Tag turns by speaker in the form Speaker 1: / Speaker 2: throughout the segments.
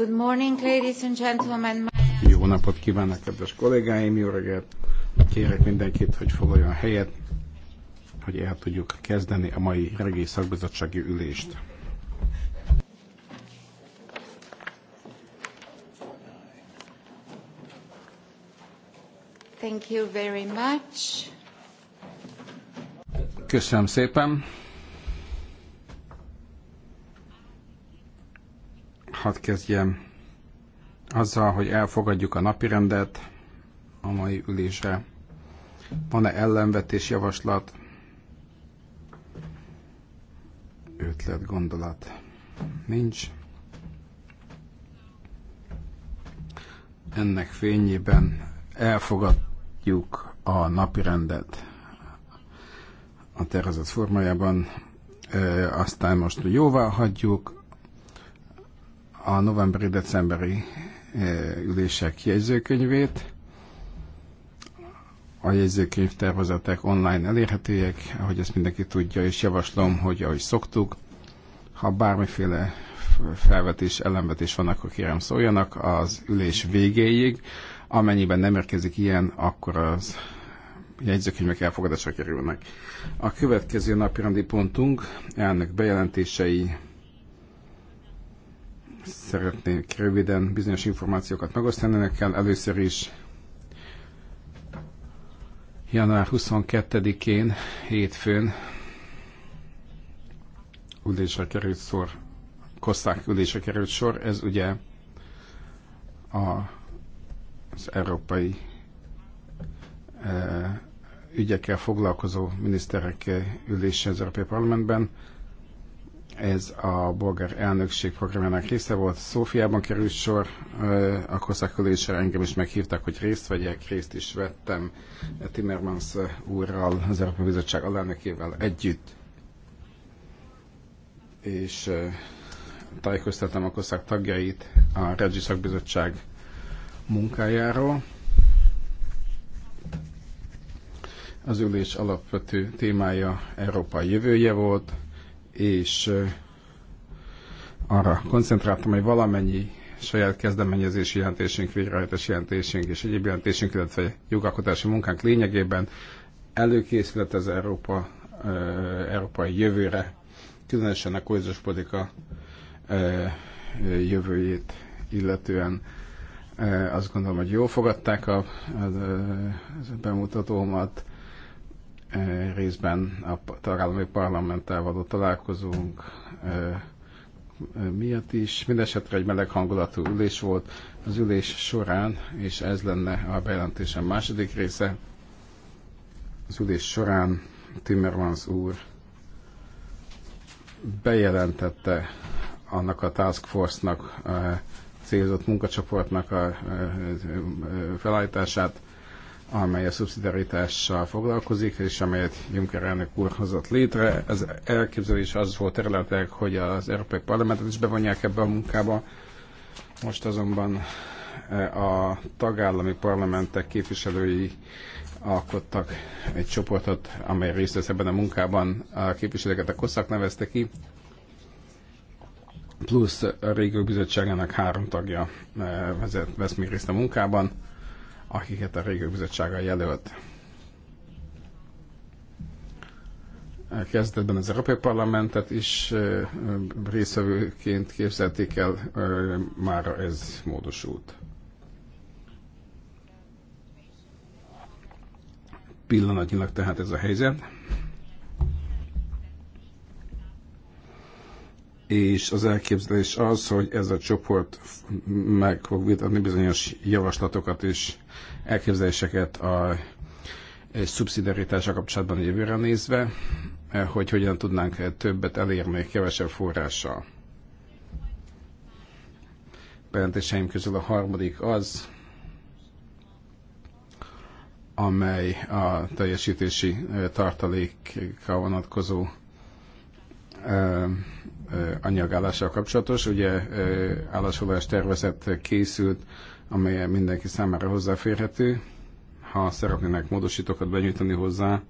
Speaker 1: Good morning, ladies and gentlemen. Jó
Speaker 2: napot kívánok, kedves kollégáim, jó reggelt! Kérek mindenkit, hogy foglaljon helyet, hogy el tudjuk kezdeni a mai reggeli szakbizottsági ülést.
Speaker 1: Thank you very much.
Speaker 2: Köszönöm szépen. hadd kezdjem azzal, hogy elfogadjuk a napirendet a mai ülésre. Van-e ellenvetés javaslat? Ötlet, gondolat nincs. Ennek fényében elfogadjuk a napirendet a tervezett formájában, aztán most jóvá hagyjuk, a novemberi-decemberi eh, ülések jegyzőkönyvét. A jegyzőkönyvtervezetek online elérhetőek, ahogy ezt mindenki tudja, és javaslom, hogy ahogy szoktuk, ha bármiféle felvetés, ellenvetés van, akkor kérem szóljanak az ülés végéig. Amennyiben nem érkezik ilyen, akkor az jegyzőkönyvek elfogadásra kerülnek. A következő napi rendi pontunk elnök bejelentései Szeretnék röviden bizonyos információkat megosztani nekem. Először is január 22-én, hétfőn ülésre került sor, Kosszák ülésre került sor. Ez ugye a, az európai e, ügyekkel foglalkozó miniszterek eh, ülése az Európai Parlamentben. Ez a bolgár elnökség programjának része volt. Szófiában került sor a koszakülésre, engem is meghívtak, hogy részt vegyek, részt is vettem Timmermans úrral, az Európai Bizottság alelnökével együtt. És tájékoztatom a koszák tagjait a Regi Szakbizottság munkájáról. Az ülés alapvető témája Európa jövője volt, és arra koncentráltam, hogy valamennyi saját kezdeményezési jelentésünk, végrehajtási jelentésünk és egyéb jelentésünk, illetve jogalkotási munkánk lényegében előkészület az Európa, európai jövőre, különösen a kohézus politika jövőjét illetően. Azt gondolom, hogy jól fogadták a, a, a bemutatómat, E, részben a tagállami parlamenttel való találkozónk e, e, miatt is. Mindenesetre egy meleg hangulatú ülés volt az ülés során, és ez lenne a bejelentésem második része. Az ülés során Timmermans úr bejelentette annak a Task Force-nak, célzott munkacsoportnak a felállítását, amely a szubszidaritással foglalkozik, és amelyet Juncker elnök úr hozott létre. Az elképzelés az volt területek, hogy az Európai Parlamentet is bevonják ebbe a munkába. Most azonban eh, a tagállami parlamentek képviselői alkottak egy csoportot, amely részt vesz ebben a munkában. A képviselőket a koszak nevezte ki, plusz a Régió Bizottságának három tagja eh, vezet, vesz még részt a munkában akiket a Régiók Bizottsága jelölt. Kezdetben az Európai Parlamentet is részvevőként képzelték el, már ez módosult. Pillanatnyilag tehát ez a helyzet. és az elképzelés az, hogy ez a csoport meg fog vitatni bizonyos javaslatokat és elképzeléseket a szubszidiaritása kapcsolatban jövőre nézve, eh, hogy hogyan tudnánk eh, többet elérni kevesebb forrással. Bejelentéseim közül a harmadik az, amely a teljesítési eh, tartalékkal vonatkozó anyagállással kapcsolatos. Ugye állásfoglalás tervezet készült, amely mindenki számára hozzáférhető. Ha szeretnének módosítókat benyújtani hozzá,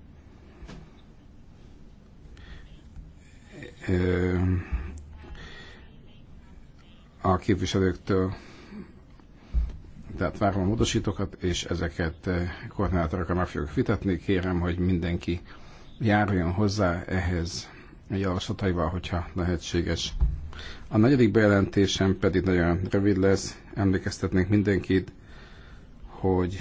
Speaker 2: a képviselőktől tehát várom a módosítókat, és ezeket koordinátorokkal meg fogjuk vitatni. Kérem, hogy mindenki járjon hozzá ehhez javaslataival, hogyha lehetséges. A negyedik bejelentésem pedig nagyon rövid lesz. Emlékeztetnék mindenkit, hogy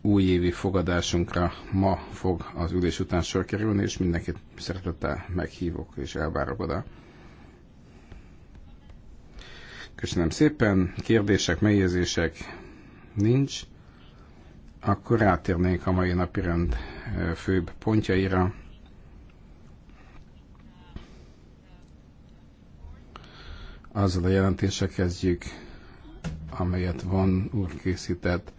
Speaker 2: újévi fogadásunkra ma fog az ülés után sor kerülni, és mindenkit szeretettel meghívok és elvárok oda. Köszönöm szépen, kérdések, megjegyzések nincs. Akkor rátérnénk a mai napirend főbb pontjaira. azzal a jelentéssel kezdjük, amelyet van úr készített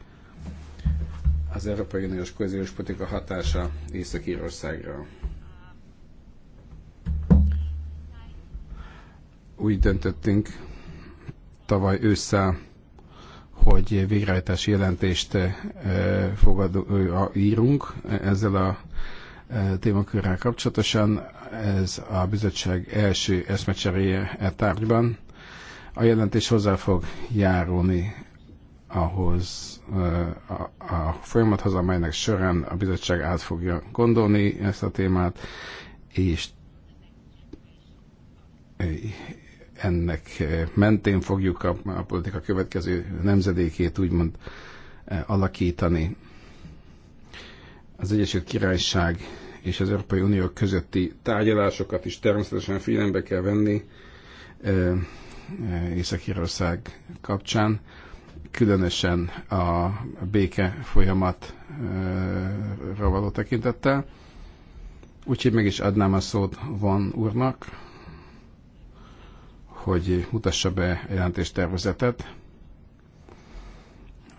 Speaker 2: az Európai Uniós Kohéziós Politika hatása Észak-Írországra. Úgy döntöttünk tavaly ősszel, hogy végrehajtási jelentést eh, fogadó, eh, írunk ezzel a eh, témakörrel kapcsolatosan ez a bizottság első eszmecseréje e tárgyban. A jelentés hozzá fog járulni ahhoz a, a folyamathoz, amelynek során a bizottság át fogja gondolni ezt a témát, és ennek mentén fogjuk a, a politika következő nemzedékét úgymond alakítani. Az Egyesült Királyság és az Európai Unió közötti tárgyalásokat is természetesen figyelembe kell venni Észak-Írország kapcsán, különösen a béke folyamatra való tekintettel. Úgyhogy meg is adnám a szót Van úrnak, hogy mutassa be jelentéstervezetet,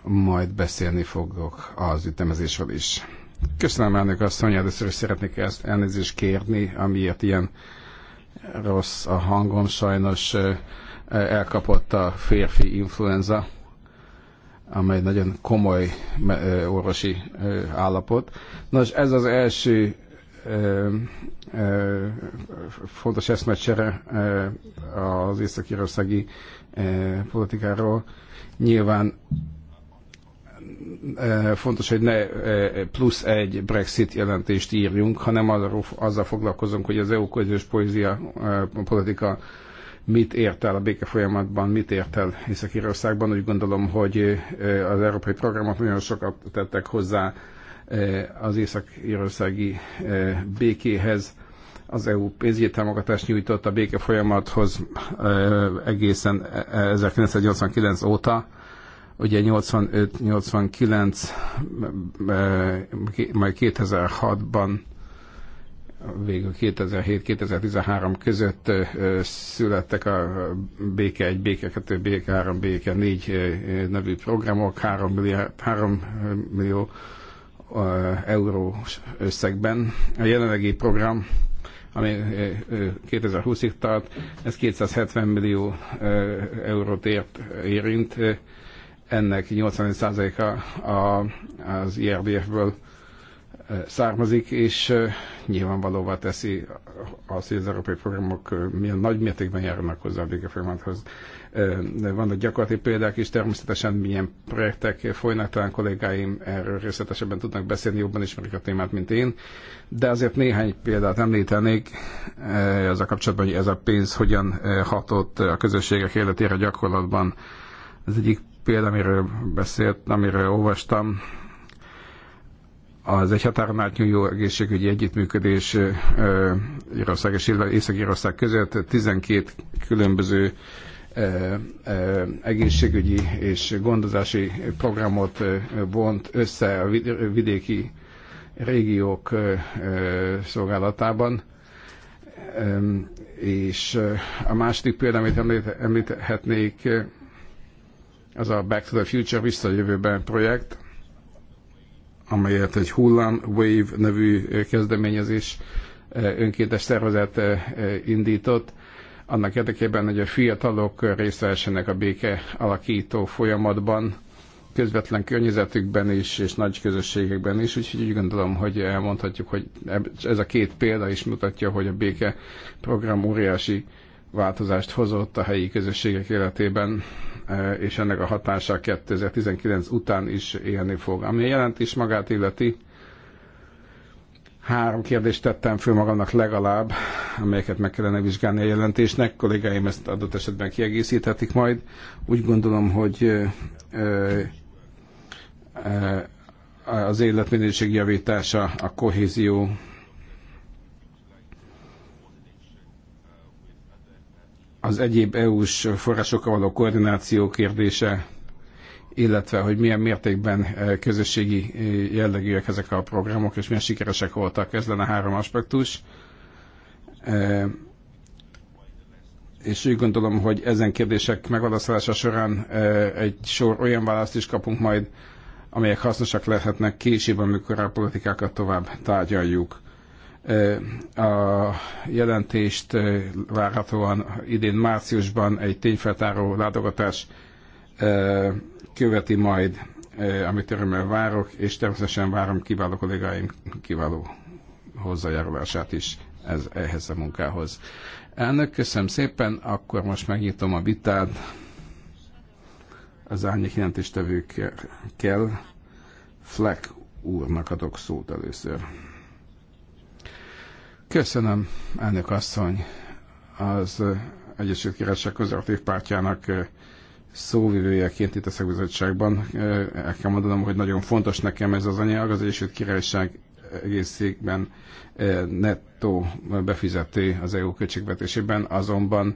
Speaker 2: majd beszélni fogok az ütemezésről is. Köszönöm, elnök asszony, először is szeretnék ezt elnézést kérni, amiért ilyen rossz a hangom, sajnos elkapott a férfi influenza, amely nagyon komoly orvosi állapot. Nos, ez az első fontos eszmecsere az észak politikáról. Nyilván Eh, fontos, hogy ne eh, plusz egy Brexit jelentést írjunk, hanem azzal, azzal foglalkozunk, hogy az EU közös poézia eh, politika mit ért el a béke folyamatban, mit ért el Észak-Írországban. Úgy gondolom, hogy az európai programok nagyon sokat tettek hozzá az észak-írországi békéhez. Az EU pénzügyi támogatást nyújtott a béke folyamathoz egészen 1989 óta Ugye 85-89, eh, eh, majd 2006-ban végül 2007-2013 között eh, születtek a Béke 1, Béke 2, Béke 3, Béke 4 nevű programok 3 millió, 3 millió eurós összegben. A jelenlegi program, ami 2020-ig tart, ez 270 millió eurót ért, érint, ennek 80 a az IRDF-ből er származik, és nyilvánvalóvá teszi azt, hogy az európai programok milyen nagy mértékben járnak hozzá a békefolyamathoz. Vannak gyakorlati példák is, természetesen milyen projektek folynak, talán kollégáim erről részletesebben tudnak beszélni, jobban ismerik a témát, mint én, de azért néhány példát említenék az a kapcsolatban, hogy ez a pénz hogyan hatott a közösségek életére gyakorlatban. Az egyik példa, amiről beszélt, amiről olvastam, az egy határon átnyúló egészségügyi együttműködés Írország és Észak-Írország között 12 különböző egészségügyi és gondozási programot vont össze a vidéki régiók szolgálatában. És a második példa, amit említhetnék, az a Back to the Future, visszajövőben projekt, amelyet egy hullám Wave nevű kezdeményezés önkéntes szervezet indított, annak érdekében, hogy a fiatalok részt vehessenek a béke alakító folyamatban, közvetlen környezetükben is, és nagy közösségekben is, úgyhogy úgy gondolom, hogy elmondhatjuk, hogy ez a két példa is mutatja, hogy a béke program óriási változást hozott a helyi közösségek életében, e, és ennek a hatása 2019 után is élni fog. Ami jelent is magát illeti, három kérdést tettem föl magamnak legalább, amelyeket meg kellene vizsgálni a jelentésnek. Kollégáim ezt adott esetben kiegészíthetik majd. Úgy gondolom, hogy e, e, az életminőség javítása, a kohézió az egyéb EU-s forrásokkal való koordináció kérdése, illetve hogy milyen mértékben eh, közösségi eh, jellegűek ezek a programok, és milyen sikeresek voltak. Ez lenne három aspektus. Eh, és úgy gondolom, hogy ezen kérdések megválaszolása során egy sor olyan választ is kapunk majd, amelyek hasznosak lehetnek később, amikor a politikákat tovább tárgyaljuk a jelentést várhatóan idén márciusban egy tényfeltáró látogatás követi majd, amit örömmel várok, és természetesen várom kiváló kollégáim kiváló hozzájárulását is ez, ehhez a munkához. Elnök, köszönöm szépen, akkor most megnyitom a vitát. Az árnyék jelentéstevőkkel Fleck úrnak adok szót először. Köszönöm, elnök asszony, az Egyesült Királyság Konzervatív Pártjának szóvivőjeként itt a szakbizottságban. El kell mondanom, hogy nagyon fontos nekem ez az anyag. Az Egyesült Királyság egészségben nettó befizető az EU költségvetésében, azonban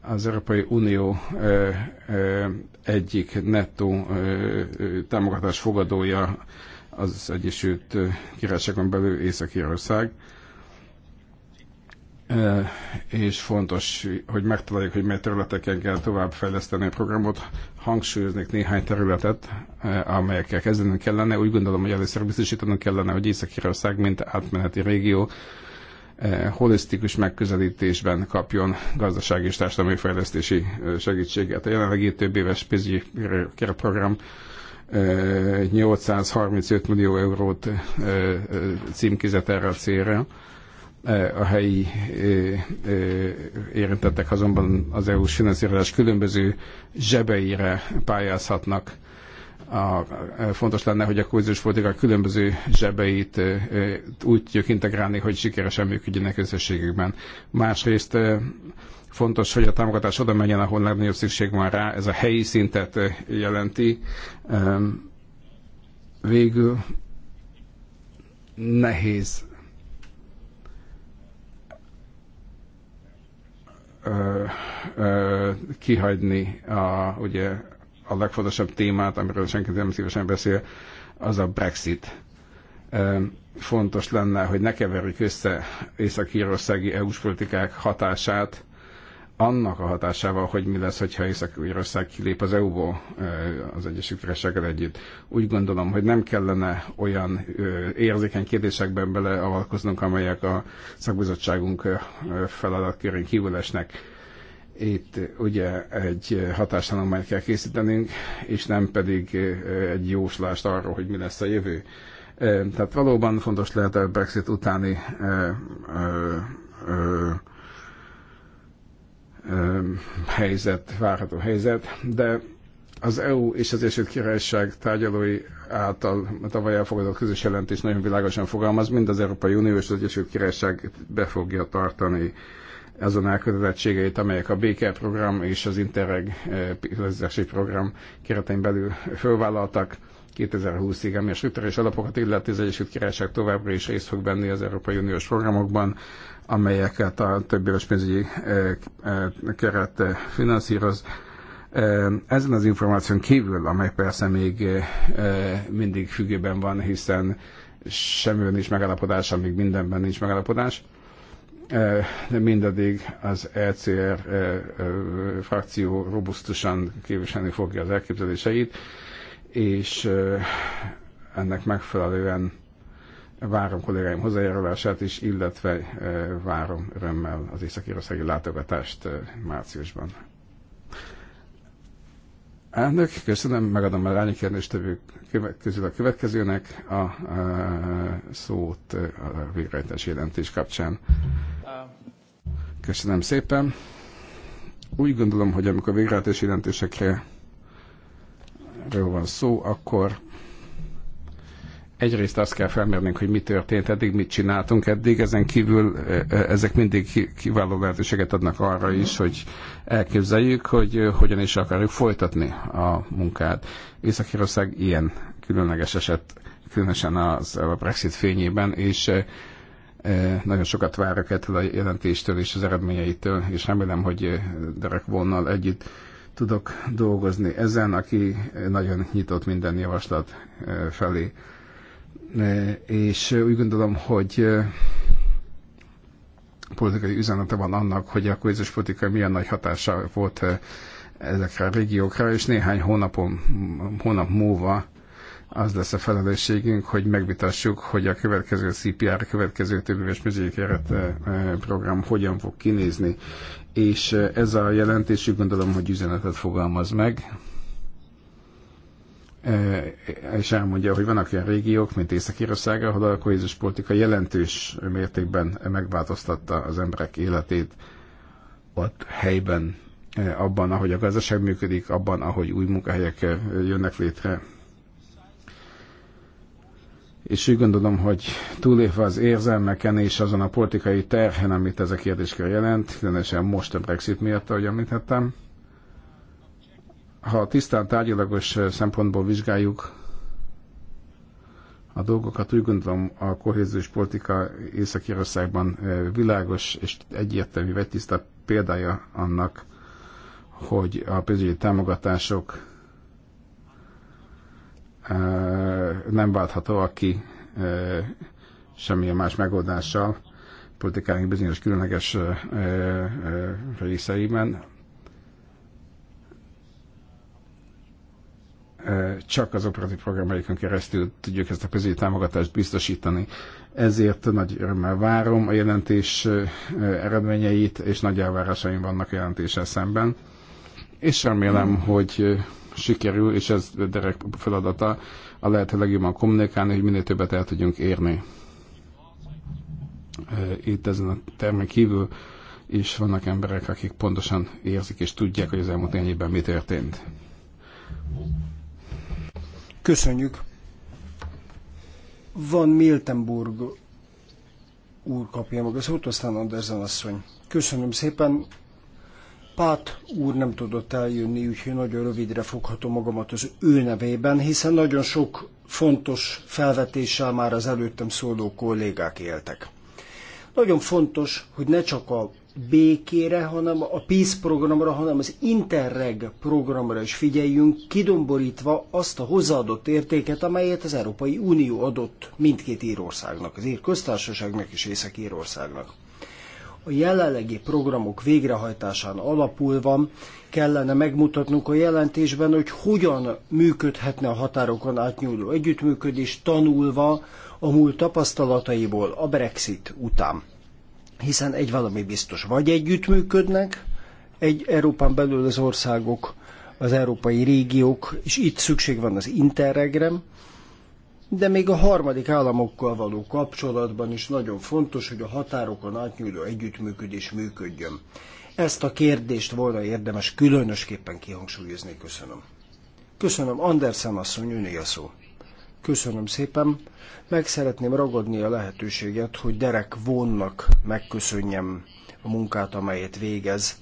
Speaker 2: az Európai Unió egyik nettó támogatás fogadója az Egyesült Királyságon belül Észak-Írország és fontos, hogy megtaláljuk, hogy mely területeken kell továbbfejleszteni a programot. Hangsúlyoznék néhány területet, amelyekkel kezdeni kellene. Úgy gondolom, hogy először biztosítanunk kellene, hogy észak ország mint átmeneti régió, holisztikus megközelítésben kapjon gazdasági és társadalmi fejlesztési segítséget. A jelenlegi több éves pénzügyi keretprogram 835 millió eurót címkizett erre a célra E, a helyi e, e, érintettek azonban az EU-s finanszírozás különböző zsebeire pályázhatnak. A, fontos lenne, hogy a kohéziós politika különböző zsebeit úgy tudjuk integrálni, hogy sikeresen működjenek összességükben. Másrészt fontos, hogy a támogatás oda menjen, ahol legnagyobb szükség van rá. Ez a helyi szintet jelenti. Végül nehéz ö, ö, kihagyni a, ugye, a legfontosabb témát, amiről senki nem szívesen beszél, az a Brexit. Ö, fontos lenne, hogy ne keverjük össze észak-írországi EU-s politikák hatását annak a hatásával, hogy mi lesz, hogyha Észak-Írország kilép az EU-ból az Egyesült Királysággal együtt. Úgy gondolom, hogy nem kellene olyan érzékeny kérdésekben beleavalkoznunk, amelyek a szakbizottságunk feladatkörén kívül esnek. Itt ugye egy hatástanulmányt kell készítenünk, és nem pedig egy jóslást arról, hogy mi lesz a jövő. Tehát valóban fontos lehet a Brexit utáni ö, ö, ö, helyzet, várható helyzet, de az EU és az Egyesült Királyság tárgyalói által tavaly elfogadott közös jelentés nagyon világosan fogalmaz, mind az Európai Unió és az Egyesült Királyság be fogja tartani azon elkötelezettségeit, amelyek a program és az Interreg pillanatzási program keretein belül fölvállaltak. 2020-ig, ami a strukturális alapokat illeti, az Egyesült Királyság továbbra is részt fog venni az Európai Uniós programokban, amelyeket a éves pénzügyi keret finanszíroz. Ezen az információn kívül, amely persze még mindig függőben van, hiszen semmiben nincs megállapodás, amíg mindenben nincs megállapodás, de mindaddig az ECR frakció robusztusan képviselni fogja az elképzeléseit, és ennek megfelelően várom kollégáim hozzájárulását is, illetve eh, várom örömmel az észak látogatást eh, márciusban. Elnök, köszönöm, megadom a lányi kérdést közül a következőnek a, a eh, szót a végrehajtás jelentés kapcsán. Köszönöm szépen. Úgy gondolom, hogy amikor végrehajtás jelentésekre van szó, akkor Egyrészt azt kell felmérnünk, hogy mi történt eddig, mit csináltunk eddig, ezen kívül e, e, ezek mindig kiváló lehetőséget adnak arra is, hogy elképzeljük, hogy e, hogyan is akarjuk folytatni a munkát. észak ilyen különleges eset, különösen az, a Brexit fényében, és nagyon sokat várok ettől a jelentéstől és az eredményeitől, és remélem, hogy Derek Vonnal együtt tudok dolgozni ezen, aki nagyon nyitott minden javaslat felé. E, és úgy gondolom, hogy e, politikai üzenete van annak, hogy a kohéziós politika milyen nagy hatása volt e, ezekre a régiókra, és néhány hónapon, hónap múlva az lesz a felelősségünk, hogy megvitassuk, hogy a következő CPR, a következő többéves éves program hogyan fog kinézni. És ez a jelentés, úgy gondolom, hogy üzenetet fogalmaz meg, E, és elmondja, hogy vannak olyan régiók, mint Észak-Írország, ahol a kohézus politika jelentős mértékben megváltoztatta az emberek életét ott helyben, e, abban, ahogy a gazdaság működik, abban, ahogy új munkahelyek e, jönnek létre. És úgy gondolom, hogy túlélve az érzelmeken és azon a politikai terhen, amit ez a kérdéskör jelent, különösen most a Brexit miatt, ahogy említettem, ha tisztán tárgyalagos eh, szempontból vizsgáljuk a dolgokat, úgy gondolom a kohéziós politika Észak-Írországban eh, világos és egyértelmű vagy tiszta példája annak, hogy a pénzügyi támogatások eh, nem válthatóak ki semmilyen más megoldással politikáink bizonyos különleges részeiben, csak az operatív programjaikon keresztül tudjuk ezt a pénzügyi támogatást biztosítani. Ezért nagy örömmel várom a jelentés eredményeit, és nagy elvárásaim vannak a jelentéssel szemben. És remélem, hogy sikerül, és ez Derek feladata, a lehető legjobban kommunikálni, hogy minél többet el tudjunk érni. Itt ezen a termék kívül is vannak emberek, akik pontosan érzik és tudják, hogy az elmúlt négy évben mi történt.
Speaker 3: Köszönjük. Van Miltenburg úr kapja maga a szót, aztán Andersen asszony. Köszönöm szépen. Pát úr nem tudott eljönni, úgyhogy nagyon rövidre foghatom magamat az ő nevében, hiszen nagyon sok fontos felvetéssel már az előttem szóló kollégák éltek. Nagyon fontos, hogy ne csak a békére, hanem a Peace programra, hanem az Interreg programra is figyeljünk, kidomborítva azt a hozzáadott értéket, amelyet az Európai Unió adott mindkét Írországnak, az Ír köztársaságnak és Észak-Írországnak. A jelenlegi programok végrehajtásán alapulva kellene megmutatnunk a jelentésben, hogy hogyan működhetne a határokon átnyúló együttműködés, tanulva a múlt tapasztalataiból a Brexit után. Hiszen egy valami biztos, vagy együttműködnek egy Európán belül az országok, az európai régiók, és itt szükség van az interregre, de még a harmadik államokkal való kapcsolatban is nagyon fontos, hogy a határokon átnyúló együttműködés működjön. Ezt a kérdést volna érdemes különösképpen kihangsúlyozni. Köszönöm. Köszönöm, Andersen asszony, öné a szó. Köszönöm szépen. Meg szeretném ragadni a lehetőséget, hogy Derek vonnak megköszönjem a munkát, amelyet végez,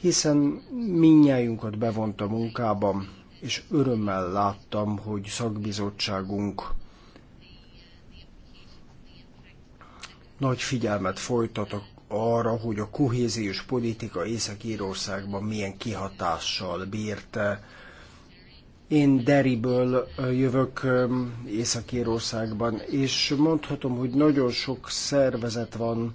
Speaker 3: hiszen minnyájunkat bevont a munkában, és örömmel láttam, hogy szakbizottságunk nagy figyelmet folytat arra, hogy a kohéziós politika Észak-Írországban milyen kihatással bírte, én Deriből jövök Észak-Írországban, és mondhatom, hogy nagyon sok szervezet van,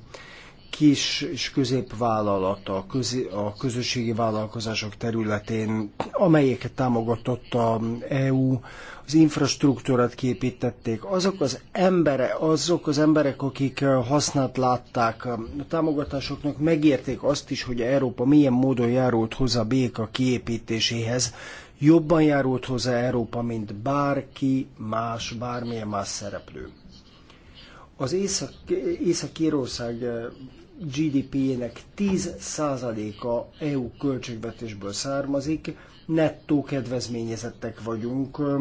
Speaker 3: kis és középvállalat a, a közösségi vállalkozások területén, amelyeket támogatott a EU, az infrastruktúrát képítették. Azok az embere, azok az emberek, akik hasznát látták a támogatásoknak, megérték azt is, hogy Európa milyen módon járult hozzá béka kiépítéséhez, jobban járult hozzá Európa, mint bárki más, bármilyen más szereplő. Az Észak, Észak-Írország eh, GDP-jének 10%-a EU költségvetésből származik, nettó kedvezményezettek vagyunk eh,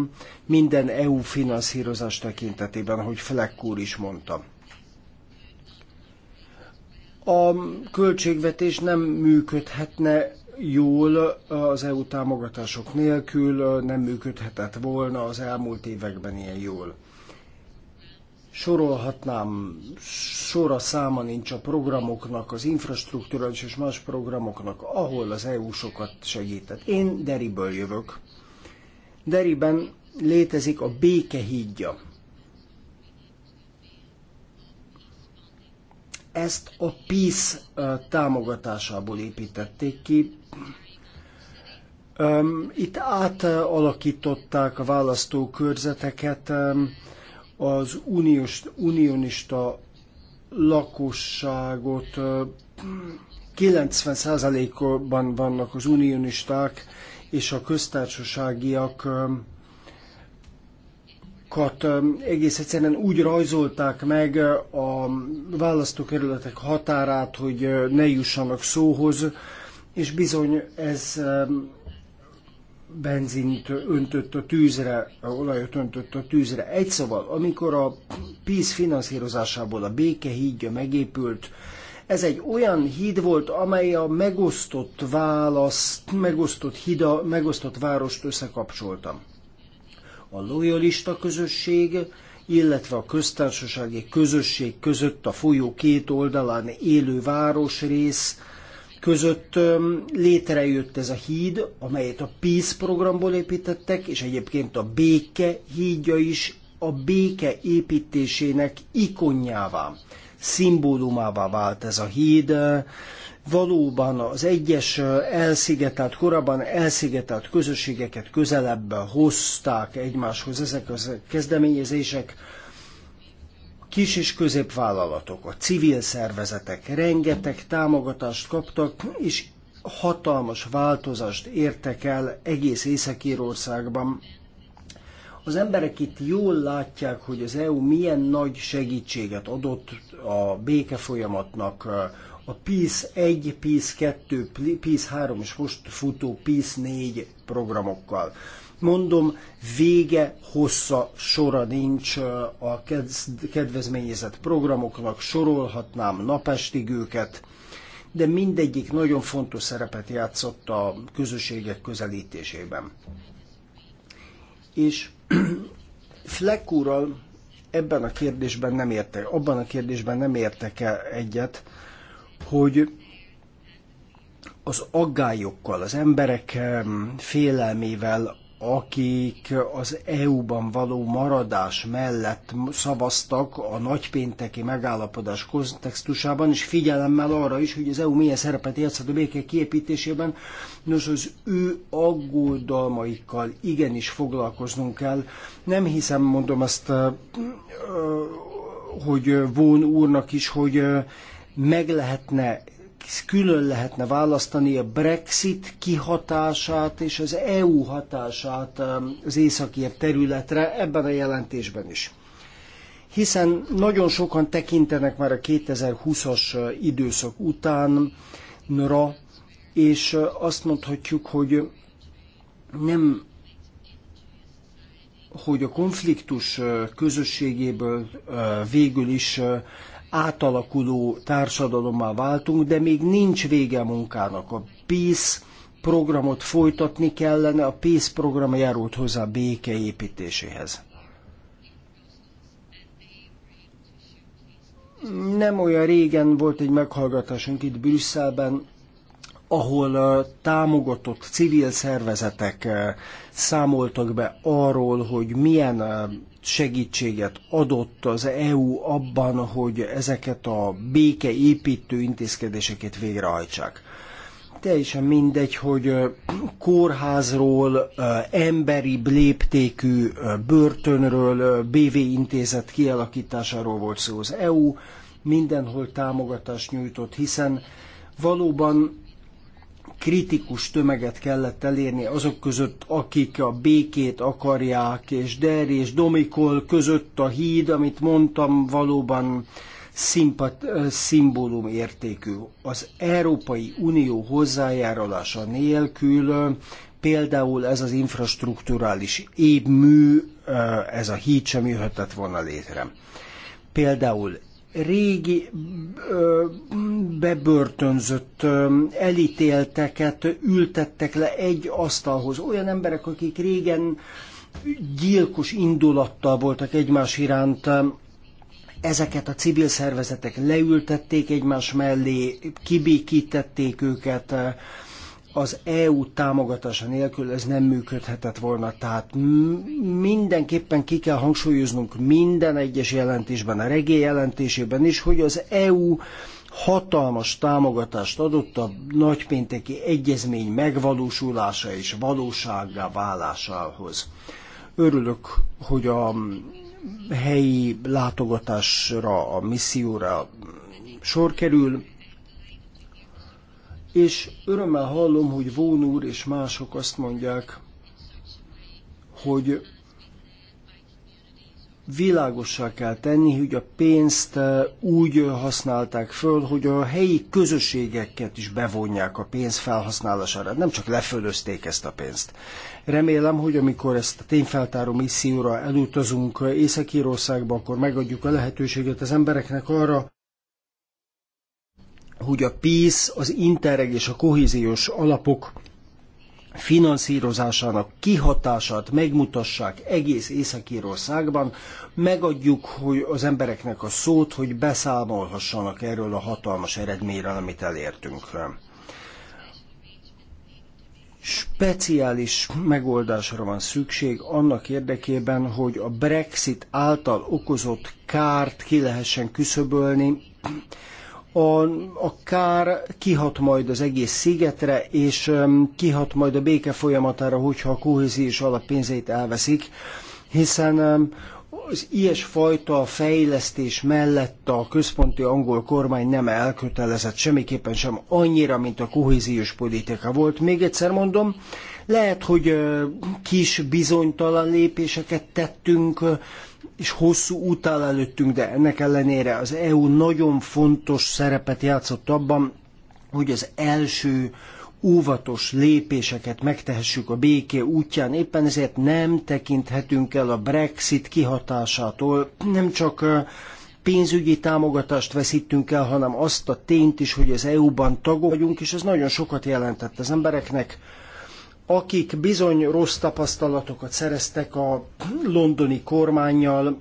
Speaker 3: minden EU finanszírozás tekintetében, hogy Fleck úr is mondta. A költségvetés nem működhetne jól az EU támogatások nélkül nem működhetett volna az elmúlt években ilyen jól. Sorolhatnám, sora száma nincs a programoknak, az infrastruktúrális és más programoknak, ahol az EU sokat segített. Én Deriből jövök. Deriben létezik a Békehídja. Ezt a PISZ támogatásából építették ki. Itt átalakították a választókörzeteket az uniós, unionista lakosságot 90%-ban vannak az unionisták, és a köztársaságiak határokat egész egyszerűen úgy rajzolták meg a választókerületek határát, hogy ne jussanak szóhoz, és bizony ez benzint öntött a tűzre, olajot öntött a tűzre. Egy szóval, amikor a PISZ finanszírozásából a béke hídja megépült, ez egy olyan híd volt, amely a megosztott választ, megosztott hida, megosztott várost összekapcsolta a lojalista közösség, illetve a köztársasági közösség között a folyó két oldalán élő városrész között létrejött ez a híd, amelyet a Peace programból építettek, és egyébként a béke hídja is a béke építésének ikonjává, szimbólumává vált ez a híd, valóban az egyes elszigetelt, korábban elszigetelt közösségeket közelebb hozták egymáshoz ezek a kezdeményezések. Kis és középvállalatok, a civil szervezetek rengeteg támogatást kaptak, és hatalmas változást értek el egész Észak-Írországban. Az emberek itt jól látják, hogy az EU milyen nagy segítséget adott a béke folyamatnak, a PIS 1, PIS 2, PIS 3 és most futó PIS 4 programokkal. Mondom, vége, hossza, sora nincs a kedvezményezett programoknak, sorolhatnám napestig őket, de mindegyik nagyon fontos szerepet játszott a közösségek közelítésében. És Fleck úrral ebben a kérdésben nem értek, abban a kérdésben nem értek el egyet, hogy az aggályokkal, az emberek félelmével, akik az EU-ban való maradás mellett szavaztak a nagypénteki megállapodás kontextusában, és figyelemmel arra is, hogy az EU milyen szerepet játszhat a béke kiépítésében, nos az ő aggódalmaikkal igenis foglalkoznunk kell. Nem hiszem, mondom ezt, hogy Vón úrnak is, hogy meg lehetne, külön lehetne választani a Brexit kihatását és az EU hatását um, az északi területre ebben a jelentésben is hiszen nagyon sokan tekintenek már a 2020-as uh, időszak utánra, és uh, azt mondhatjuk, hogy nem hogy a konfliktus uh, közösségéből végül is átalakuló társadalommal váltunk, de még nincs vége a munkának. A PISZ programot folytatni kellene, a PISZ program járult hozzá a béke építéséhez. Nem olyan régen volt egy meghallgatásunk itt Brüsszelben, ahol támogatott civil szervezetek számoltak be arról, hogy milyen segítséget adott az EU abban, hogy ezeket a békeépítő intézkedéseket végrehajtsák. Teljesen mindegy, hogy kórházról, emberi léptékű börtönről, BV intézet kialakításáról volt szó az EU, mindenhol támogatást nyújtott, hiszen valóban kritikus tömeget kellett elérni azok között, akik a békét akarják, és Der és Domikol között a híd, amit mondtam, valóban szimpat, szimbólum értékű. Az Európai Unió hozzájárulása nélkül például ez az infrastruktúrális ébmű, ez a híd sem jöhetett volna létre. Például régi bebörtönzött elítélteket ültettek le egy asztalhoz. Olyan emberek, akik régen gyilkos indulattal voltak egymás iránt, ezeket a civil szervezetek leültették egymás mellé, kibékítették őket, az EU támogatása nélkül ez nem működhetett volna. Tehát mindenképpen ki kell hangsúlyoznunk minden egyes jelentésben, a regély jelentésében is, hogy az EU hatalmas támogatást adott a nagypénteki egyezmény megvalósulása és valósággá válásához. Örülök, hogy a helyi látogatásra, a misszióra sor kerül, és örömmel hallom, hogy Vón úr és mások azt mondják, hogy világossá kell tenni, hogy a pénzt eh, úgy használták föl, hogy a helyi közösségeket is bevonják a pénz felhasználására. Nem csak lefölözték ezt a pénzt. Remélem, hogy amikor ezt a tényfeltáró misszióra elutazunk eh, Észak-Írországba, akkor megadjuk a lehetőséget az embereknek arra, hogy a PÉSZ, az Interreg és a kohéziós alapok finanszírozásának kihatását megmutassák egész Észak-Írországban, megadjuk hogy az embereknek a szót, hogy beszámolhassanak erről a hatalmas eredményről, amit elértünk. Speciális megoldásra van szükség annak érdekében, hogy a Brexit által okozott kárt ki lehessen küszöbölni, a, a kár kihat majd az egész szigetre, és kihat majd a béke folyamatára, hogyha a kohéziós alappénzeit elveszik, hiszen az ilyesfajta fejlesztés mellett a központi angol kormány nem elkötelezett semmiképpen sem annyira, mint a kohéziós politika volt. Még egyszer mondom, lehet, hogy kis bizonytalan lépéseket tettünk, és hosszú út áll előttünk, de ennek ellenére az EU nagyon fontos szerepet játszott abban, hogy az első óvatos lépéseket megtehessük a béké útján, éppen ezért nem tekinthetünk el a Brexit kihatásától, nem csak pénzügyi támogatást veszítünk el, hanem azt a tényt is, hogy az EU-ban tagok vagyunk, és ez nagyon sokat jelentett az embereknek, akik bizony rossz tapasztalatokat szereztek a londoni kormányjal,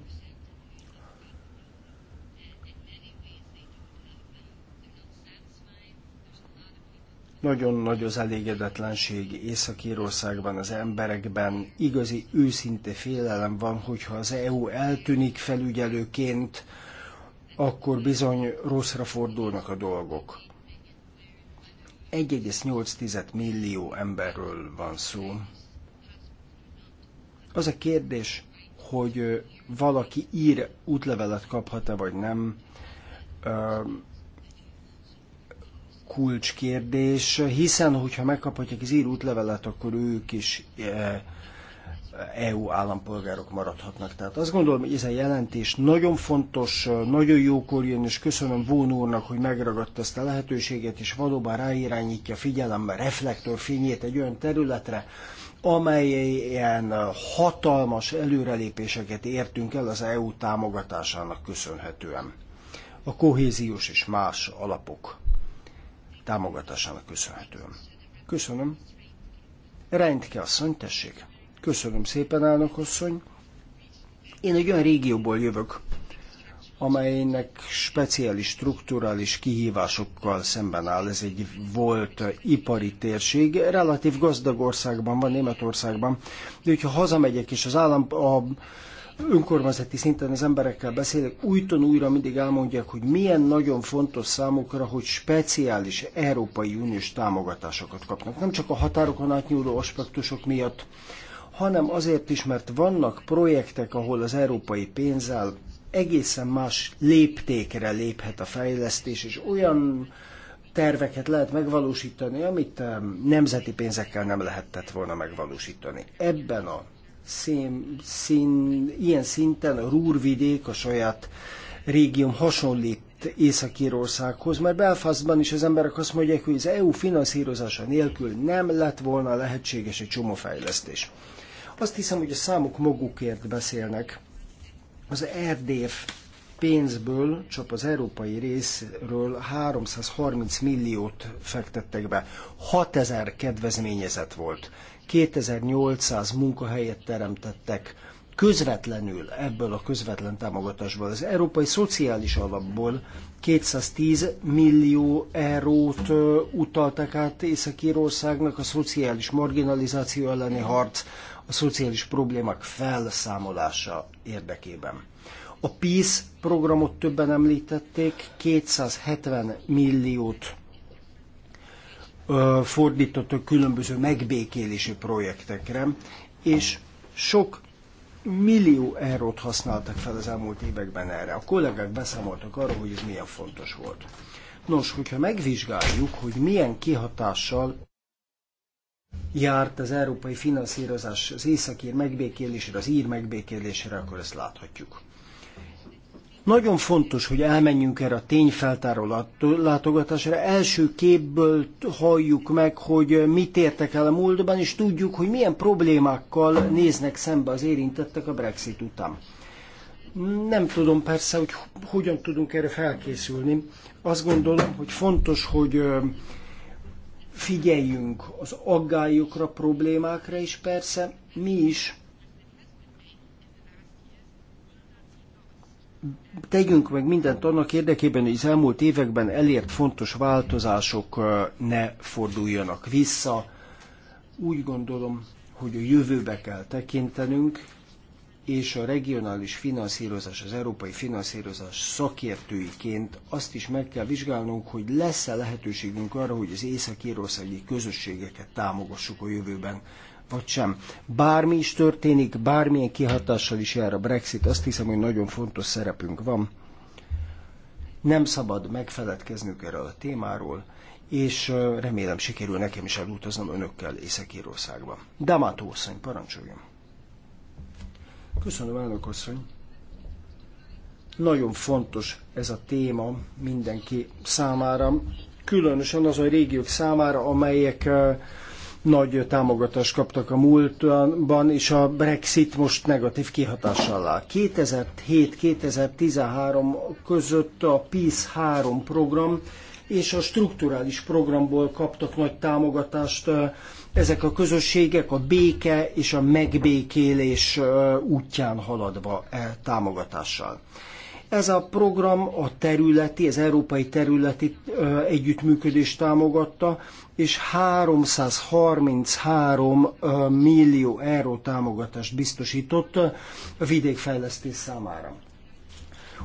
Speaker 3: Nagyon nagy az elégedetlenség Észak-Írországban, az emberekben igazi, őszinte félelem van, hogyha az EU eltűnik felügyelőként, akkor bizony rosszra fordulnak a dolgok. 1,8 millió emberről van szó. Az a kérdés, hogy valaki ír útlevelet kaphat-e vagy nem, kulcskérdés, hiszen hogyha megkaphatják az ír útlevelet, akkor ők is EU állampolgárok maradhatnak. Tehát azt gondolom, hogy ez a jelentés nagyon fontos, nagyon jókor jön, és köszönöm Vón úrnak, hogy megragadta ezt a lehetőséget, és valóban ráirányítja figyelembe reflektorfényét egy olyan területre, amelyen hatalmas előrelépéseket értünk el az EU támogatásának köszönhetően. A kohéziós és más alapok támogatásának köszönhetően. Köszönöm. Reintke asszony, tessék! Köszönöm szépen, elnök asszony. Én egy olyan régióból jövök, amelynek speciális strukturális kihívásokkal szemben áll. Ez egy volt ipari térség, relatív gazdag országban van, Németországban, de hogyha hazamegyek és az állam a önkormányzati szinten az emberekkel beszélek, újton újra mindig elmondják, hogy milyen nagyon fontos számukra, hogy speciális Európai Uniós támogatásokat kapnak. Nem csak a határokon átnyúló aspektusok miatt, hanem azért is, mert vannak projektek, ahol az európai pénzzel egészen más léptékre léphet a fejlesztés, és olyan terveket lehet megvalósítani, amit nemzeti pénzekkel nem lehetett volna megvalósítani. Ebben a szín, szín, ilyen szinten a Rúrvidék a saját régium hasonlít Észak-Írországhoz, mert Belfastban is az emberek azt mondják, hogy az EU finanszírozása nélkül nem lett volna lehetséges egy csomó fejlesztés. Azt hiszem, hogy a számok magukért beszélnek. Az RDF pénzből, csak az európai részről 330 milliót fektettek be. 6000 kedvezményezett volt. 2800 munkahelyet teremtettek közvetlenül ebből a közvetlen támogatásból, az Európai Szociális Alapból 210 millió eurót utaltak át Észak-Írországnak a szociális marginalizáció elleni harc, a szociális problémák felszámolása érdekében. A PEACE programot többen említették, 270 milliót fordított a különböző megbékélési projektekre, és sok millió eurót használtak fel az elmúlt években erre. A kollégák beszámoltak arról, hogy ez milyen fontos volt. Nos, hogyha megvizsgáljuk, hogy milyen kihatással járt az európai finanszírozás az északír megbékélésére, az ír megbékélésére, akkor ezt láthatjuk. Nagyon fontos, hogy elmenjünk erre a tényfeltáró látogatásra. Első képből halljuk meg, hogy mit értek el a múltban, és tudjuk, hogy milyen problémákkal néznek szembe az érintettek a Brexit után. Nem tudom persze, hogy hogyan tudunk erre felkészülni. Azt gondolom, hogy fontos, hogy figyeljünk az aggályokra, problémákra, és persze mi is tegyünk meg mindent annak érdekében, hogy az elmúlt években elért fontos változások ne forduljanak vissza. Úgy gondolom, hogy a jövőbe kell tekintenünk, és a regionális finanszírozás, az európai finanszírozás szakértőiként azt is meg kell vizsgálnunk, hogy lesz-e lehetőségünk arra, hogy az észak-írországi közösségeket támogassuk a jövőben vagy sem. Bármi is történik, bármilyen kihatással is jár a Brexit, azt hiszem, hogy nagyon fontos szerepünk van. Nem szabad megfeledkeznünk erről a témáról, és remélem sikerül nekem is elutaznom önökkel Észak-Írországba. Damato asszony, parancsoljon! Köszönöm, elnök asszony! Nagyon fontos ez a téma mindenki számára, különösen azon régiók számára, amelyek nagy támogatást kaptak a múltban, és a Brexit most negatív kihatással áll. 2007-2013 között a PEACE 3 program és a strukturális programból kaptak nagy támogatást ezek a közösségek a béke és a megbékélés útján haladva e támogatással. Ez a program a területi, az európai területi együttműködést támogatta, és 333 millió euró támogatást biztosított a vidékfejlesztés számára.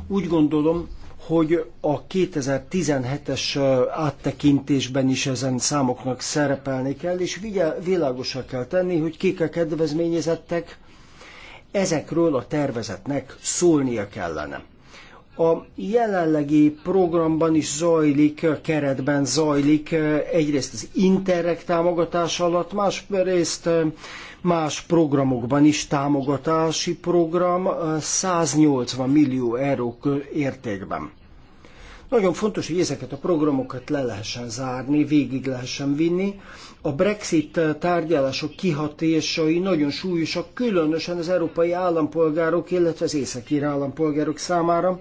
Speaker 3: Úgy gondolom, hogy a 2017-es áttekintésben is ezen számoknak szerepelni kell, és világosra kell tenni, hogy kik a kedvezményezettek, ezekről a tervezetnek szólnia kellene a jelenlegi programban is zajlik, keretben zajlik egyrészt az Interreg támogatás alatt, másrészt más programokban is támogatási program 180 millió euró értékben. Nagyon fontos, hogy ezeket a programokat le lehessen zárni, végig lehessen vinni. A Brexit tárgyalások kihatései nagyon súlyosak, különösen az európai állampolgárok, illetve az északír állampolgárok számára,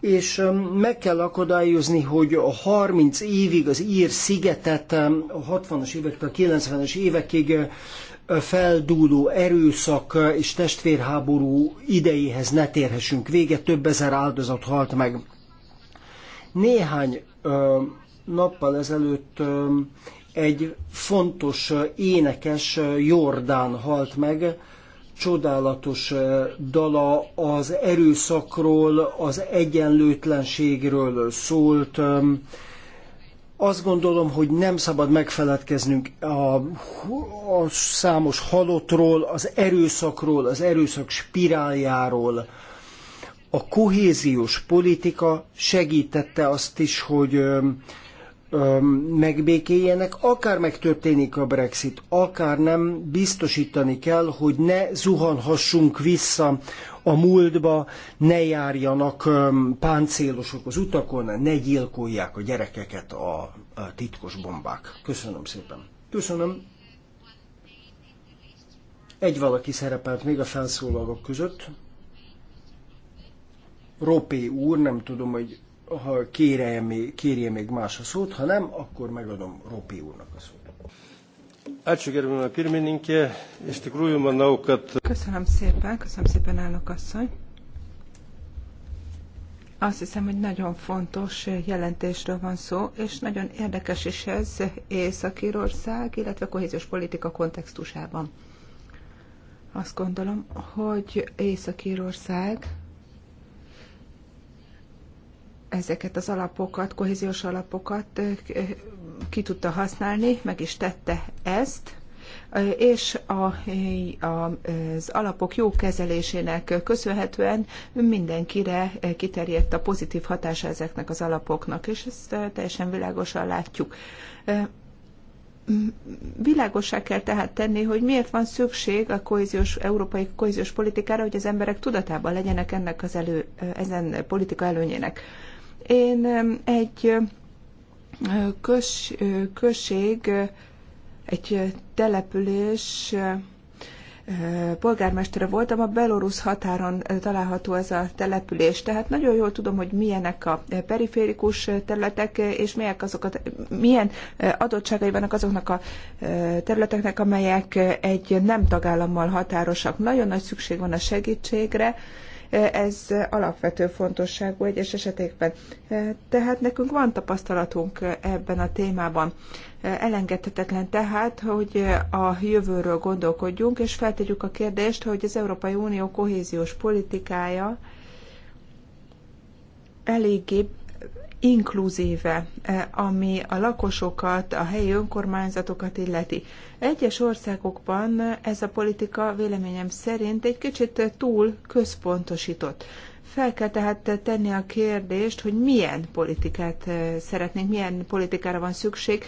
Speaker 3: és meg kell akadályozni, hogy a 30 évig az ír szigetet a 60-as évektől a 90-es évekig feldúló erőszak és testvérháború idejéhez ne térhessünk vége, több ezer áldozat halt meg. Néhány ö, nappal ezelőtt ö, egy fontos énekes Jordán halt meg, csodálatos eh, dala az erőszakról, az egyenlőtlenségről szólt. Azt gondolom, hogy nem szabad megfeledkeznünk a, a számos halottról, az erőszakról, az erőszak spiráljáról. A kohéziós politika segítette azt is, hogy megbékéljenek, akár megtörténik a Brexit, akár nem, biztosítani kell, hogy ne zuhanhassunk vissza a múltba, ne járjanak páncélosok az utakon, ne gyilkolják a gyerekeket a, titkos bombák. Köszönöm szépen. Köszönöm. Egy valaki szerepelt még a felszólalók között. Ropé úr, nem tudom, hogy ha kérje még, kérje még más a szót, ha nem, akkor megadom Ropi úrnak a szót.
Speaker 1: Köszönöm szépen, köszönöm szépen, elnök asszony. Azt hiszem, hogy nagyon fontos jelentésről van szó, és nagyon érdekes is ez Észak-Írország, illetve kohéziós politika kontextusában. Azt gondolom, hogy Észak-Írország ezeket az alapokat, kohéziós alapokat ki tudta használni, meg is tette ezt, és a, az alapok jó kezelésének köszönhetően mindenkire kiterjedt a pozitív hatása ezeknek az alapoknak, és ezt teljesen világosan látjuk. Világosá kell tehát tenni, hogy miért van szükség a kohéziós, európai kohéziós politikára, hogy az emberek tudatában legyenek ennek az elő, ezen politika előnyének. Én egy kös, község, egy település polgármestere voltam, a belorusz határon található ez a település, tehát nagyon jól tudom, hogy milyenek a periférikus területek, és milyen, azok a, milyen adottságai vannak azoknak a területeknek, amelyek egy nem tagállammal határosak. Nagyon nagy szükség van a segítségre, ez alapvető fontosságú egyes esetekben. Tehát nekünk van tapasztalatunk ebben a témában. Elengedhetetlen tehát, hogy a jövőről gondolkodjunk, és feltegyük a kérdést, hogy az Európai Unió kohéziós politikája eléggé inkluzíve, eh, ami a lakosokat, a helyi önkormányzatokat illeti. Egyes országokban ez a politika véleményem szerint egy kicsit túl központosított. Fel kell tehát tenni a kérdést, hogy milyen politikát eh, szeretnénk, milyen politikára van szükség.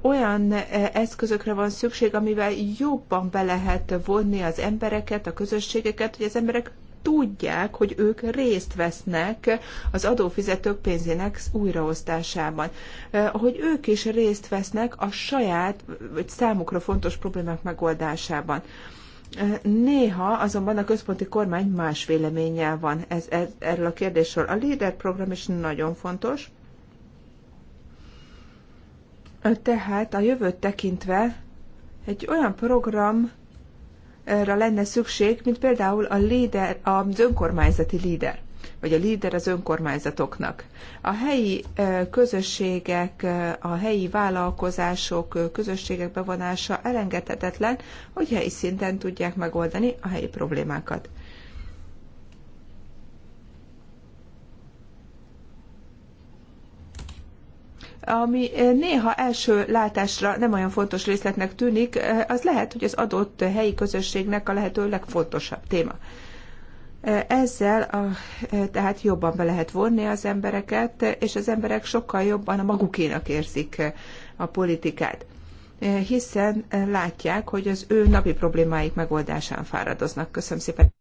Speaker 1: Olyan eh, eszközökre van szükség, amivel jobban be lehet vonni az embereket, a közösségeket, hogy az emberek tudják, hogy ők részt vesznek az adófizetők pénzének újraosztásában, eh, hogy ők is részt vesznek a saját, vagy számukra fontos problémák megoldásában. Eh, néha azonban a központi kormány más véleménnyel van ez, ez, erről a kérdésről. A LEADER program is nagyon fontos. Eh, tehát a jövőt tekintve egy olyan program, ra lenne szükség, mint például a líder, az önkormányzati líder vagy a líder az önkormányzatoknak. A helyi közösségek, a helyi vállalkozások, közösségek bevonása elengedhetetlen, hogy helyi szinten tudják megoldani a helyi problémákat. ami eh, néha első látásra nem olyan fontos részletnek tűnik, eh, az lehet, hogy az adott helyi közösségnek a lehető legfontosabb téma. Eh, ezzel a, tehát jobban be lehet vonni az embereket, és az emberek sokkal jobban a magukénak érzik a politikát hiszen látják, hogy az ő napi problémáik megoldásán fáradoznak. Köszönöm szépen!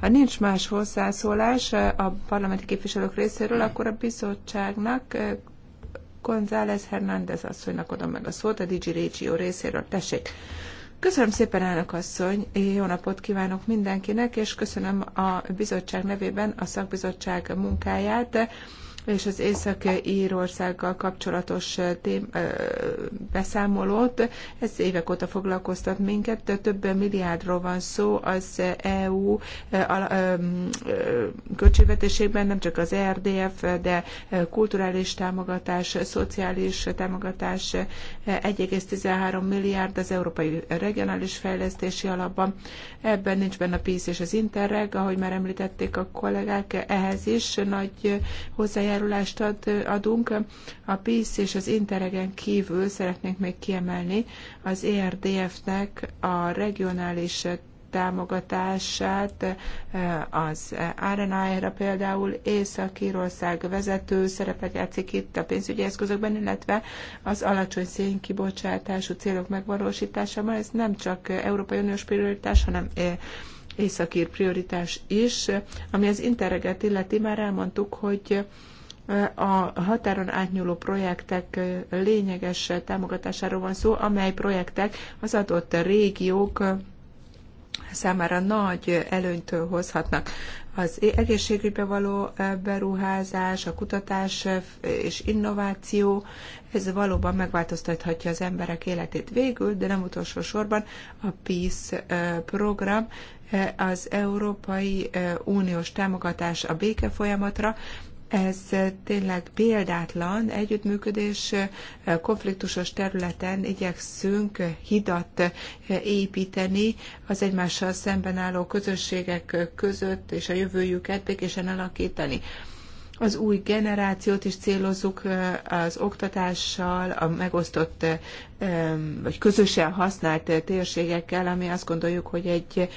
Speaker 1: Ha nincs más hozzászólás a parlamenti képviselők részéről, akkor a bizottságnak González Hernández asszonynak adom meg a szót a Digi Régió részéről. Tessék! Köszönöm szépen, elnök asszony, jó napot kívánok mindenkinek, és köszönöm a bizottság nevében a szakbizottság munkáját és az Észak-Írországgal kapcsolatos tém- beszámolót. Ez évek óta foglalkoztat minket, több milliárdról van szó az EU költségvetésében, nem csak az ERDF, de kulturális támogatás, szociális támogatás 1,13 milliárd az Európai Regionális Fejlesztési Alapban. Ebben nincs benne a PISZ és az Interreg, ahogy már említették a kollégák, ehhez is nagy hozzájárulás hozzájárulást ad, adunk. A PISZ és az Interegen kívül szeretnénk még kiemelni az ERDF-nek a regionális támogatását az RNA-ra például Észak-Írország vezető szerepet játszik itt a pénzügyi eszközökben, illetve az alacsony szénkibocsátású célok megvalósításában. Ez nem csak Európai Uniós prioritás, hanem északír prioritás is. Ami az interreget illeti, már elmondtuk, hogy a határon átnyúló projektek lényeges támogatásáról van szó, amely projektek az adott régiók számára nagy előnyt hozhatnak. Az egészségügybe való beruházás, a kutatás és innováció, ez valóban megváltoztathatja az emberek életét végül, de nem utolsó sorban a PEACE program, az Európai Uniós támogatás a béke folyamatra, ez tényleg példátlan együttműködés, konfliktusos területen igyekszünk hidat építeni az egymással szemben álló közösségek között és a jövőjüket békésen alakítani az új generációt is célozzuk az oktatással, a megosztott vagy közösen használt térségekkel, ami azt gondoljuk, hogy egy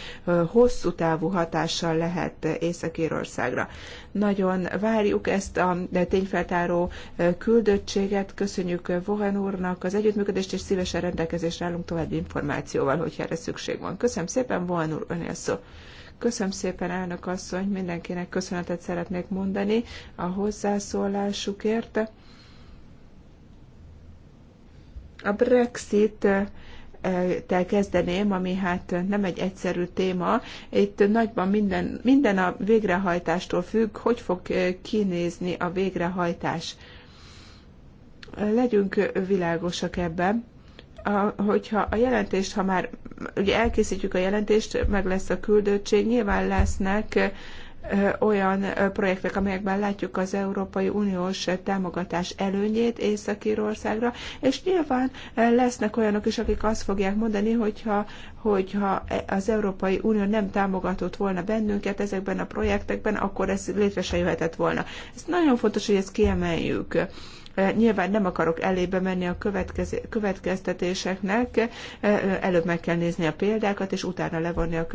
Speaker 1: hosszú távú hatással lehet Észak-Írországra. Nagyon várjuk ezt a tényfeltáró küldöttséget. Köszönjük Vohan úrnak az együttműködést, és szívesen rendelkezésre állunk további információval, hogyha erre szükség van. Köszönöm szépen, Vohan úr, önél szó. Köszönöm szépen, elnök asszony, mindenkinek köszönetet szeretnék mondani a hozzászólásukért. A Brexit tel kezdeném, ami hát nem egy egyszerű téma. Itt nagyban minden, minden a végrehajtástól függ, hogy fog kinézni a végrehajtás. Legyünk világosak ebben. A, hogyha a jelentést, ha már ugye elkészítjük a jelentést, meg lesz a küldöttség, nyilván lesznek olyan projektek, amelyekben látjuk az Európai Uniós támogatás előnyét Észak-Írországra, és nyilván lesznek olyanok is, akik azt fogják mondani, hogyha, hogyha az Európai Unió nem támogatott volna bennünket ezekben a projektekben, akkor ez létre se jöhetett volna. Ez nagyon fontos, hogy ezt kiemeljük Nyilván nem akarok elébe menni a következtetéseknek, előbb meg kell nézni a példákat, és utána levonni a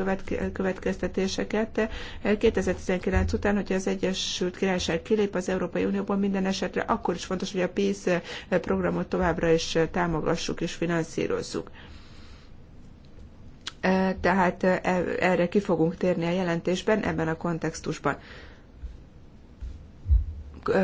Speaker 1: következtetéseket. 2019 után, hogyha az Egyesült Királyság kilép az Európai Unióból minden esetre, akkor is fontos, hogy a PEACE programot továbbra is támogassuk és finanszírozzuk tehát e-, erre ki fogunk térni a jelentésben ebben a kontextusban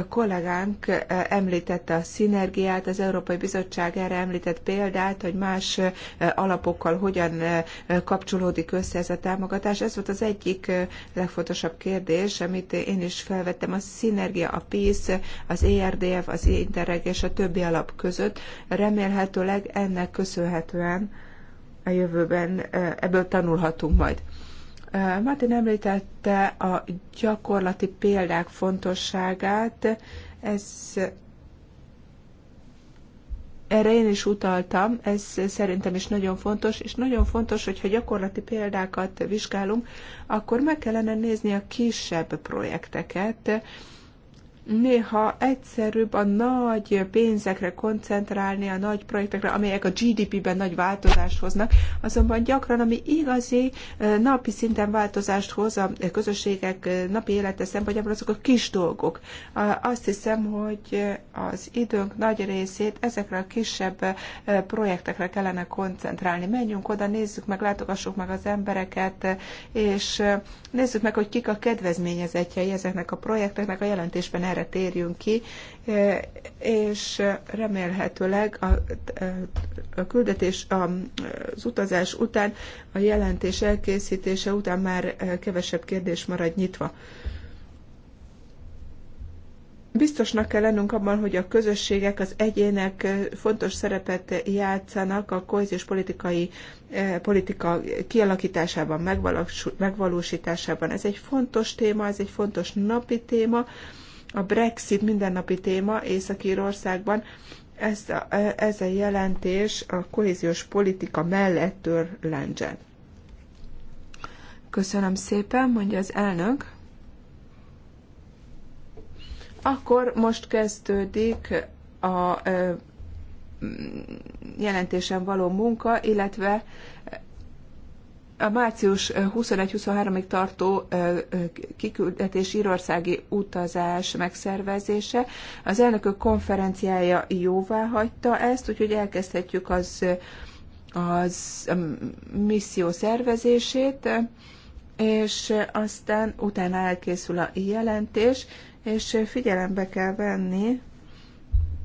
Speaker 1: kollégánk eh, említette a szinergiát, az Európai Bizottság erre említett példát, hogy más eh, alapokkal hogyan eh, kapcsolódik össze ez a támogatás. Ez volt az egyik legfontosabb kérdés, amit én is felvettem, a szinergia a PISZ, az ERDF, az Interreg és a többi alap között. Remélhetőleg ennek köszönhetően a jövőben ebből tanulhatunk majd. Martin említette a gyakorlati példák fontosságát. Ez erre én is utaltam, ez szerintem is nagyon fontos, és nagyon fontos, hogyha gyakorlati példákat vizsgálunk, akkor meg kellene nézni a kisebb projekteket, néha egyszerűbb a nagy pénzekre koncentrálni, a nagy projektekre, amelyek a GDP-ben nagy változást hoznak, azonban gyakran, ami igazi napi szinten változást hoz a közösségek napi élete szempontjából, azok a kis dolgok. Azt hiszem, hogy az időnk nagy részét ezekre a kisebb projektekre kellene koncentrálni. Menjünk oda, nézzük meg, látogassuk meg az embereket, és nézzük meg, hogy kik a kedvezményezetjei ezeknek a projekteknek a jelentésben erre térjünk ki, e, és remélhetőleg a, e, a küldetés az utazás után, a jelentés elkészítése után már e, kevesebb kérdés marad nyitva. Biztosnak kell lennünk abban, hogy a közösségek, az egyének fontos szerepet játszanak a kohéziós politikai politika kialakításában, megvalósításában. Ez egy fontos téma, ez egy fontos napi téma, a Brexit mindennapi téma Észak-Írországban. Ez a, ez a jelentés a kohéziós politika mellett tör lencset. Köszönöm szépen, mondja az elnök. Akkor most kezdődik a jelentésen való munka, illetve a március 21-23-ig eh, tartó eh, eh, kiküldetés írországi utazás megszervezése. Az elnökök konferenciája jóvá hagyta ezt, úgyhogy elkezdhetjük az, az misszió szervezését, és aztán utána elkészül a jelentés, és figyelembe kell venni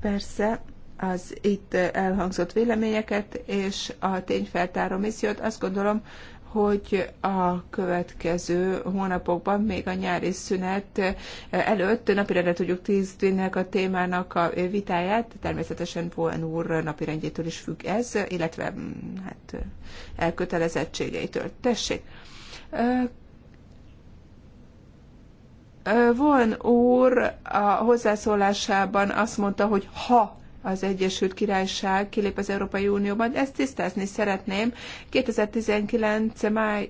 Speaker 1: persze az itt elhangzott véleményeket és a tényfeltáró missziót. Azt gondolom, hogy a következő hónapokban, még a nyári szünet előtt napirendre tudjuk tízdének a témának a vitáját. Természetesen Poen úr napirendjétől is függ ez, illetve mm, hát elkötelezettségeitől. Tessék! Von úr a hozzászólásában azt mondta, hogy ha az Egyesült Királyság kilép az Európai Unióban. Ezt tisztázni szeretném. 2019. Máj,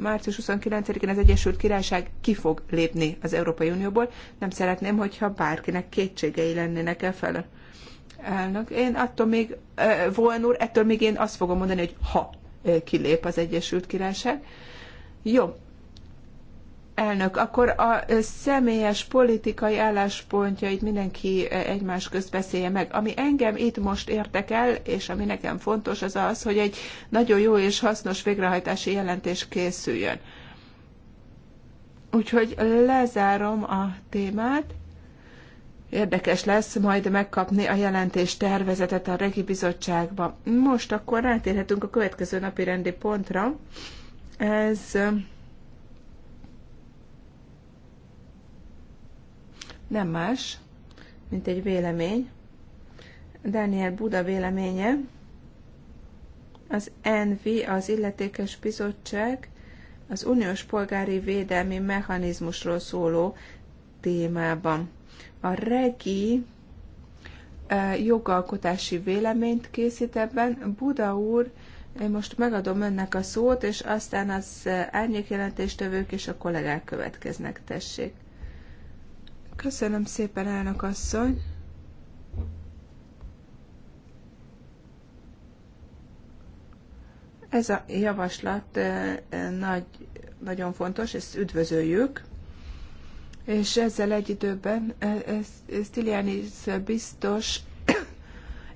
Speaker 1: március 29-én az Egyesült Királyság ki fog lépni az Európai Unióból. Nem szeretném, hogyha bárkinek kétségei lennének e felől. Elnök, én attól még, Voln úr, ettől még én azt fogom mondani, hogy ha kilép az Egyesült Királyság. Jó, Elnök, akkor a személyes politikai álláspontjait mindenki egymás közt beszélje meg. Ami engem itt most érdekel, és ami nekem fontos, az az, hogy egy nagyon jó és hasznos végrehajtási jelentés készüljön. Úgyhogy lezárom a témát. Érdekes lesz majd megkapni a jelentés tervezetet a Regi Bizottságba. Most akkor rátérhetünk a következő napi rendi pontra. Ez nem más, mint egy vélemény. Daniel Buda véleménye, az NV az Illetékes Bizottság, az Uniós Polgári Védelmi Mechanizmusról szóló témában. A REGI jogalkotási véleményt készít ebben. Buda úr, én most megadom önnek a szót, és aztán az árnyékjelentéstövők és a kollégák következnek, tessék. Köszönöm szépen, elnök asszony. Ez a javaslat eh, eh, nagy, nagyon fontos, ezt üdvözöljük, és ezzel egy időben eh, Stylianis biztos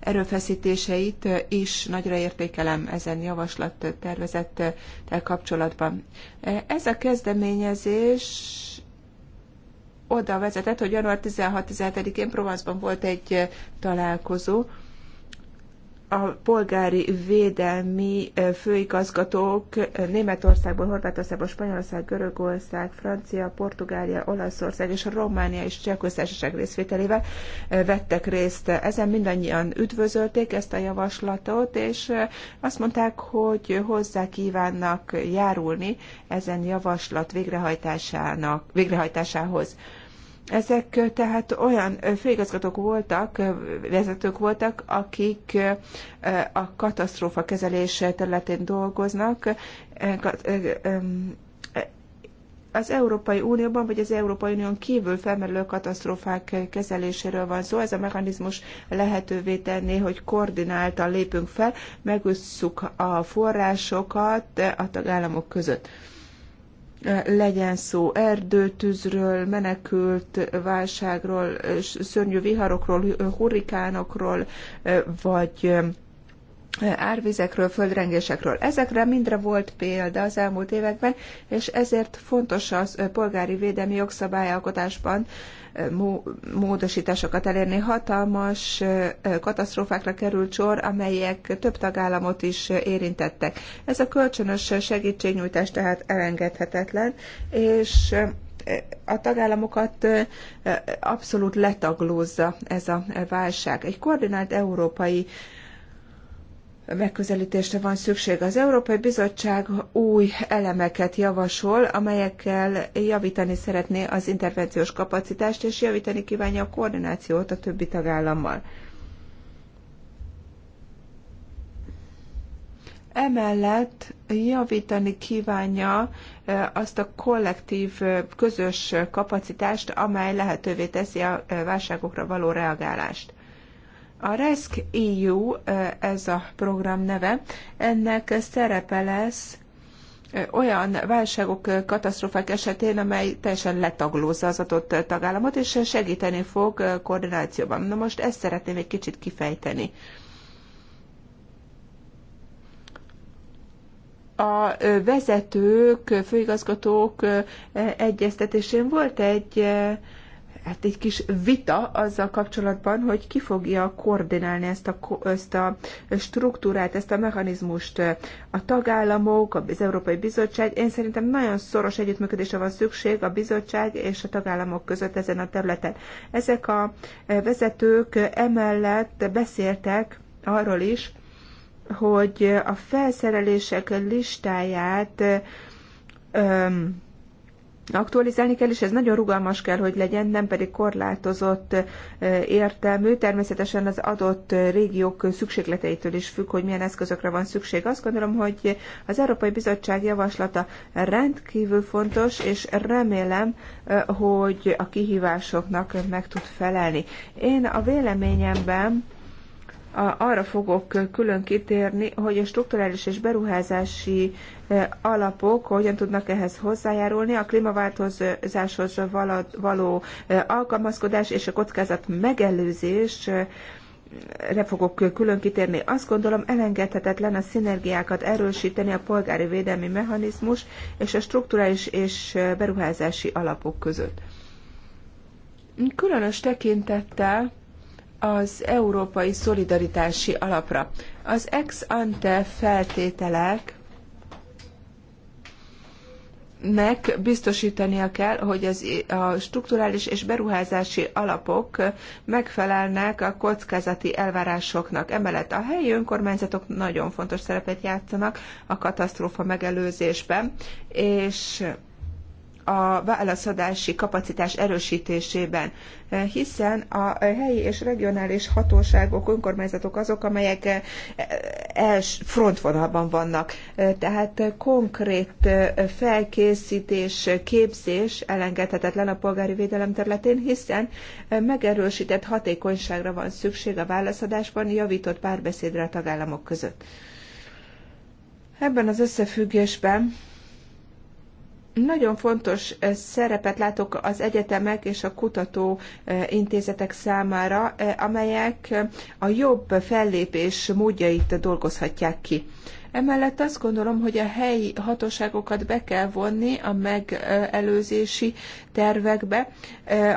Speaker 1: erőfeszítéseit is nagyra értékelem ezen javaslat tervezettel kapcsolatban. Ez a kezdeményezés oda vezetett, hogy január 16-17-én Provenceban volt egy találkozó, a polgári védelmi főigazgatók Németországból, Horvátországból, Spanyolország, Görögország, Francia, Portugália, Olaszország és a Románia és Csehköztársaság részvételével vettek részt. Ezen mindannyian üdvözölték ezt a javaslatot, és azt mondták, hogy hozzá kívánnak járulni ezen javaslat végrehajtásának, végrehajtásához. Ezek tehát olyan főigazgatók voltak, vezetők voltak, akik a katasztrófa kezelés területén dolgoznak. Az Európai Unióban vagy az Európai Unión kívül felmerülő katasztrófák kezeléséről van szó. Ez a mechanizmus lehetővé tenné, hogy koordináltan lépünk fel, megösszük a forrásokat a tagállamok között legyen szó erdőtűzről, menekült válságról, szörnyű viharokról, hurrikánokról, vagy árvizekről, földrengésekről. Ezekre mindre volt példa az elmúlt években, és ezért fontos az polgári védelmi jogszabályalkotásban módosításokat elérni. Hatalmas katasztrófákra került sor, amelyek több tagállamot is érintettek. Ez a kölcsönös segítségnyújtás tehát elengedhetetlen, és a tagállamokat abszolút letaglózza ez a válság. Egy koordinált európai megközelítésre van szükség. Az Európai Bizottság új elemeket javasol, amelyekkel javítani szeretné az intervenciós kapacitást, és javítani kívánja a koordinációt a többi tagállammal. Emellett javítani kívánja e, azt a kollektív, e, közös kapacitást, amely lehetővé teszi a e, válságokra való reagálást. A RESC EU, ez a program neve, ennek szerepe lesz olyan válságok, katasztrófák esetén, amely teljesen letaglózza az adott tagállamot, és segíteni fog koordinációban. Na most ezt szeretném egy kicsit kifejteni. a vezetők, főigazgatók egyeztetésén volt egy hát egy kis vita azzal kapcsolatban, hogy ki fogja koordinálni ezt a, ezt a struktúrát, ezt a mechanizmust. A tagállamok, az Európai Bizottság, én szerintem nagyon szoros együttműködésre van szükség a bizottság és a tagállamok között ezen a területen. Ezek a vezetők emellett beszéltek arról is, hogy a felszerelések listáját öm, aktualizálni kell, és ez nagyon rugalmas kell, hogy legyen, nem pedig korlátozott értelmű. Természetesen az adott régiók szükségleteitől is függ, hogy milyen eszközökre van szükség. Azt gondolom, hogy az Európai Bizottság javaslata rendkívül fontos, és remélem, hogy a kihívásoknak meg tud felelni. Én a véleményemben arra fogok külön kitérni, hogy a strukturális és beruházási e, alapok hogyan tudnak ehhez hozzájárulni, a klímaváltozáshoz való e, alkalmazkodás és a kockázat megelőzés e, re fogok külön kitérni. Azt gondolom elengedhetetlen a szinergiákat erősíteni a polgári védelmi mechanizmus és a strukturális és beruházási alapok között. Különös tekintettel az Európai Szolidaritási Alapra. Az ex ante feltételek nek biztosítania kell, hogy az, a strukturális és beruházási alapok megfelelnek a kockázati elvárásoknak. Emellett a helyi önkormányzatok nagyon fontos szerepet játszanak a katasztrófa megelőzésben, és a válaszadási kapacitás erősítésében, hiszen a helyi és regionális hatóságok, önkormányzatok azok, amelyek els frontvonalban vannak. Tehát konkrét felkészítés, képzés elengedhetetlen a polgári védelem területén, hiszen megerősített hatékonyságra van szükség a válaszadásban, javított párbeszédre a tagállamok között. Ebben az összefüggésben nagyon fontos szerepet látok az egyetemek és a kutató intézetek számára, amelyek a jobb fellépés módjait dolgozhatják ki. Emellett azt gondolom, hogy a helyi hatóságokat be kell vonni a megelőzési tervekbe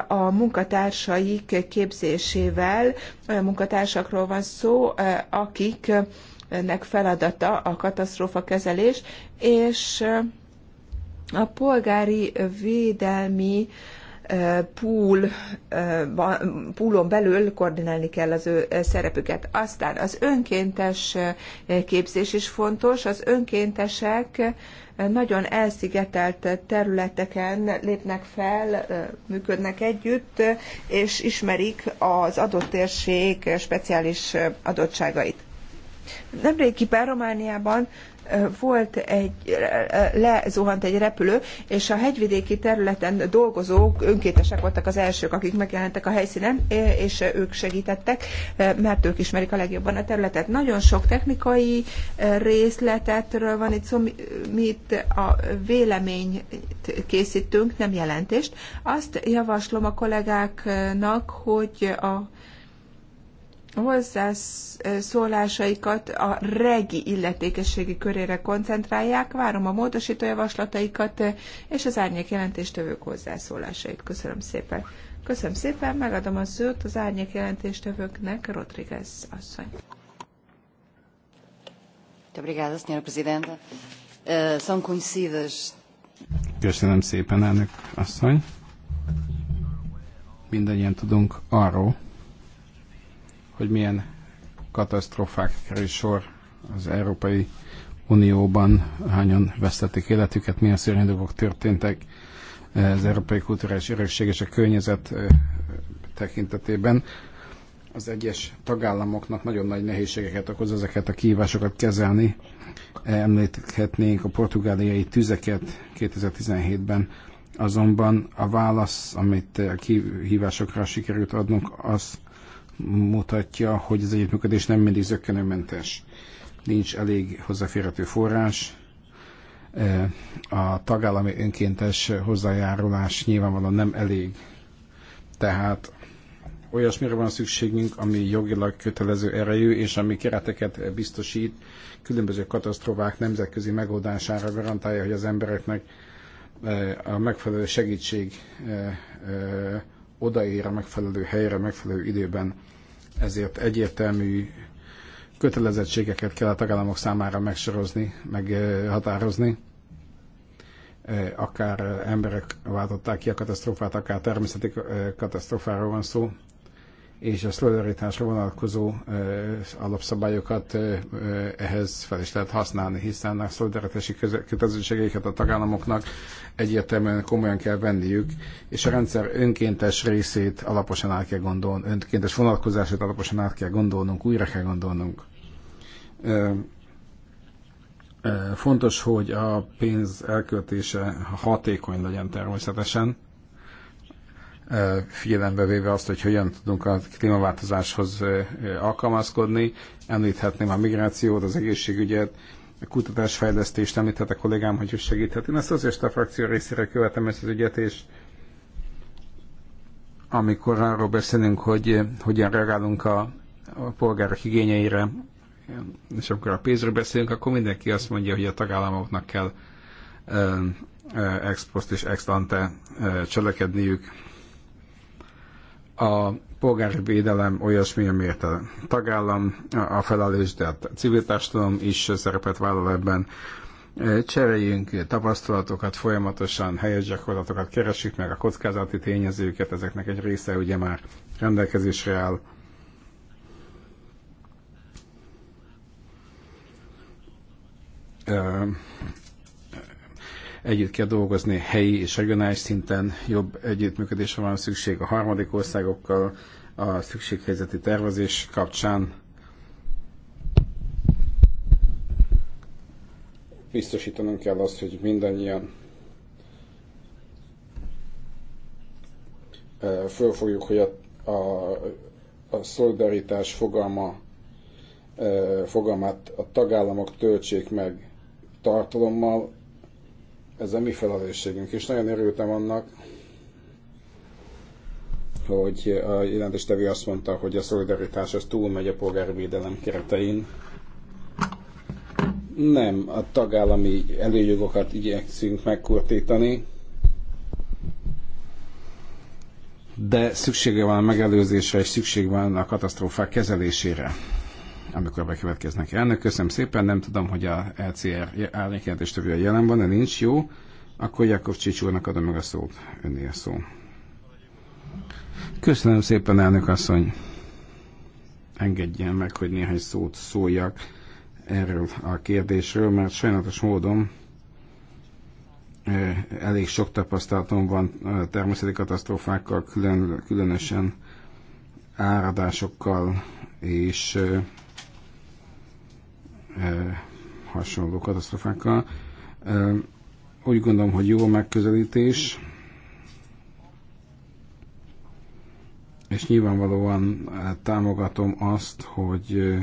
Speaker 1: a munkatársaik képzésével. Olyan munkatársakról van szó, akiknek feladata a katasztrófa kezelés, és a polgári védelmi pool, poolon belül koordinálni kell az ő szerepüket. Aztán az önkéntes képzés is fontos. Az önkéntesek nagyon elszigetelt területeken lépnek fel, működnek együtt, és ismerik az adott térség speciális adottságait. Nemrégiben Romániában volt egy, lezuhant egy repülő, és a hegyvidéki területen dolgozók, önkéntesek voltak az elsők, akik megjelentek a helyszínen, és ők segítettek, e, mert ők ismerik a legjobban a területet. Nagyon sok technikai e, részletetről van itt szó, mi a véleményt készítünk, nem jelentést. Azt javaslom a kollégáknak, hogy a hozzászólásaikat a regi illetékességi körére koncentrálják. Várom a módosító javaslataikat eh, és az árnyék jelentéstevők hozzászólásait. Köszönöm szépen. Köszönöm szépen, megadom a szót az árnyék jelentéstevőknek, Rodriguez asszony.
Speaker 2: Eh, Köszönöm szépen, elnök asszony. Mindannyian tudunk arról, hogy milyen katasztrofák kerül sor az Európai Unióban, hányan vesztették életüket, milyen szörnyű dolgok történtek eh, az Európai Kulturális Örökség és a környezet eh, tekintetében. Az egyes tagállamoknak nagyon nagy nehézségeket okoz ezeket a kihívásokat kezelni. Említhetnénk a portugáliai tüzeket 2017-ben, azonban a válasz, amit a kihívásokra sikerült adnunk, az mutatja, hogy az együttműködés nem mindig zöggenőmentes. Nincs elég hozzáférhető forrás, e, a tagállami önkéntes hozzájárulás nyilvánvalóan nem elég. Tehát olyasmire van szükségünk, ami jogilag kötelező erejű, és ami kereteket biztosít különböző katasztrófák nemzetközi megoldására, garantálja, hogy az embereknek e, a megfelelő segítség e, odaér a megfelelő helyre, megfelelő időben, ezért egyértelmű kötelezettségeket kell a tagállamok számára megsorozni, meghatározni, e, akár emberek váltották ki a katasztrófát, akár természeti e, katasztrófáról van szó, és a szolidaritásra vonatkozó alapszabályokat ehhez fel is lehet használni, hiszen a szolidaritási kötelezettségeiket a tagállamoknak egyértelműen komolyan kell venniük, és a rendszer önkéntes részét alaposan át kell gondolnunk, önkéntes vonatkozását alaposan át kell gondolnunk, újra kell gondolnunk. Fontos, hogy a pénz elköltése hatékony legyen természetesen, figyelembe véve azt, hogy hogyan tudunk a klímaváltozáshoz alkalmazkodni. Említhetném a migrációt, az egészségügyet, a kutatásfejlesztést említhet a kollégám, hogy ő segíthet. Én ezt azért a frakció részére követem ezt az ügyet, és amikor arról beszélünk, hogy hogyan reagálunk a, a polgárok igényeire, és amikor a pénzről beszélünk, akkor mindenki azt mondja, hogy a tagállamoknak kell ex post és ex ante cselekedniük a polgári védelem olyasmi, amiért a tagállam a felelős, de hát a civil társadalom is szerepet vállal ebben. E, cseréljünk tapasztalatokat folyamatosan, helyes gyakorlatokat keresjük meg, a kockázati tényezőket, ezeknek egy része ugye már rendelkezésre áll. E, Együtt kell dolgozni helyi és regionális szinten, jobb együttműködésre van szükség a harmadik országokkal, a szükséghelyzeti tervezés kapcsán. Biztosítanunk kell azt, hogy mindannyian fölfogjuk, hogy a, a, a szolidaritás fogalma, fogalmát a tagállamok töltsék meg tartalommal, ez a mi felelősségünk, és nagyon örültem annak, hogy a jelentéstevő azt mondta, hogy a szolidaritás az túlmegy a polgárvédelem keretein. Nem, a tagállami előjogokat igyekszünk megkurtítani, de szüksége van a megelőzésre, és szükség van a katasztrófák kezelésére amikor bekövetkeznek. Elnök, köszönöm szépen, nem tudom, hogy a LCR árnyékjelentéstevője jelen van, de nincs jó. Akkor Jakov Csics úrnak adom meg a szót, önnél szó. Köszönöm szépen, elnök asszony. Engedjen meg, hogy néhány szót szóljak erről a kérdésről, mert sajnálatos módon eh, elég sok tapasztalatom van eh, természeti katasztrófákkal, külön, különösen áradásokkal és eh, hasonló katasztrofákkal. Úgy gondolom, hogy jó a megközelítés, és nyilvánvalóan támogatom azt, hogy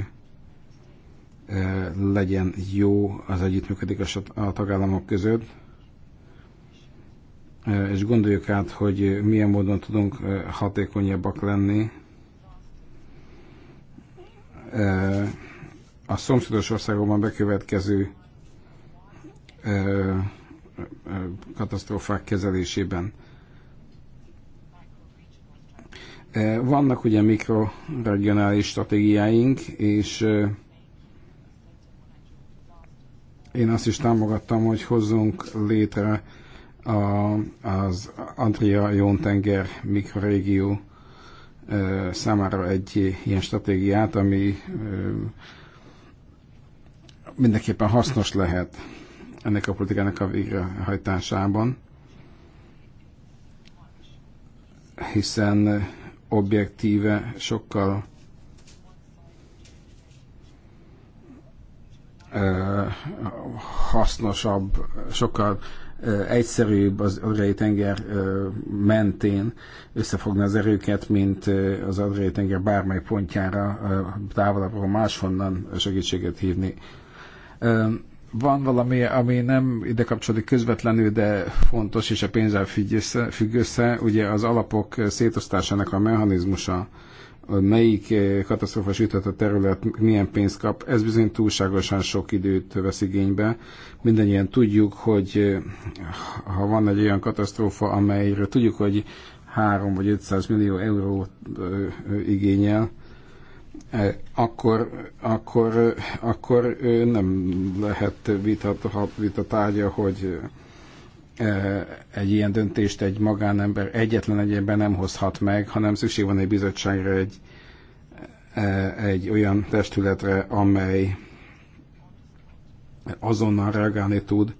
Speaker 2: legyen jó az együttműködés a tagállamok között, és gondoljuk át, hogy milyen módon tudunk hatékonyabbak lenni a szomszédos országokban bekövetkező ö, ö, katasztrófák kezelésében. Vannak ugye mikroregionális stratégiáink, és én azt is támogattam, hogy hozzunk létre a, az Adria Jóntenger mikrorégió számára egy ilyen stratégiát, ami mindenképpen hasznos lehet ennek a politikának a végrehajtásában, hiszen objektíve sokkal hasznosabb, sokkal egyszerűbb az Adriai tenger mentén összefogni az erőket, mint az Adriai tenger bármely pontjára távolabbról máshonnan segítséget hívni van valami, ami nem ide kapcsolódik közvetlenül, de fontos, és a pénzzel függ össze, függ össze ugye az alapok szétosztásának a mechanizmusa, melyik eh, katasztrófa sütött a terület, milyen pénzt kap, ez bizony túlságosan sok időt vesz igénybe. Mindennyien tudjuk, hogy eh, ha van egy olyan katasztrófa, amelyre tudjuk, hogy 3 vagy 500 millió eurót eh, igényel, Eh, akkor, akkor, eh, akkor eh, nem lehet vita, vita tárgya, hogy egy ilyen döntést egy magánember egyetlen egyében nem hozhat meg, hanem szükség van egy bizottságra, egy, egy olyan testületre, amely azonnal reagálni tud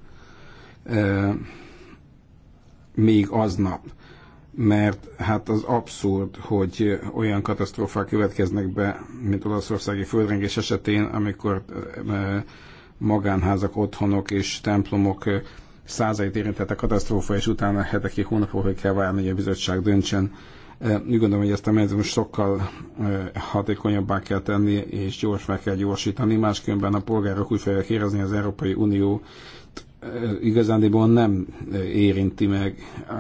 Speaker 2: még aznap mert hát az abszurd, hogy olyan katasztrófák következnek be, mint olaszországi földrengés esetén, amikor eh, magánházak, otthonok és templomok eh, százait érintett a katasztrófa, és utána hetekig, hónapokig kell várni, hogy a bizottság döntsen. Eh, úgy gondolom, hogy ezt a mechanizmust sokkal hatékonyabbá kell tenni, és gyors meg kell gyorsítani. Máskülönben a polgárok úgy fogják érezni, az Európai Unió igazándiból nem érinti meg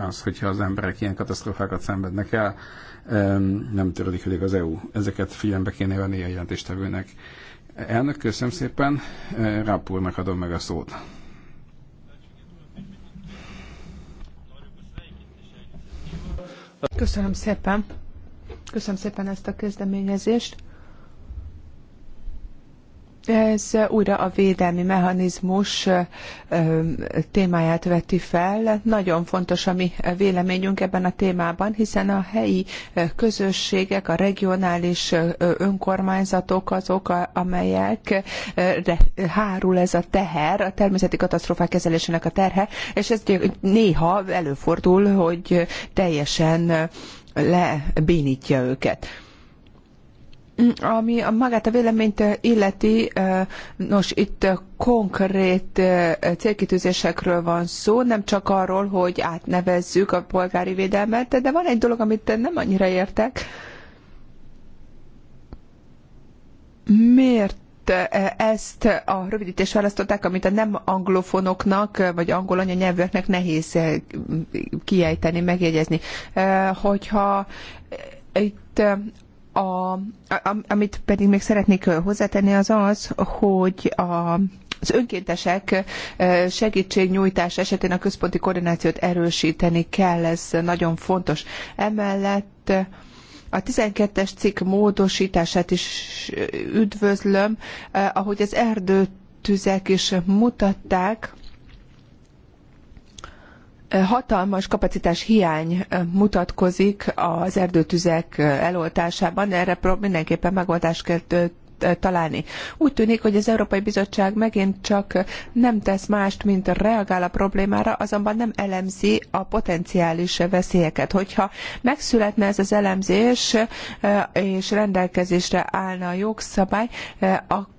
Speaker 2: az, hogyha az emberek ilyen katasztrófákat szenvednek el, nem törődik elég az EU. Ezeket figyelembe kéne venni a jelentéstevőnek. Elnök, köszönöm szépen, Rappurnak adom meg a szót.
Speaker 1: Köszönöm szépen. Köszönöm szépen ezt a kezdeményezést. Ez újra a védelmi mechanizmus témáját veti fel. Nagyon fontos a mi véleményünk ebben a témában, hiszen a helyi közösségek, a regionális önkormányzatok azok, amelyek hárul ez a teher, a természeti katasztrófák kezelésének a terhe, és ez néha előfordul, hogy teljesen lebénítja őket. Ami magát a véleményt illeti, nos, itt konkrét célkitűzésekről van szó, nem csak arról, hogy átnevezzük a polgári védelmet, de van egy dolog, amit nem annyira értek. Miért ezt a rövidítést választották, amit a nem anglofonoknak, vagy angol anyanyelvűeknek nehéz kiejteni, megjegyezni. Hogyha itt a, amit pedig még szeretnék hozzátenni, az az, hogy a az önkéntesek segítségnyújtás esetén a központi koordinációt erősíteni kell, ez nagyon fontos. Emellett a 12-es cikk módosítását is üdvözlöm, ahogy az erdőtüzek is mutatták, hatalmas kapacitás hiány mutatkozik az erdőtüzek eloltásában, erre mindenképpen megoldást kell találni. Úgy tűnik, hogy az Európai Bizottság megint csak nem tesz mást, mint reagál a problémára, azonban nem elemzi a potenciális veszélyeket. Hogyha megszületne ez az elemzés, és rendelkezésre állna a jogszabály, akkor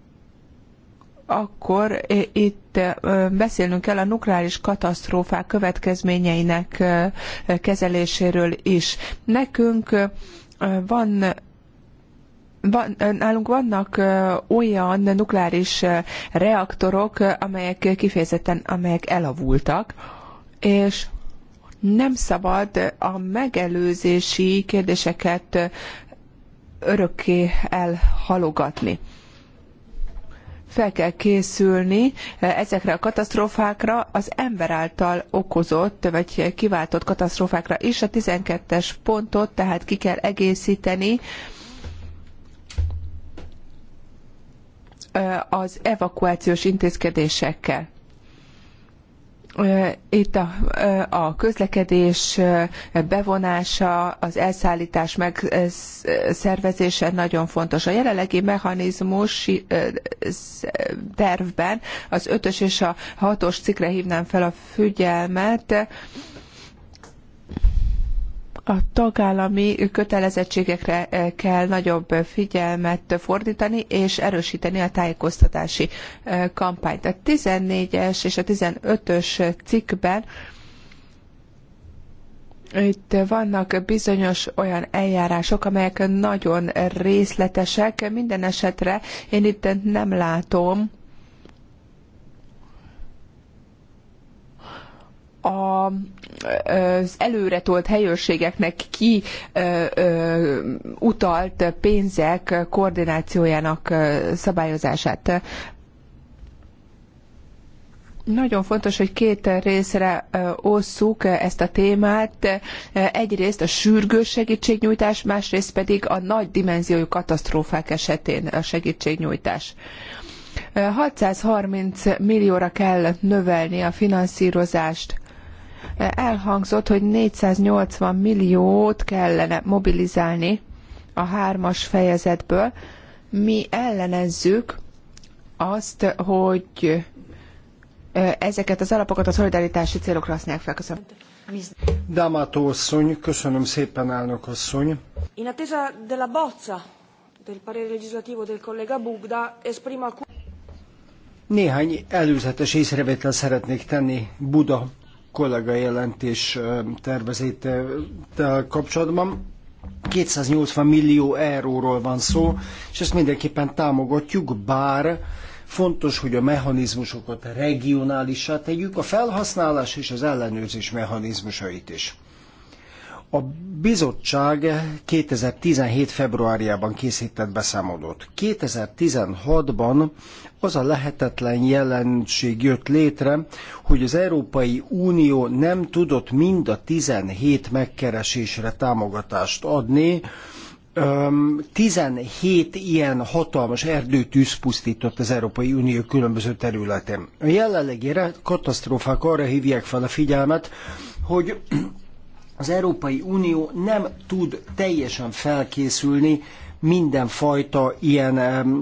Speaker 1: akkor eh, itt eh, beszélnünk kell a nukleáris katasztrófák következményeinek eh, kezeléséről is. Nekünk van van, nálunk vannak olyan nukleáris reaktorok, amelyek kifejezetten amelyek elavultak, és nem szabad a megelőzési kérdéseket örökké elhalogatni fel kell készülni eh, ezekre a katasztrófákra, az ember által okozott vagy kiváltott katasztrófákra is. A 12-es pontot tehát ki kell egészíteni eh, az evakuációs intézkedésekkel. Itt a, a közlekedés bevonása, az elszállítás megszervezése nagyon fontos. A jelenlegi mechanizmus tervben az ötös és a hatos cikre hívnám fel a figyelmet, a tagállami kötelezettségekre eh, kell nagyobb figyelmet fordítani, és erősíteni a tájékoztatási eh, kampányt. A 14-es és a 15-ös cikkben itt vannak bizonyos olyan eljárások, amelyek nagyon részletesek. Minden esetre én itt nem látom a, az előretolt helyőrségeknek ki utalt pénzek koordinációjának szabályozását. Nagyon fontos, hogy két részre osszuk ezt a témát. Egyrészt a sürgős segítségnyújtás, másrészt pedig a nagy dimenziójú katasztrófák esetén a segítségnyújtás. 630 millióra kell növelni a finanszírozást elhangzott, hogy 480 milliót kellene mobilizálni a hármas fejezetből. Mi ellenezzük azt, hogy ezeket az alapokat a szolidaritási célokra használják fel. Köszönöm.
Speaker 3: Damato asszony, köszönöm szépen, elnök asszony.
Speaker 1: In attesa della bozza del parere legislativo del collega Bugda, esprimo alcune...
Speaker 3: Néhány előzetes észrevétel szeretnék tenni Buda kollega jelentés tervezéttel kapcsolatban. 280 millió euróról van szó, és ezt mindenképpen támogatjuk, bár fontos, hogy a mechanizmusokat regionálisá tegyük, a felhasználás és az ellenőrzés mechanizmusait is. A bizottság 2017. februárjában készített beszámolót. 2016-ban az a lehetetlen jelenség jött létre, hogy az Európai Unió nem tudott mind a 17 megkeresésre támogatást adni, 17 ilyen hatalmas erdőtűz pusztított az Európai Unió különböző területén. A jelenlegi katasztrófák arra hívják fel a figyelmet, hogy az Európai Unió nem tud teljesen felkészülni mindenfajta ilyen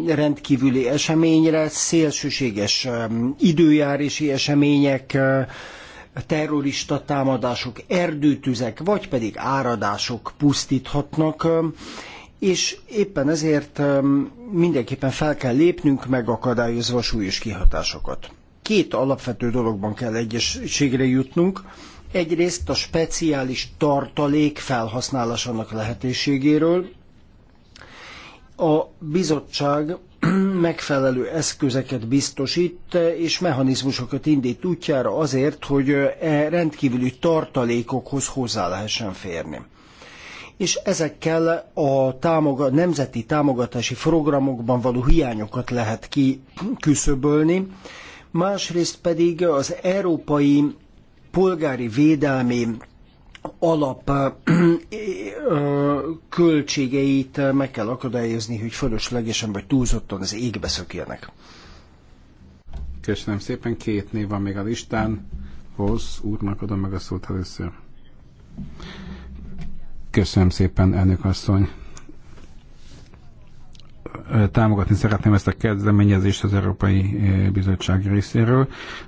Speaker 3: rendkívüli eseményre, szélsőséges időjárási események, terrorista támadások, erdőtüzek, vagy pedig áradások pusztíthatnak, és éppen ezért mindenképpen fel kell lépnünk, megakadályozva súlyos kihatásokat. Két alapvető dologban kell egyességre jutnunk, Egyrészt a speciális tartalék felhasználásának lehetőségéről. A bizottság megfelelő eszközeket biztosít és mechanizmusokat indít útjára azért, hogy e rendkívüli tartalékokhoz hozzá lehessen férni és ezekkel a nemzeti támogatási programokban való hiányokat lehet kiküszöbölni, másrészt pedig az európai polgári védelmi alap költségeit meg kell akadályozni, hogy fölöslegesen vagy túlzottan az égbe
Speaker 2: szökjenek. Köszönöm szépen, két név van még a listán. Vossz úrnak adom meg a szót először. Köszönöm szépen, elnök asszony támogatni szeretném ezt a kezdeményezést az Európai eh, Bizottság részéről,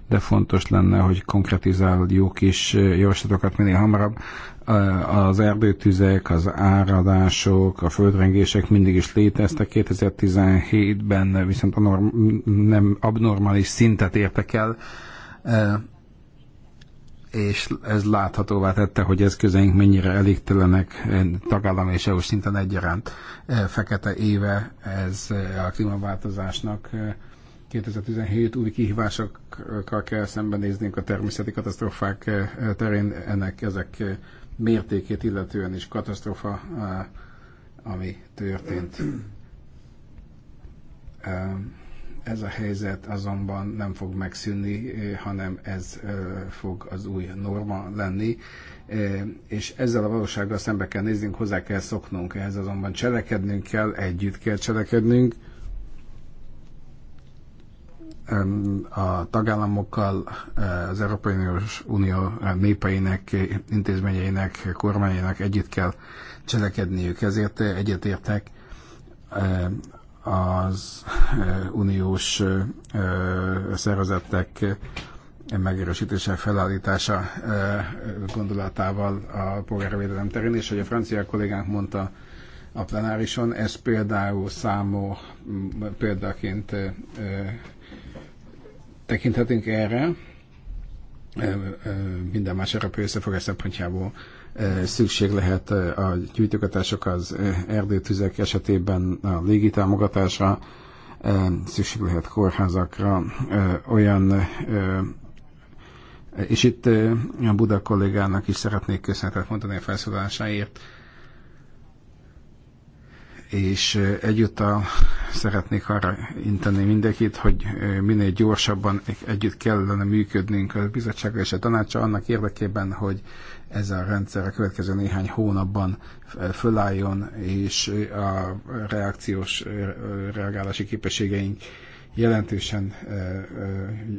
Speaker 2: de fontos lenne, hogy konkretizáljuk is eh, javaslatokat minél hamarabb. Eh, az erdőtüzek, az áradások, a földrengések mindig is léteztek. 2017-ben viszont a norm- nem abnormális szintet értek el és ez láthatóvá tette, hogy eszközeink mennyire elégtelenek eh, tagállam és EU szinten egyaránt. Eh, fekete éve ez eh, a klímaváltozásnak 2017 új kihívásokkal kell szembenéznünk a természeti katasztrófák terén, ennek ezek mértékét illetően is katasztrófa, ami történt. Ez a helyzet azonban nem fog megszűnni, eh, hanem ez eh, fog az új norma lenni, eh, és ezzel a valósággal szembe kell néznünk, hozzá kell szoknunk, ehhez azonban cselekednünk kell, együtt kell cselekednünk, a tagállamokkal, az Európai Unió népeinek, intézményeinek, kormányainak együtt kell cselekedniük. Ezért egyetértek az eh, uniós eh, szervezetek megerősítése, felállítása eh, gondolatával a polgárvédelem terén, és hogy a francia kollégánk mondta a plenárison, ez például számú példaként tekinthetünk erre, minden más európai összefogás szempontjából Eh, szükség lehet eh, a gyűjtögatások az eh, erdőtüzek esetében a légitámogatásra, szükség lehet kórházakra, olyan és itt a Buda kollégának is szeretnék köszönetet mondani a felszólalásáért, és egyúttal szeretnék arra inteni mindenkit, hogy minél gyorsabban együtt kellene működnünk a bizottsággal és a tanácsa annak érdekében, hogy ez a rendszer a következő néhány hónapban fölálljon, és a reakciós reagálási képességeink jelentősen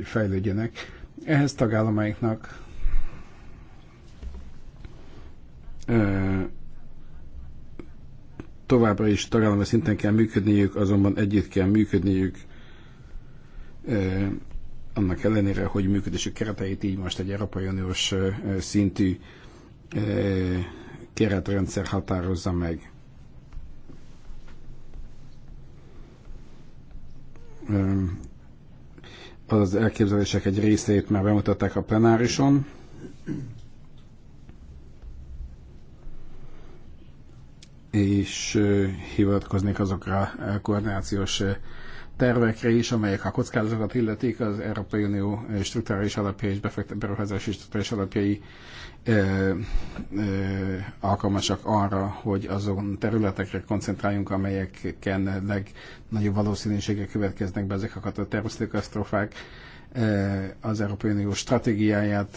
Speaker 2: fejlődjenek. Ehhez tagállamainknak továbbra is tagállami szinten kell működniük, azonban együtt kell működniük annak ellenére, hogy működésük kereteit így most egy Európai Uniós szintű keretrendszer határozza meg. Az elképzelések egy részét már bemutatták a plenárison. és hivatkoznék azokra a koordinációs tervekre is, amelyek a kockázatokat illetik, az Európai Unió struktúrális alapjai és beruházási struktúrális alapjai ö, ö, alkalmasak arra, hogy azon területekre koncentráljunk, amelyeken legnagyobb valószínűséggel következnek be ezek a katasztrofák. Az Európai Unió stratégiáját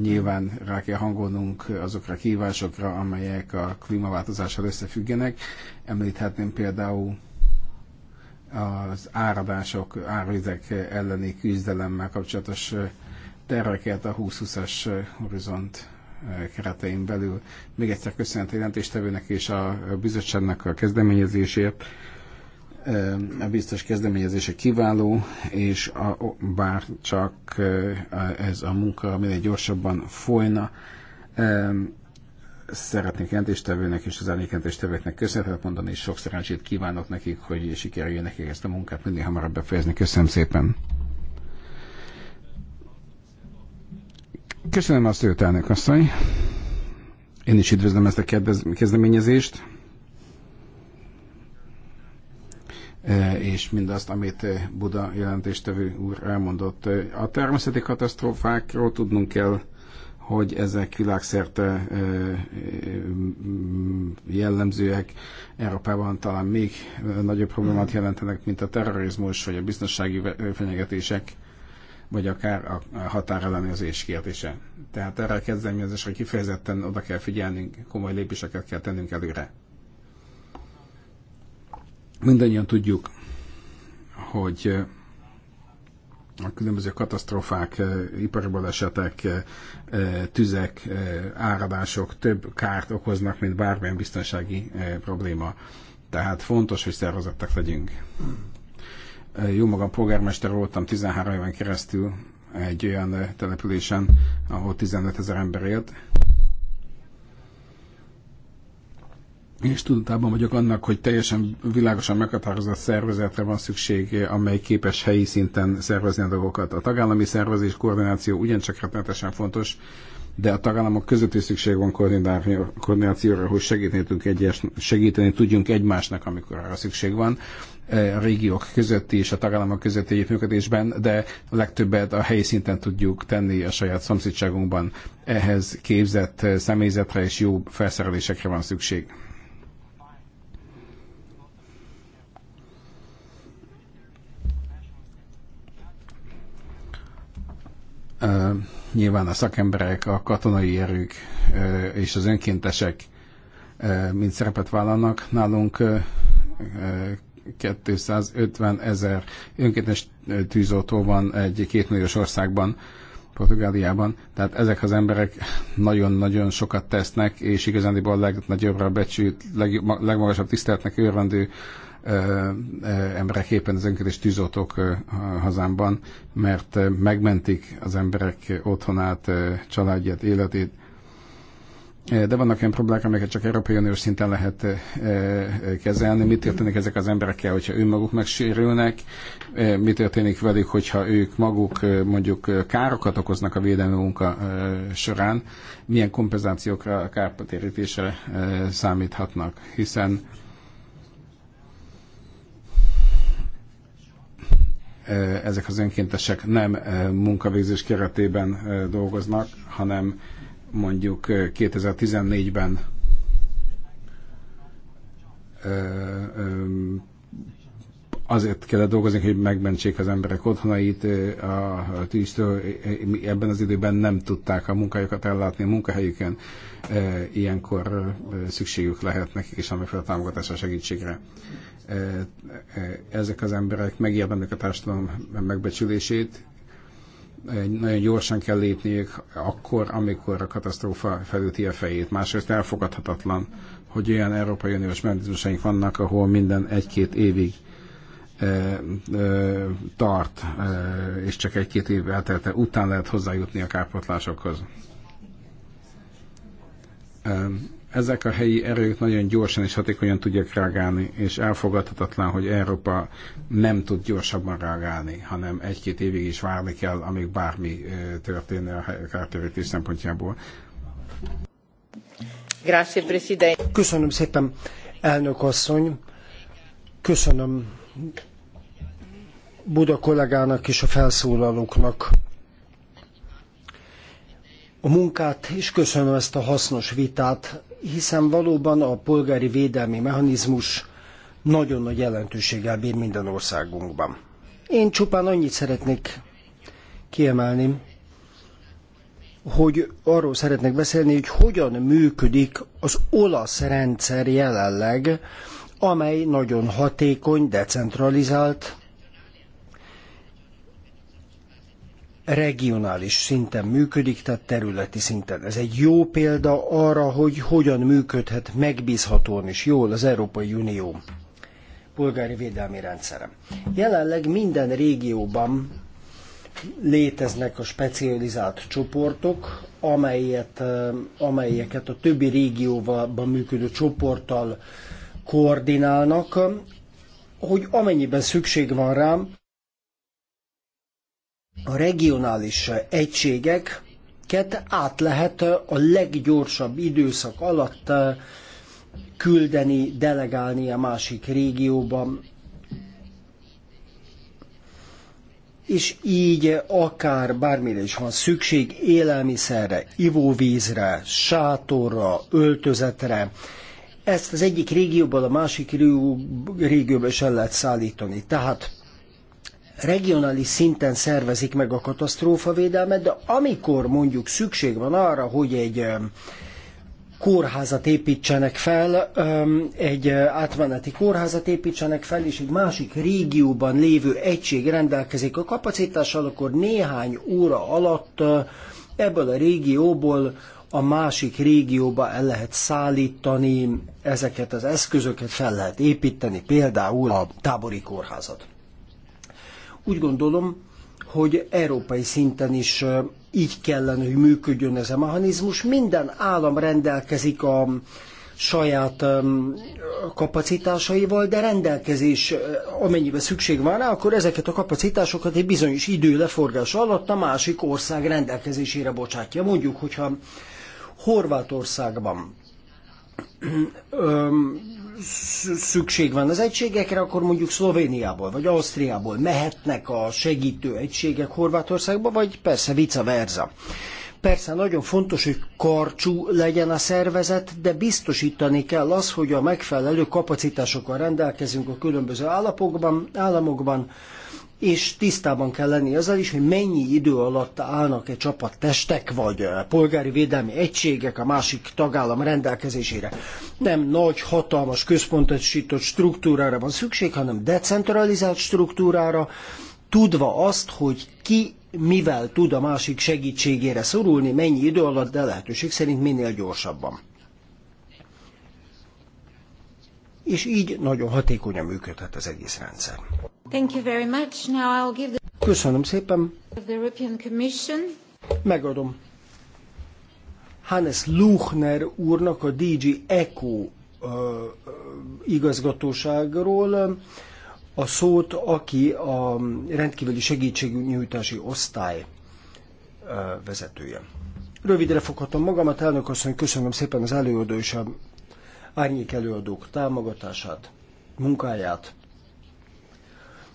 Speaker 2: nyilván rá kell hangolnunk azokra a kívásokra, amelyek a klímaváltozással összefüggenek. Említhetném például az áradások, árvizek elleni küzdelemmel kapcsolatos terveket a 2020-as horizont keretein belül. Még egyszer köszönet a jelentéstevőnek és a bizottságnak a kezdeményezésért. A biztos kezdeményezése kiváló, és a, bár csak ez a munka minél gyorsabban folyna, szeretnék jelentéstevőnek és az árnyékentéstevőknek köszönetet mondani, és sok szerencsét kívánok nekik, hogy sikerüljön nekik ezt a munkát minél hamarabb befejezni. Köszönöm szépen! Köszönöm azt hogy elnök asszony. Én is üdvözlöm ezt a kezdeményezést. E, és mindazt, amit e, Buda jelentéstevő úr elmondott. E, a természeti katasztrófákról tudnunk kell, hogy ezek világszerte jellemzőek. Európában talán még nagyobb problémát jelentenek, mint a terrorizmus vagy a biztonsági fenyegetések vagy akár a határellenőrzés kérdése. Tehát erre a kezdeményezésre kifejezetten oda kell figyelnünk, komoly lépéseket kell tennünk előre. Mindannyian tudjuk, hogy a különböző katasztrófák, ipari balesetek, tüzek, áradások több kárt okoznak, mint bármilyen biztonsági probléma. Tehát fontos, hogy szervezettek legyünk. Jó magam polgármester voltam 13 éven keresztül egy olyan településen, ahol 15 ezer ember élt. És tudatában vagyok annak, hogy teljesen világosan meghatározott szervezetre van szükség, amely képes helyi szinten szervezni a dolgokat. A tagállami szervezés koordináció ugyancsak rettenetesen fontos, de a tagállamok között is szükség van koordinációra, hogy segíteni, egyes, segíteni tudjunk egymásnak, amikor arra szükség van e, a régiók közötti és a tagállamok közötti együttműködésben, de a legtöbbet a helyi szinten tudjuk tenni a saját szomszédságunkban. Ehhez képzett e, személyzetre és jó felszerelésekre van szükség. Uh, Nyilván a szakemberek, a katonai erők és az önkéntesek mind szerepet vállalnak. Nálunk 250 ezer önkéntes tűzoltó van egy kétmilliós országban, Portugáliában. Tehát ezek az emberek nagyon-nagyon sokat tesznek, és igazándiból a legnagyobbra becsült, leg, legmagasabb tiszteletnek őrendő emberek éppen az önkéntes tűzoltók hazámban, mert megmentik az emberek otthonát, családját, életét. De vannak olyan problémák, amelyeket csak Európai Uniós szinten lehet kezelni. Mit történik ezek az emberekkel, hogyha ő maguk megsérülnek? Mit történik velük, hogyha ők maguk mondjuk károkat okoznak a védelmi munka során? Milyen kompenzációkra, kárpatérítésre számíthatnak? Hiszen Eh, ezek az önkéntesek nem eh, munkavégzés keretében eh, dolgoznak, hanem mondjuk 2014-ben azért kellett dolgozni, hogy megmentsék az emberek otthonait a tűztől. Ebben az időben nem tudták a munkájukat ellátni a munkahelyüken. Ilyenkor szükségük lehet nekik is a támogatásra, segítségre. E, e, ezek az emberek megérdemlik a társadalom megbecsülését, e, nagyon gyorsan kell lépniük akkor, amikor a katasztrófa felüti a fejét. Másrészt elfogadhatatlan, hogy olyan Európai Uniós mechanizmusaink vannak, ahol minden egy-két évig e, e, tart, e, és csak egy-két év eltelte után lehet hozzájutni a kárpotlásokhoz ezek a helyi erők nagyon gyorsan és hatékonyan tudják reagálni, és elfogadhatatlan, hogy Európa nem tud gyorsabban reagálni, hanem egy-két évig is várni kell, amíg bármi történne a kártérítés szempontjából. Köszönöm szépen,
Speaker 3: elnök asszony. Köszönöm Buda kollégának és a felszólalóknak a munkát, és köszönöm ezt a hasznos vitát, hiszen valóban a polgári védelmi mechanizmus nagyon nagy jelentőséggel bír minden országunkban. Én csupán annyit szeretnék kiemelni, hogy arról szeretnék beszélni, hogy hogyan működik az olasz rendszer jelenleg, amely nagyon hatékony, decentralizált, regionális szinten működik, tehát területi szinten. Ez egy jó példa arra, hogy hogyan működhet megbízhatóan és jól az Európai Unió polgári védelmi rendszere. Jelenleg minden régióban léteznek a specializált csoportok, amelyet, eh, amelyeket a többi régióban működő csoporttal koordinálnak, hogy amennyiben szükség van rám, a regionális egységeket át lehet a leggyorsabb időszak alatt eh, küldeni, delegálni a másik régióban, és így akár bármire is van szükség, élelmiszerre, ivóvízre, sátorra, öltözetre, ezt az egyik régióból a másik régióba is el lehet szállítani. Tehát regionális szinten szervezik meg a katasztrófavédelmet, de amikor mondjuk szükség van arra, hogy egy kórházat építsenek fel, egy átmeneti kórházat építsenek fel, és egy másik régióban lévő egység rendelkezik a kapacitással, akkor néhány óra alatt ebből a régióból a másik régióba el lehet szállítani ezeket az eszközöket, fel lehet építeni például a tábori kórházat. Úgy gondolom, hogy európai szinten is így kellene, hogy működjön ez a mechanizmus. Minden állam rendelkezik a saját kapacitásaival, de rendelkezés, amennyiben szükség van rá, akkor ezeket a kapacitásokat egy bizonyos idő leforgása alatt a másik ország rendelkezésére bocsátja. Mondjuk, hogyha Horvátországban szükség van az egységekre, akkor mondjuk Szlovéniából vagy Ausztriából mehetnek a segítő egységek Horvátországba, vagy persze vice versa. Persze nagyon fontos, hogy karcsú legyen a szervezet, de biztosítani kell az, hogy a megfelelő kapacitásokkal rendelkezünk a különböző állapokban, államokban, és tisztában kell lenni azzal is, hogy mennyi idő alatt állnak csapat testek vagy eh, polgári védelmi egységek a másik tagállam rendelkezésére. Nem nagy, hatalmas, központosított struktúrára van szükség, hanem decentralizált struktúrára, tudva azt, hogy ki mivel tud a másik segítségére szorulni, mennyi idő alatt, de lehetőség szerint minél gyorsabban. és így nagyon hatékonyan működhet az egész rendszer.
Speaker 1: Thank you very much. Now I'll give the...
Speaker 3: Köszönöm szépen.
Speaker 1: The European Commission.
Speaker 3: Megadom. Hannes Luchner úrnak a DG Eco uh, igazgatóságról a szót, aki a rendkívüli segítségnyújtási osztály uh, vezetője. Rövidre foghatom magamat, elnök asszony, köszönöm szépen az előadó és a árnyék előadók támogatását, munkáját.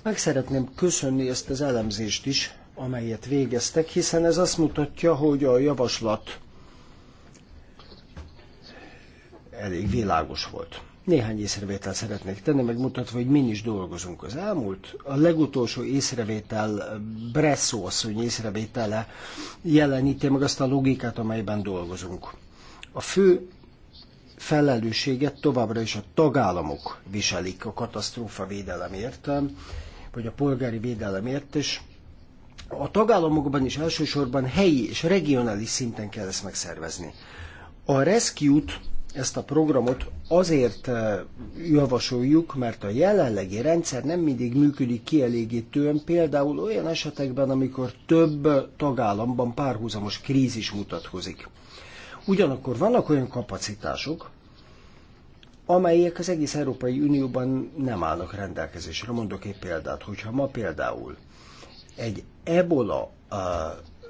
Speaker 3: Meg szeretném köszönni ezt az elemzést is, amelyet végeztek, hiszen ez azt mutatja, hogy a javaslat elég világos volt. Néhány észrevétel szeretnék tenni, megmutatva, hogy mi is dolgozunk az elmúlt. A legutolsó észrevétel, Bresszó asszony észrevétele jeleníti meg azt a logikát, amelyben dolgozunk. A fő felelősséget továbbra is a tagállamok viselik a katasztrófa védelemért, vagy a polgári védelemért, és a tagállamokban is elsősorban helyi és regionális szinten kell ezt megszervezni. A Rescue-t, ezt a programot azért eh, javasoljuk, mert a jelenlegi rendszer nem mindig működik kielégítően, például olyan esetekben, amikor több tagállamban párhuzamos krízis mutatkozik. Ugyanakkor vannak olyan kapacitások, amelyek az egész Európai Unióban nem állnak rendelkezésre. Mondok egy példát, hogyha ma például egy ebola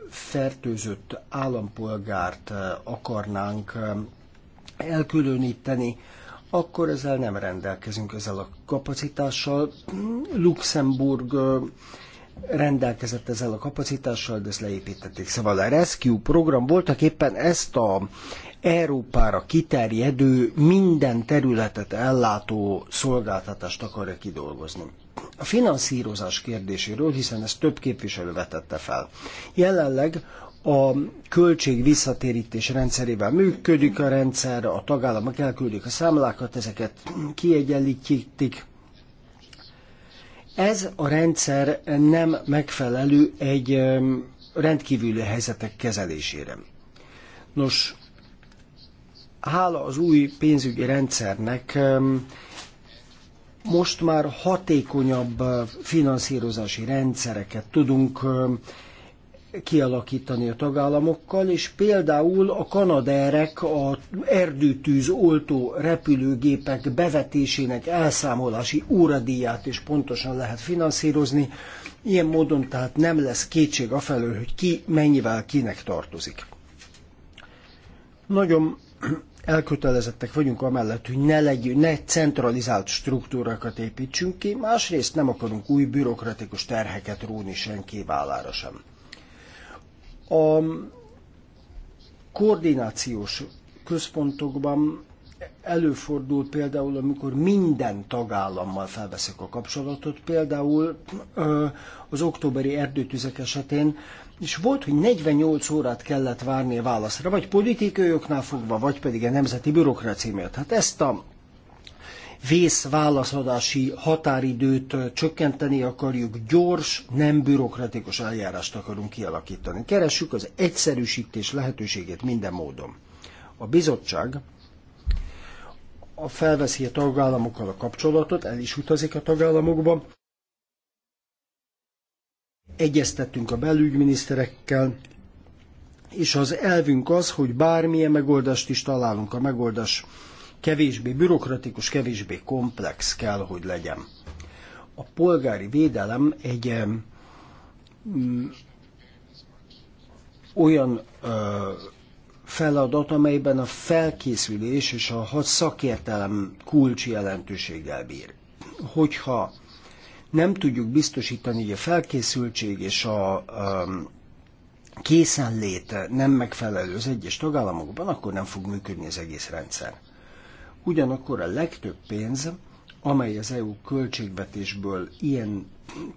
Speaker 3: fertőzött állampolgárt akarnánk elkülöníteni, akkor ezzel nem rendelkezünk ezzel a kapacitással. Luxemburg rendelkezett ezzel a kapacitással, de ezt leépítették. Szóval a Rescue program voltak éppen ezt a Európára kiterjedő, minden területet ellátó szolgáltatást akarja kidolgozni. A finanszírozás kérdéséről, hiszen ezt több képviselő vetette fel. Jelenleg a költség visszatérítés rendszerével működik a rendszer, a tagállamok elküldik a számlákat, ezeket kiegyenlítik, ez a rendszer nem megfelelő egy rendkívüli helyzetek kezelésére. Nos, hála az új pénzügyi rendszernek most már hatékonyabb eh, finanszírozási rendszereket tudunk kialakítani a tagállamokkal, és például a kanaderek a erdőtűz oltó repülőgépek bevetésének elszámolási óradíját is pontosan lehet finanszírozni. Ilyen módon tehát nem lesz kétség afelől, hogy ki mennyivel kinek tartozik. Nagyon elkötelezettek vagyunk amellett, hogy ne, legy, ne centralizált struktúrákat építsünk ki, másrészt nem akarunk új bürokratikus terheket róni senki vállára sem. A koordinációs központokban előfordul például, amikor minden tagállammal felveszek a kapcsolatot, például az októberi erdőtüzek esetén, és volt, hogy 48 órát kellett várni a válaszra, vagy politikai oknál fogva, vagy pedig a nemzeti bürokrácia miatt. Hát ezt a vészválaszadási határidőt csökkenteni akarjuk, gyors, nem bürokratikus eljárást akarunk kialakítani. Keressük az egyszerűsítés lehetőségét minden módon. A bizottság a felveszi a tagállamokkal a kapcsolatot, el is utazik a tagállamokba. Egyeztettünk a belügyminiszterekkel, és az elvünk az, hogy bármilyen megoldást is találunk, a megoldás kevésbé bürokratikus, kevésbé komplex kell, hogy legyen. A polgári védelem egy mm, olyan uh, feladat, amelyben a felkészülés és a szakértelem kulcsi jelentőséggel bír. Hogyha nem tudjuk biztosítani, hogy a felkészültség és a um, készenlét nem megfelelő az egyes tagállamokban, akkor nem fog működni az egész rendszer. Ugyanakkor a legtöbb pénz, amely az EU költségvetésből ilyen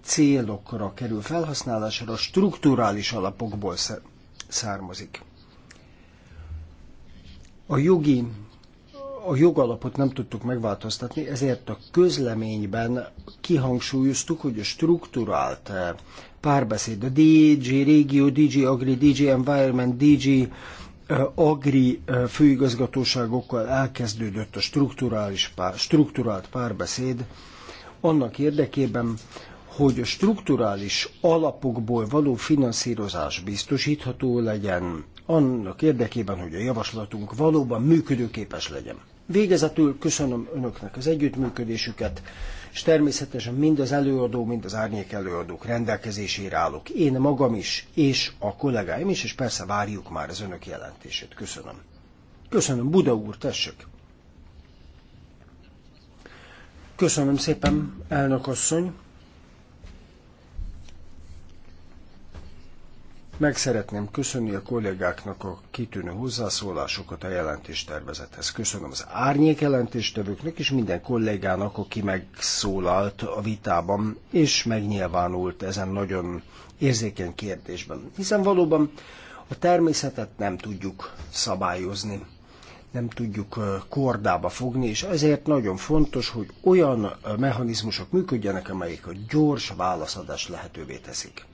Speaker 3: célokra kerül felhasználásra, strukturális alapokból származik. A jogi a jogalapot nem tudtuk megváltoztatni, ezért a közleményben kihangsúlyoztuk, hogy a strukturált eh, párbeszéd, a DG Régió, DG Agri, DG Environment, DG agri főigazgatóságokkal elkezdődött a strukturális pár, strukturált párbeszéd annak érdekében, hogy a strukturális alapokból való finanszírozás biztosítható legyen, annak érdekében, hogy a javaslatunk valóban működőképes legyen. Végezetül köszönöm Önöknek az együttműködésüket, és természetesen mind az előadó, mind az árnyék előadók rendelkezésére állok. Én magam is, és a kollégáim is, és persze várjuk már az önök jelentését. Köszönöm. Köszönöm, Buda úr, tessék. Köszönöm szépen, elnök asszony. Meg szeretném köszönni a kollégáknak a kitűnő hozzászólásokat a jelentéstervezethez. Köszönöm az árnyék jelentéstevőknek és minden kollégának, aki megszólalt a vitában és megnyilvánult ezen nagyon érzékeny kérdésben. Hiszen valóban a természetet nem tudjuk szabályozni, nem tudjuk kordába fogni, és ezért nagyon fontos, hogy olyan mechanizmusok működjenek, amelyek a gyors válaszadást lehetővé teszik.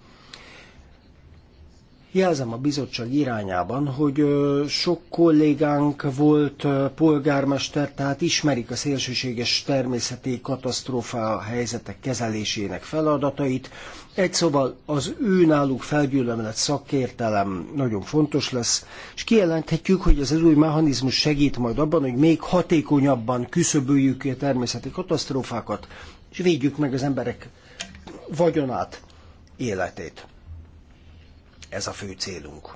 Speaker 3: Jelzem a bizottság irányában, hogy sok kollégánk volt polgármester, tehát ismerik a szélsőséges természeti katasztrófa helyzetek kezelésének feladatait. Egy szóval az ő náluk felgyűlömlet szakértelem nagyon fontos lesz, és kijelenthetjük, hogy az új mechanizmus segít majd abban, hogy még hatékonyabban küszöböljük a természeti katasztrófákat, és védjük meg az emberek vagyonát, életét. Ez a fő célunk.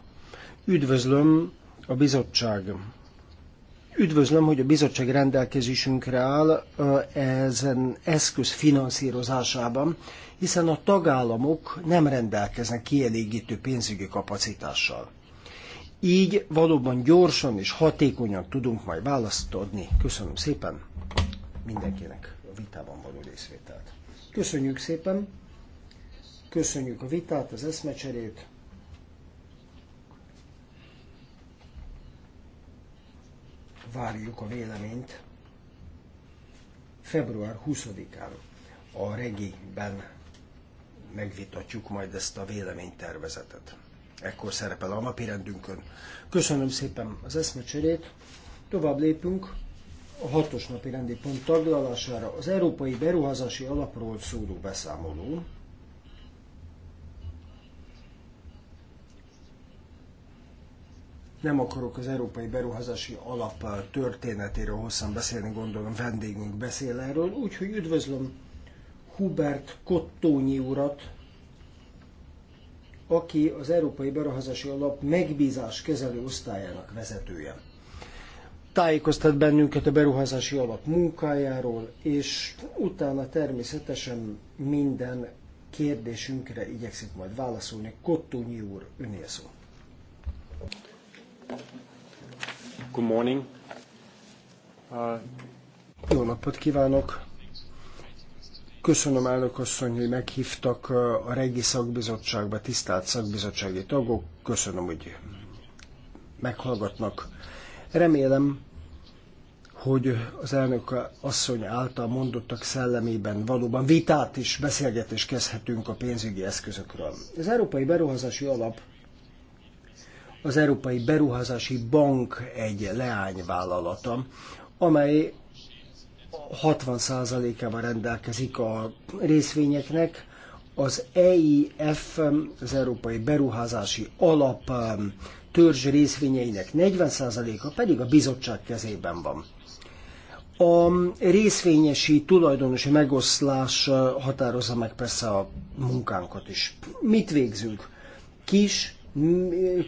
Speaker 3: Üdvözlöm a bizottság. Üdvözlöm, hogy a bizottság rendelkezésünkre áll ezen eszköz finanszírozásában, hiszen a tagállamok nem rendelkeznek kielégítő pénzügyi kapacitással. Így valóban gyorsan és hatékonyan tudunk majd választ adni. Köszönöm szépen mindenkinek a vitában való részvételt. Köszönjük szépen, köszönjük a vitát, az eszmecserét. várjuk a véleményt február 20-án a regiben megvitatjuk majd ezt a véleménytervezetet. Ekkor szerepel a napirendünkön. Köszönöm szépen az eszmecserét. Tovább lépünk a hatos napi rendi pont taglalására az Európai Beruházási Alapról szóló beszámoló. Nem akarok az Európai Beruházási Alap eh, történetéről hosszan beszélni, gondolom vendégünk beszél erről, úgyhogy üdvözlöm Hubert Kottónyi urat, aki az Európai Beruházási Alap megbízás kezelő osztályának vezetője. Tájékoztat bennünket a beruházási alap munkájáról, és utána természetesen minden kérdésünkre igyekszik majd válaszolni. Kottónyi úr, önél szó.
Speaker 2: Good morning. Uh, jó
Speaker 3: napot kívánok! Köszönöm, elnök asszony, hogy meghívtak uh, a regi szakbizottságba, tisztelt szakbizottsági tagok. Köszönöm, hogy meghallgatnak. Remélem, hogy az elnök asszony által mondottak szellemében valóban vitát és beszélgetést kezdhetünk a pénzügyi eszközökről. Az Európai Beruházási Alap az Európai Beruházási Bank egy leányvállalata, amely 60%-ával rendelkezik a részvényeknek, az EIF, az Európai Beruházási Alap um, törzs részvényeinek 40%-a pedig a bizottság kezében van. A részvényesi tulajdonosi megoszlás uh, határozza meg persze a munkánkat is. Mit végzünk? Kis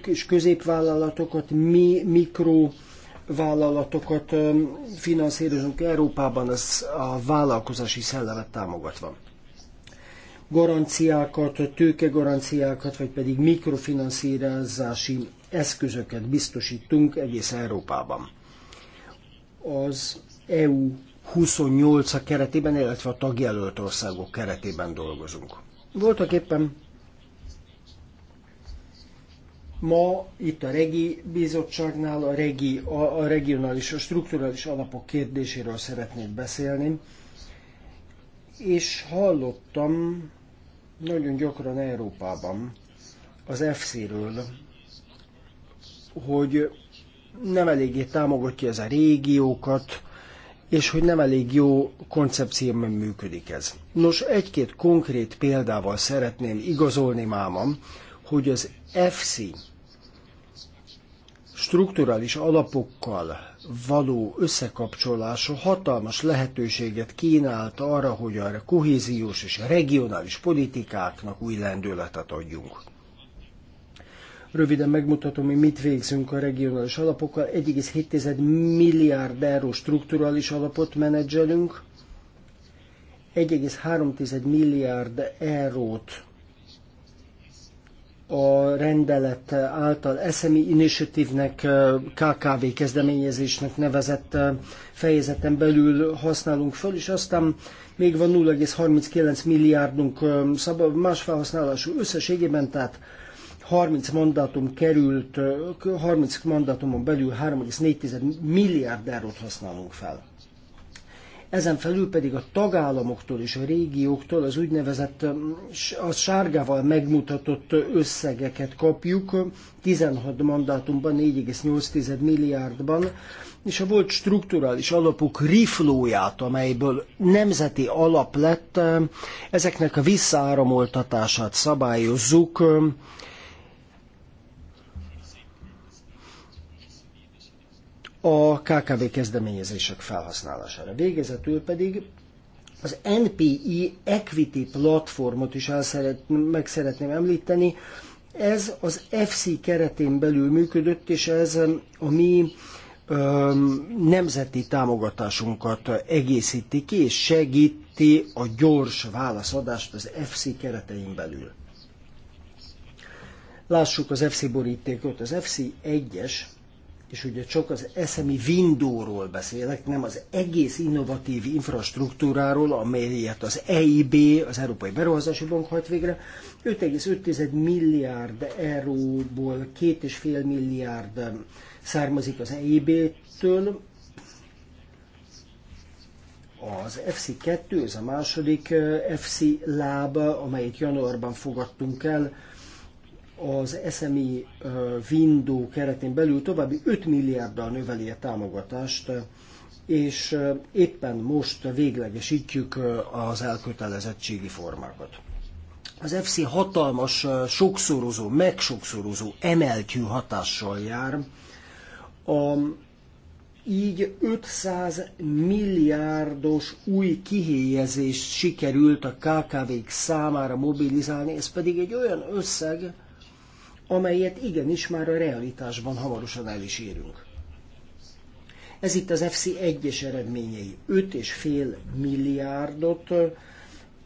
Speaker 3: és középvállalatokat, mi, mikro vállalatokat finanszírozunk Európában az a vállalkozási szellemet támogatva. Garanciákat, tőkegaranciákat, vagy pedig mikrofinanszírozási eszközöket biztosítunk egész Európában. Az EU 28-a keretében, illetve a tagjelölt országok keretében dolgozunk. Voltak éppen ma itt a Regi Bizottságnál a, regi, a, a regionális, a strukturális alapok kérdéséről szeretnék beszélni, és hallottam nagyon gyakran Európában az FC-ről, hogy nem eléggé támogatja ez a régiókat, és hogy nem elég jó koncepcióban működik ez. Nos, egy-két konkrét példával szeretném igazolni mámam, hogy az FC strukturális alapokkal való összekapcsolása hatalmas lehetőséget kínált arra, hogy a kohéziós és a regionális politikáknak új lendületet adjunk. Röviden megmutatom, hogy mit végzünk a regionális alapokkal. 1,7 milliárd euró strukturális alapot menedzselünk, 1,3 milliárd eurót a rendelet által SME Initiative-nek, KKV kezdeményezésnek nevezett fejezeten belül használunk föl, és aztán még van 0,39 milliárdunk szabad más felhasználású összességében, tehát 30 mandátum került, 30 mandátumon belül 3,4 milliárd eurót használunk fel ezen felül pedig a tagállamoktól és a régióktól az úgynevezett, um, a sárgával megmutatott összegeket kapjuk, 16 mandátumban 4,8 milliárdban, és a volt strukturális alapok riflóját, amelyből nemzeti alap lett, um, ezeknek a visszaáramoltatását szabályozzuk, um, a KKV kezdeményezések felhasználására. Végezetül pedig az NPI Equity platformot is el szeret, meg szeretném említeni. Ez az FC keretén belül működött, és ez a mi ö, nemzeti támogatásunkat egészíti ki, és segíti a gyors válaszadást az FC keretein belül. Lássuk az FC borítékot. Az FC 1-es és ugye csak az SMI Windowról beszélek, nem az egész innovatív infrastruktúráról, amelyet az EIB, az Európai Beruházási Bank hajt végre, 5,5 milliárd euróból 2,5 milliárd származik az EIB-től, az FC2, ez a második eh, FC láb, amelyet januárban fogadtunk el, az SME window keretén belül további 5 milliárddal növeli a támogatást, és éppen most véglegesítjük az elkötelezettségi formákat. Az FC hatalmas, sokszorozó, megsokszorozó, emeltű hatással jár. A, így 500 milliárdos új kihelyezést sikerült a KKV-k számára mobilizálni, ez pedig egy olyan összeg, amelyet igenis már a realitásban hamarosan el is érünk. Ez itt az FC 1-es eredményei. 5,5 milliárdot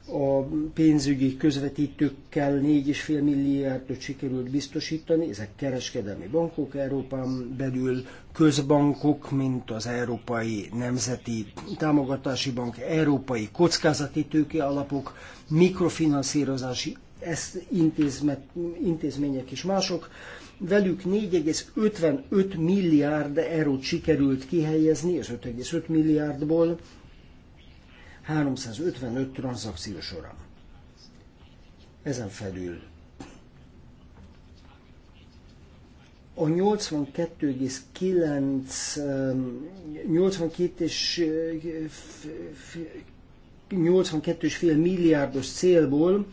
Speaker 3: a pénzügyi közvetítőkkel 4,5 milliárdot sikerült biztosítani, ezek kereskedelmi bankok Európán belül, közbankok, mint az Európai Nemzeti Támogatási Bank, Európai Kockázati Tőke Alapok, mikrofinanszírozási ezt intézmények is mások. Velük 4,55 milliárd eurót sikerült kihelyezni, és 5,5 milliárdból 355 tranzakció során. Ezen felül a 82,9 82,5 milliárdos célból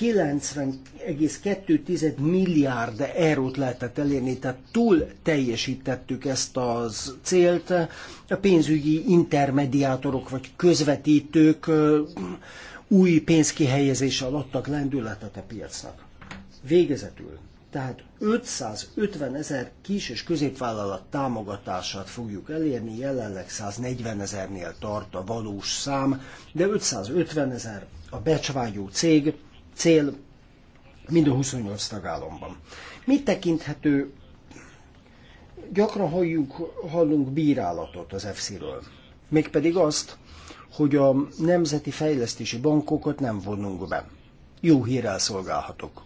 Speaker 3: 90,2 milliárd eurót lehetett elérni, tehát túl teljesítettük ezt az célt. A pénzügyi intermediátorok vagy közvetítők új pénzkihelyezéssel adtak lendületet a piacnak. Végezetül, tehát 550 ezer kis és középvállalat támogatását fogjuk elérni, jelenleg 140 ezernél tart a valós szám, de 550 ezer a becsvágyó cég, cél mind a 28 tagállamban. Mit tekinthető? Gyakran halljuk, hallunk bírálatot az EFSZ-ről. Mégpedig azt, hogy a nemzeti fejlesztési bankokat nem vonunk be. Jó hírrel szolgálhatok.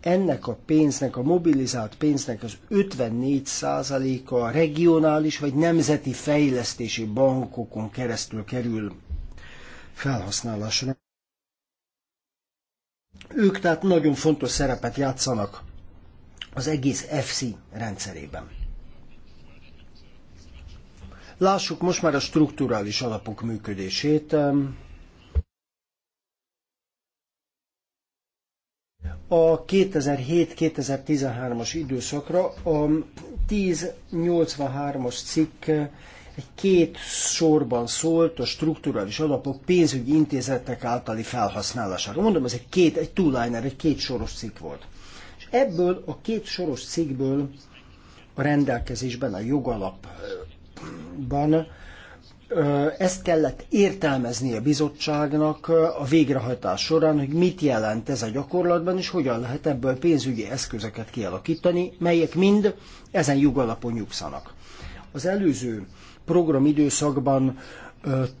Speaker 3: Ennek a pénznek, a mobilizált pénznek az 54%-a regionális vagy nemzeti fejlesztési bankokon keresztül kerül felhasználásra. Ők tehát nagyon fontos szerepet játszanak az egész FC rendszerében. Lássuk most már a strukturális alapok működését. A 2007-2013-as időszakra a 1083-as cikk egy két sorban szólt a strukturális alapok pénzügyi intézetek általi felhasználására. Mondom, ez egy két, egy túliner, egy két soros cikk volt. És ebből a két soros cikkből a rendelkezésben, a jogalapban ezt kellett értelmezni a bizottságnak a végrehajtás során, hogy mit jelent ez a gyakorlatban, és hogyan lehet ebből pénzügyi eszközöket kialakítani, melyek mind ezen jogalapon nyugszanak. Az előző programidőszakban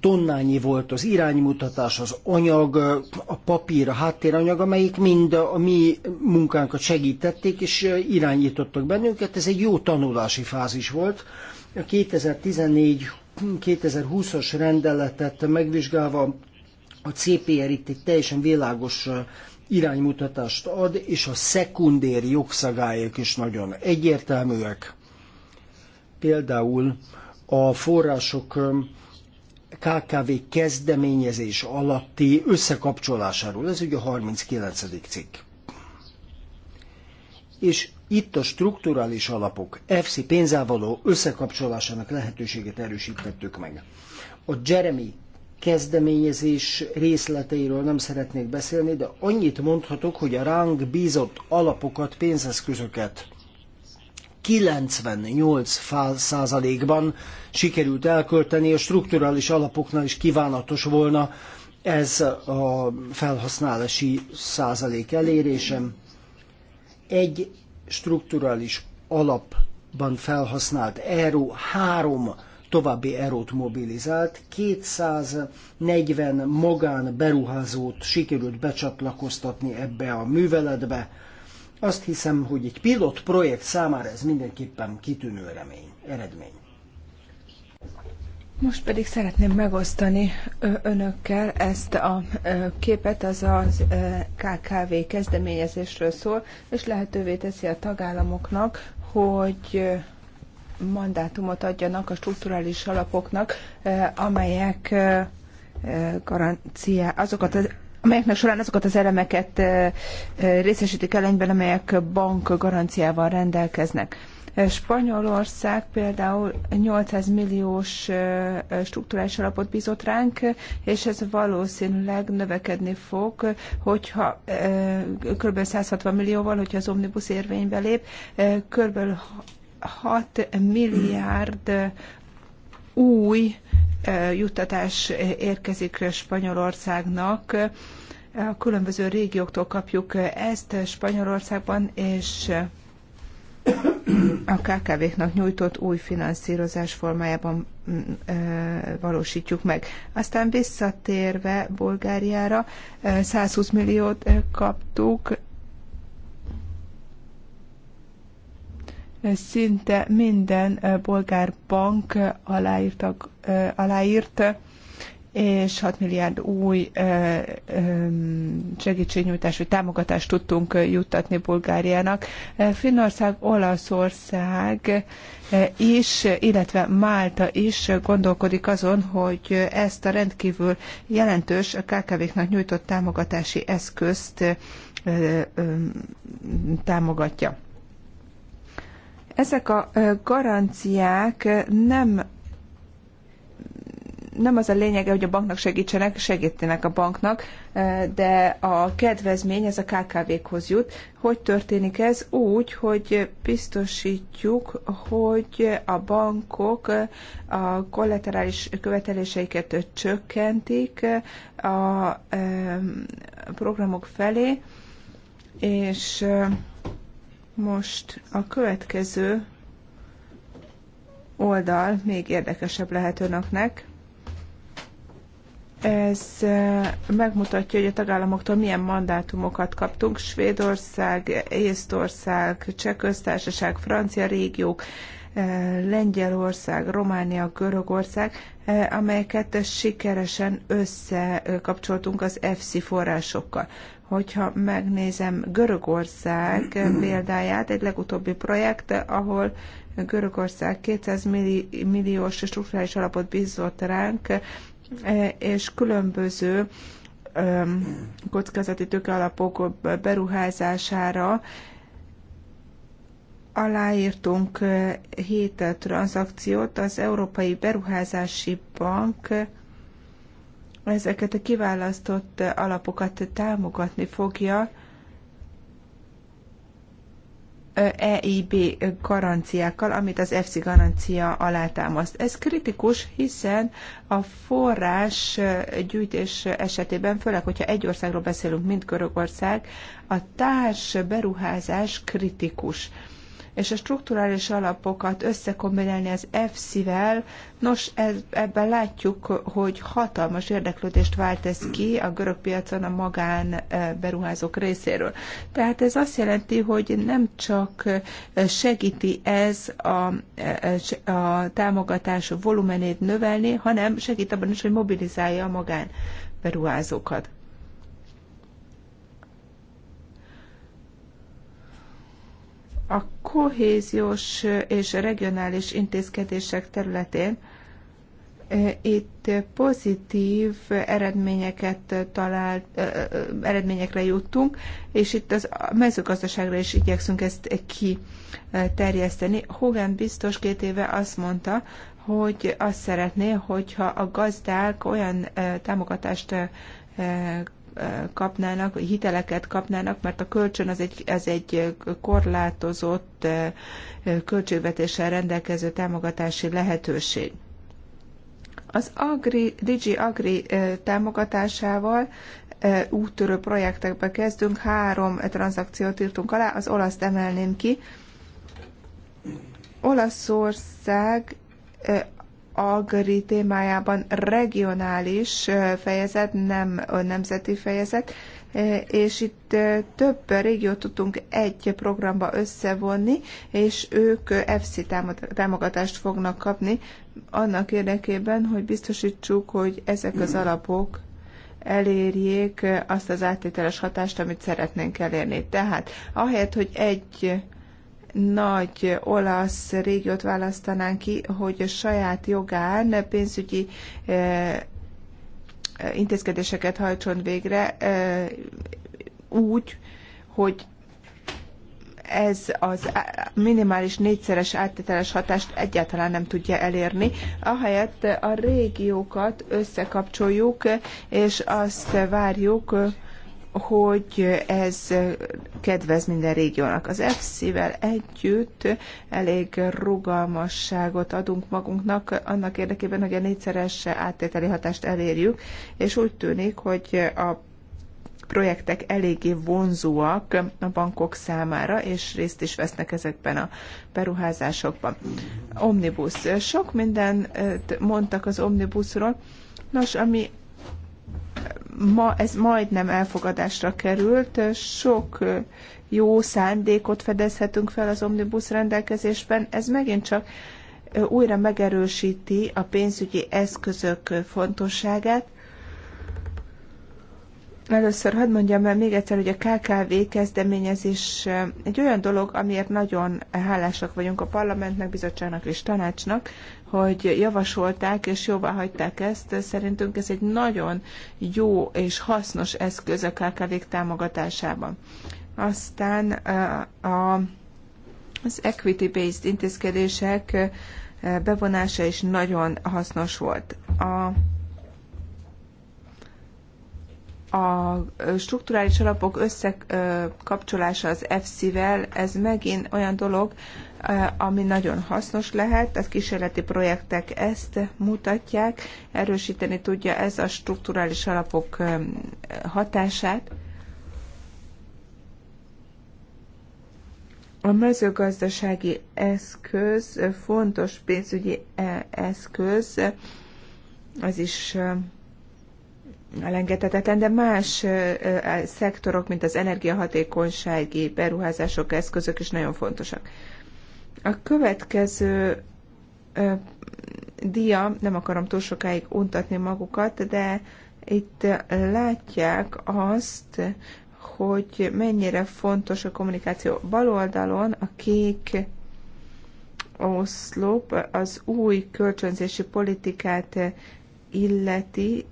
Speaker 3: tonnányi volt az iránymutatás, az anyag, a papír, a háttéranyag, amelyik mind a mi munkánkat segítették, és irányítottak bennünket. Ez egy jó tanulási fázis volt. A 2014-2020-as hm, rendeletet megvizsgálva a CPR itt egy teljesen világos iránymutatást ad, és a szekundér jogszabályok is nagyon egyértelműek. Például a források KKV kezdeményezés alatti összekapcsolásáról. Ez ugye a 39. cikk. És itt a strukturális alapok FC pénzávaló való összekapcsolásának lehetőséget erősítettük meg. A Jeremy kezdeményezés részleteiről nem szeretnék beszélni, de annyit mondhatok, hogy a ránk bízott alapokat, pénzeszközöket 98 ban sikerült elkölteni, a strukturális alapoknál is kívánatos volna ez a felhasználási százalék elérésem. Egy strukturális alapban felhasznált ERO három további erót mobilizált, 240 magán beruházót sikerült becsatlakoztatni ebbe a műveletbe, azt hiszem, hogy egy pilot projekt számára ez mindenképpen kitűnő remény, eredmény.
Speaker 1: Most pedig szeretném megosztani önökkel ezt a képet, az a KKV kezdeményezésről szól, és lehetővé teszi a tagállamoknak, hogy mandátumot adjanak a strukturális alapoknak, amelyek garanciá, azokat az amelyeknek során azokat az elemeket részesítik előnyben, amelyek bank garanciával rendelkeznek. Spanyolország például 800 milliós struktúrális alapot bízott ránk, és ez valószínűleg növekedni fog, hogyha kb. 160 millióval, hogyha az omnibus érvénybe lép, kb. 6 milliárd új juttatás érkezik Spanyolországnak. A különböző régióktól kapjuk ezt Spanyolországban, és a KKV-knak nyújtott új finanszírozás formájában mm, valósítjuk meg. Aztán visszatérve Bulgáriára, 120 milliót kaptuk szinte minden bolgárbank aláírtak, aláírt, és 6 milliárd új segítségnyújtás vagy támogatást tudtunk juttatni Bulgáriának. Finnország, Olaszország is, illetve Málta is gondolkodik azon, hogy ezt a rendkívül jelentős KKV-knak nyújtott támogatási eszközt támogatja. Ezek a garanciák nem nem az a lényege, hogy a banknak segítsenek, segítenek a banknak, de a kedvezmény ez a KKV-khoz jut. Hogy történik ez? Úgy, hogy biztosítjuk, hogy a bankok a kollaterális követeléseiket csökkentik a programok felé, és most a következő oldal még érdekesebb lehet önöknek. Ez megmutatja, hogy a tagállamoktól milyen mandátumokat kaptunk. Svédország, Észtország, Csehköztársaság, francia régiók, Eh, Lengyelország, Románia, Görögország, eh, amelyeket sikeresen összekapcsoltunk az EFSI forrásokkal. Hogyha megnézem Görögország példáját, egy legutóbbi projekt, ahol Görögország 200 milliós struktúrális alapot bízott ránk, eh, és különböző kockázati tőkealapok beruházására aláírtunk hét tranzakciót, az Európai Beruházási Bank ezeket a kiválasztott alapokat támogatni fogja EIB garanciákkal, amit az EFSI garancia alátámaszt. Ez kritikus, hiszen a forrás gyűjtés esetében, főleg, hogyha egy országról beszélünk, mint Görögország, a társ beruházás kritikus és a strukturális alapokat összekombinálni az EFSZ-vel, nos, ez, ebben látjuk, hogy hatalmas érdeklődést vált ez ki a görög piacon a magán e, beruházók részéről. Tehát ez azt jelenti, hogy nem csak e, segíti ez a, e, a támogatás volumenét növelni, hanem segít abban is, hogy mobilizálja a magán beruházókat. a kohéziós és regionális intézkedések területén e, itt pozitív eredményeket talált, e, e, eredményekre juttunk, és itt az mezőgazdaságra is igyekszünk ezt kiterjeszteni. Hogan biztos két éve azt mondta, hogy azt szeretné, hogyha a gazdák olyan támogatást kapnának, vagy hiteleket kapnának, mert a kölcsön az egy, az egy korlátozott költségvetéssel rendelkező támogatási lehetőség. Az Agri, Digi Agri támogatásával úttörő projektekbe kezdünk, három tranzakciót írtunk alá, az olaszt emelném ki. Olaszország agri témájában regionális fejezet, nem nemzeti fejezet, és itt több régiót tudtunk egy programba összevonni, és ők FC támogatást fognak kapni annak érdekében, hogy biztosítsuk, hogy ezek az alapok elérjék azt az áttételes hatást, amit szeretnénk elérni. Tehát ahelyett, hogy egy nagy olasz régiót választanánk ki, hogy a saját jogán pénzügyi eh, intézkedéseket hajtson végre eh, úgy, hogy ez az minimális négyszeres áttételes hatást egyáltalán nem tudja elérni. Ahelyett a régiókat összekapcsoljuk, és azt várjuk, hogy ez kedvez minden régiónak. Az EFSZ-vel együtt elég rugalmasságot adunk magunknak annak érdekében, hogy a négyszeres áttételi hatást elérjük, és úgy tűnik, hogy a projektek eléggé vonzóak a bankok számára, és részt is vesznek ezekben a beruházásokban. Omnibus. Sok mindent eh, mondtak az omnibusról. Nos, ami ma ez majdnem elfogadásra került. Sok jó szándékot fedezhetünk fel az omnibus rendelkezésben. Ez megint csak újra megerősíti a pénzügyi eszközök fontosságát, Először hadd mondjam el még egyszer, hogy a KKV kezdeményezés egy olyan dolog, amiért nagyon hálásak vagyunk a parlamentnek, bizottságnak és tanácsnak, hogy javasolták és jóvá hagyták ezt. Szerintünk ez egy nagyon jó és hasznos eszköz a KKV-k támogatásában. Aztán a, az equity-based intézkedések bevonása is nagyon hasznos volt. A a strukturális alapok összekapcsolása az EFSI-vel, ez megint olyan dolog, eh, ami nagyon hasznos lehet, a kísérleti projektek ezt mutatják, erősíteni tudja ez a strukturális alapok eh, hatását. A mezőgazdasági eszköz fontos pénzügyi eh, eszköz, az is elengedhetetlen, de más szektorok, mint az energiahatékonysági beruházások, eszközök is nagyon fontosak. A következő dia, nem akarom túl sokáig untatni magukat, de itt látják azt, hogy mennyire fontos a kommunikáció. Bal oldalon a kék oszlop az új kölcsönzési politikát illeti,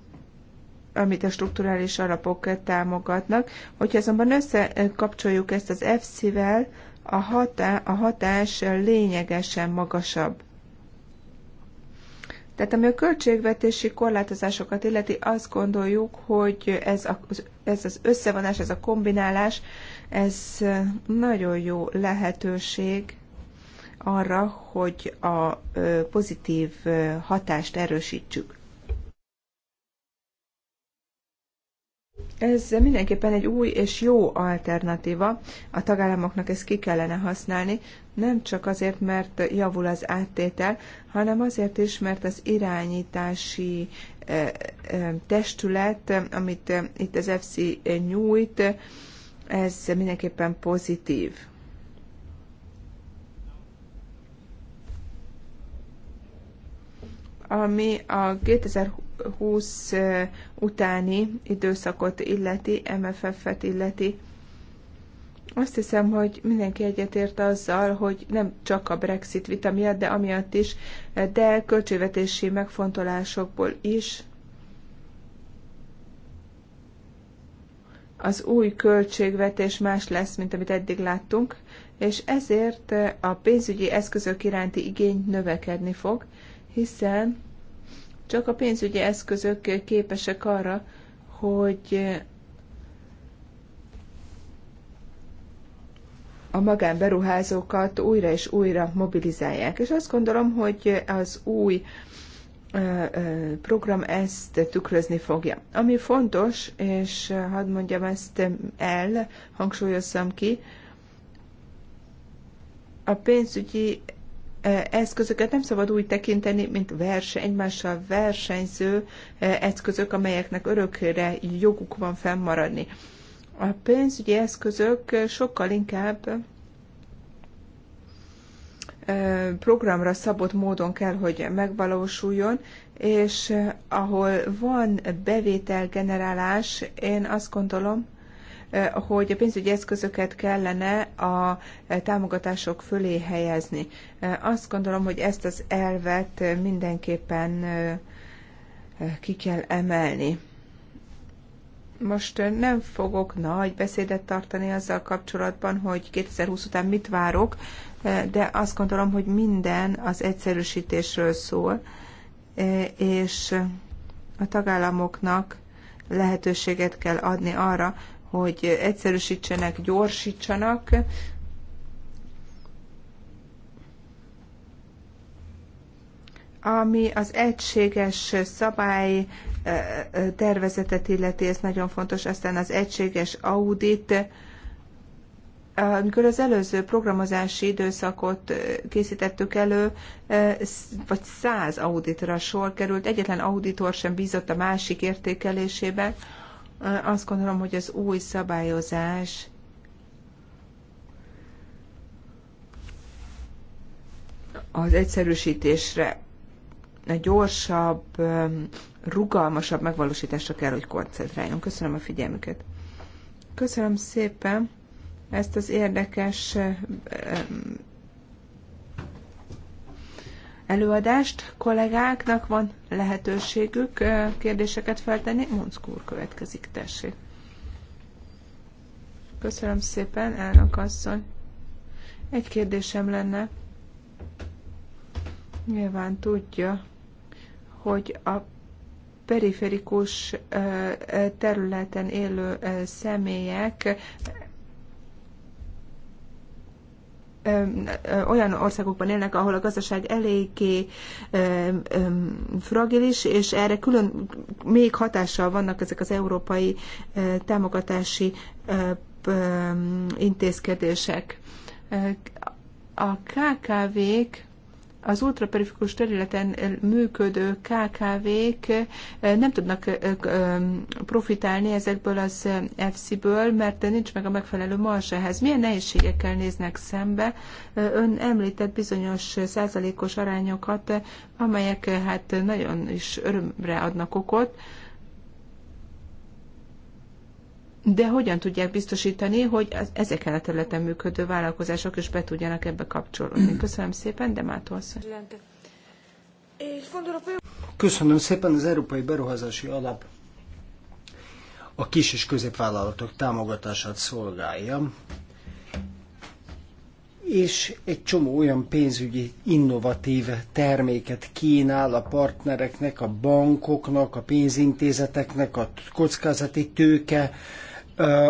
Speaker 1: amit a strukturális alapok támogatnak. Hogyha azonban összekapcsoljuk ezt az fc vel a, hatá, a hatás lényegesen magasabb. Tehát ami a költségvetési korlátozásokat illeti, azt gondoljuk, hogy ez, a, ez az összevonás, ez a kombinálás, ez nagyon jó lehetőség arra, hogy a pozitív hatást erősítsük. Ez mindenképpen egy új és jó alternatíva. A tagállamoknak ezt ki kellene használni, nem csak azért, mert javul az áttétel, hanem azért is, mert az irányítási eh, eh, testület, amit eh, itt az FC nyújt, ez mindenképpen pozitív. Ami a 2020 2020 utáni időszakot illeti, MFF-et illeti. Azt hiszem, hogy mindenki egyetért azzal, hogy nem csak a Brexit vita miatt, de amiatt is, de költségvetési megfontolásokból is az új költségvetés más lesz, mint amit eddig láttunk, és ezért a pénzügyi eszközök iránti igény növekedni fog, hiszen csak a pénzügyi eszközök képesek arra, hogy a magánberuházókat újra és újra mobilizálják. És azt gondolom, hogy az új program ezt tükrözni fogja. Ami fontos, és hadd mondjam ezt el, hangsúlyozzam ki, a pénzügyi eszközöket nem szabad úgy tekinteni, mint vers, egymással versenyző eszközök, amelyeknek örökre joguk van fennmaradni. A pénzügyi eszközök sokkal inkább programra szabott módon kell, hogy megvalósuljon, és eh, ahol van bevételgenerálás, én azt gondolom, hogy a pénzügyi eszközöket kellene a támogatások fölé helyezni. Azt gondolom, hogy ezt az elvet mindenképpen ki kell emelni. Most nem fogok nagy beszédet tartani azzal kapcsolatban, hogy 2020 után mit várok, de azt gondolom, hogy minden az egyszerűsítésről szól, és a tagállamoknak lehetőséget kell adni arra, hogy egyszerűsítsenek, gyorsítsanak. Ami az egységes szabály eh, eh, tervezetet illeti, ez nagyon fontos, aztán az egységes audit, amikor az előző programozási időszakot eh, készítettük elő, vagy száz auditra sor került, egyetlen auditor sem bízott a másik értékelésében. Azt gondolom, hogy az új szabályozás az egyszerűsítésre, a gyorsabb, rugalmasabb megvalósításra kell, hogy koncentráljon. Köszönöm a figyelmüket. Köszönöm szépen ezt az érdekes előadást. Kollégáknak van lehetőségük kérdéseket feltenni. Monszkúr következik, tessék. Köszönöm szépen, elnök asszony. Egy kérdésem lenne. Nyilván tudja, hogy a periferikus területen élő személyek olyan országokban élnek, ahol a gazdaság eléggé fragilis, és erre külön még hatással vannak ezek az európai támogatási intézkedések. A KKV-k az ultraperifikus területen működő KKV-k nem tudnak profitálni ezekből az fc ből mert nincs meg a megfelelő mars ehhez. Milyen nehézségekkel néznek szembe? Ön említett bizonyos százalékos arányokat, amelyek hát nagyon is örömre adnak okot de hogyan tudják biztosítani, hogy az, ezeken a területen működő vállalkozások is be tudjanak ebbe kapcsolódni. Köszönöm szépen, de Mátó szó.
Speaker 3: Köszönöm szépen az Európai Beruházási Alap a kis és középvállalatok támogatását szolgálja, és egy csomó olyan pénzügyi innovatív terméket kínál a partnereknek, a bankoknak, a pénzintézeteknek, a kockázati tőke,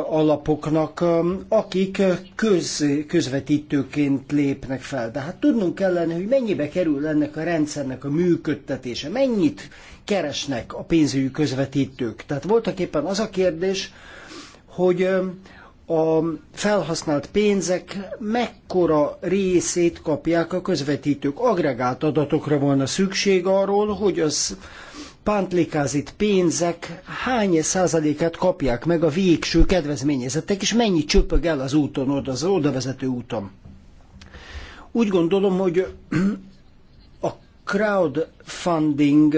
Speaker 3: alapoknak, akik köz, közvetítőként lépnek fel. De hát tudnunk kellene, hogy mennyibe kerül ennek a rendszernek a működtetése, mennyit keresnek a pénzügyi közvetítők. Tehát voltak éppen az a kérdés, hogy a felhasznált pénzek mekkora részét kapják a közvetítők. Agregált adatokra volna szükség arról, hogy az pántlikázit pénzek hány százalékát kapják meg a végső kedvezményezettek, és mennyi csöpög el az úton, oda, az oda vezető úton. Úgy gondolom, hogy a crowdfunding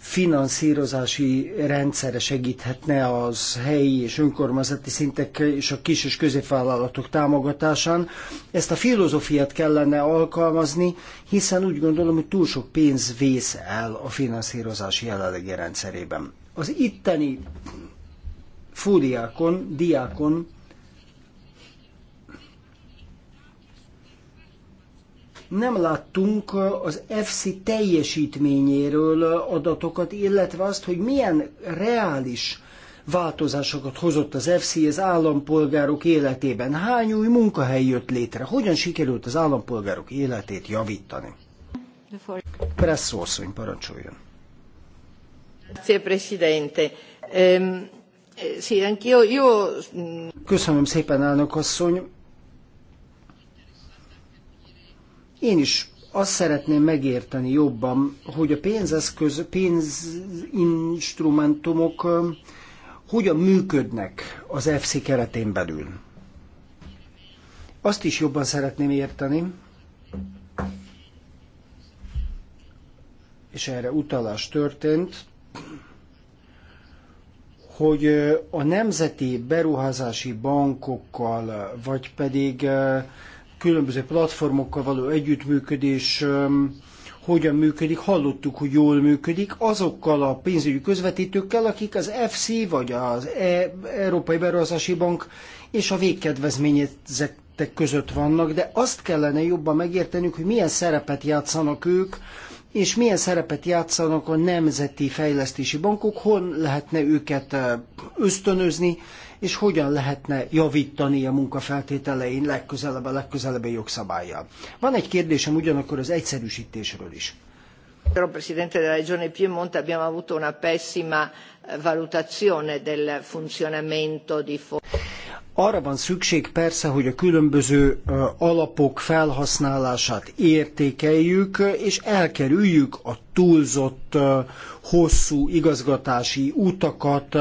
Speaker 3: finanszírozási rendszere segíthetne az helyi és önkormányzati szintek és a kis és középvállalatok támogatásán. Ezt a filozófiát kellene alkalmazni, hiszen úgy gondolom, hogy túl sok pénz vész el a finanszírozási jelenlegi rendszerében. Az itteni fódiákon, diákon nem láttunk az FC teljesítményéről adatokat, illetve azt, hogy milyen reális változásokat hozott az FC az állampolgárok életében. Hány új munkahely jött létre? Hogyan sikerült az állampolgárok életét javítani? Presszó asszony, parancsoljon.
Speaker 1: Ehm, eh, mm,
Speaker 3: Köszönöm szépen, elnök asszony Én is azt szeretném megérteni jobban, hogy a pénzeszköz, pénzinstrumentumok hogyan működnek az EFSI keretén belül. Azt is jobban szeretném érteni, és erre utalás történt, hogy a nemzeti beruházási bankokkal, vagy pedig különböző platformokkal való együttműködés hogyan működik, hallottuk, hogy jól működik, azokkal a pénzügyi közvetítőkkel, akik az FC vagy az e Európai Beruházási Bank és a végkedvezményezettek között vannak, de azt kellene jobban megértenünk, hogy milyen szerepet játszanak ők és milyen szerepet játszanak a nemzeti fejlesztési bankok, hon lehetne őket ösztönözni, és hogyan lehetne javítani a munkafeltételein legközelebb a legközelebbi jogszabálya. Van egy kérdésem ugyanakkor az egyszerűsítésről is.
Speaker 1: Però Presidente della Regione Piemonte abbiamo avuto una pessima valutazione del funzionamento di
Speaker 3: arra van szükség persze, hogy a különböző alapok felhasználását értékeljük, és elkerüljük a túlzott hosszú igazgatási utakat,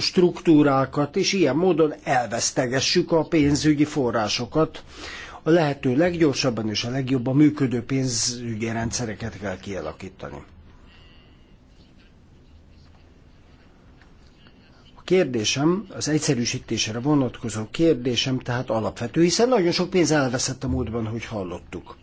Speaker 3: struktúrákat, és ilyen módon elvesztegessük a pénzügyi forrásokat. A lehető leggyorsabban és a legjobban működő pénzügyi rendszereket kell kialakítani. kérdésem, az egyszerűsítésre vonatkozó kérdésem tehát alapvető, hiszen nagyon sok pénz elveszett a múltban, hogy hallottuk.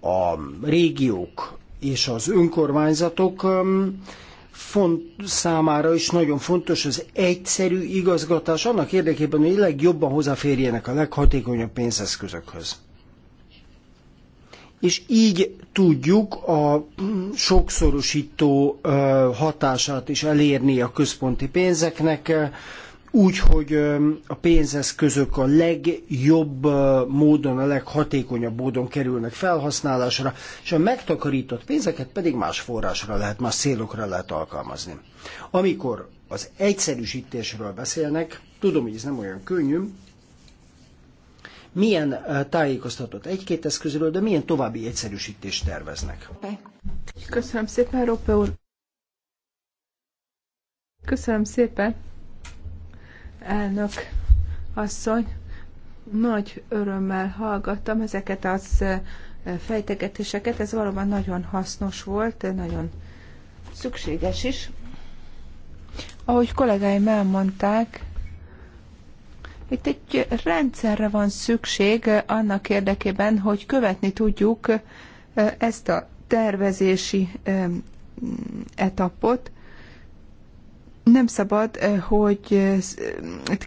Speaker 3: A régiók és az önkormányzatok um, font, számára is nagyon fontos az egyszerű igazgatás annak érdekében, hogy legjobban hozzáférjenek a leghatékonyabb pénzeszközökhöz és így tudjuk a sokszorosító hatását is elérni a központi pénzeknek, úgy, hogy a pénzeszközök a legjobb módon, a leghatékonyabb módon kerülnek felhasználásra, és a megtakarított pénzeket pedig más forrásra lehet, más célokra lehet alkalmazni. Amikor az egyszerűsítésről beszélnek, tudom, hogy ez nem olyan könnyű, milyen tájékoztatót egy-két eszközről, de milyen további egyszerűsítést terveznek?
Speaker 1: Köszönöm szépen, Roppe úr. Köszönöm szépen, elnök asszony. Nagy örömmel hallgattam ezeket az fejtegetéseket. Ez valóban nagyon hasznos volt, nagyon szükséges is. Ahogy kollégáim elmondták, itt egy rendszerre van szükség eh, annak érdekében, hogy követni tudjuk eh, ezt a tervezési etapot. Nem szabad, eh, hogy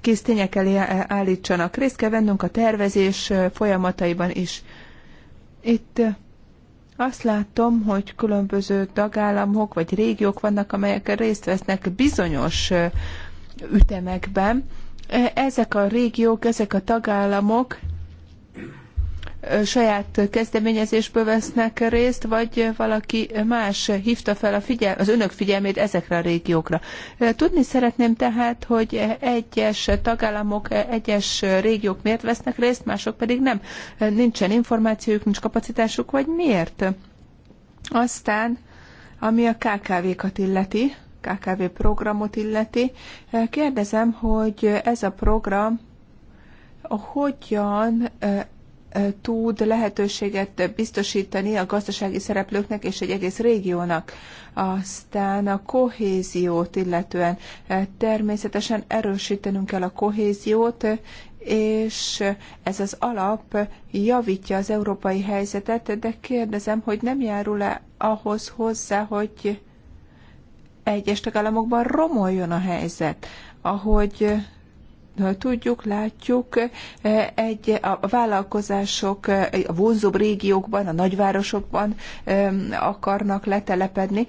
Speaker 1: kész tények elé állítsanak. Részt kell vennünk a tervezés folyamataiban is. Itt azt látom, hogy különböző tagállamok vagy régiók vannak, amelyek részt vesznek bizonyos ütemekben, ezek a régiók, ezek a tagállamok saját kezdeményezésből vesznek részt, vagy valaki más hívta fel a figyel, az önök figyelmét ezekre a régiókra. Tudni szeretném tehát, hogy egyes tagállamok, egyes régiók miért vesznek részt, mások pedig nem. Nincsen információjuk, nincs kapacitásuk, vagy miért? Aztán, ami a KKV-kat illeti, KKV programot illeti. Eh, kérdezem, hogy ez a program eh, hogyan eh, tud lehetőséget biztosítani a gazdasági szereplőknek és egy egész régiónak. Aztán a kohéziót illetően természetesen erősítenünk kell a kohéziót, és ez az alap javítja az európai helyzetet, de kérdezem, hogy nem járul-e ahhoz hozzá, hogy egyes tagállamokban romoljon a helyzet, ahogy eh, tudjuk, látjuk, eh, egy, a vállalkozások eh, a vonzóbb régiókban, a nagyvárosokban akarnak letelepedni.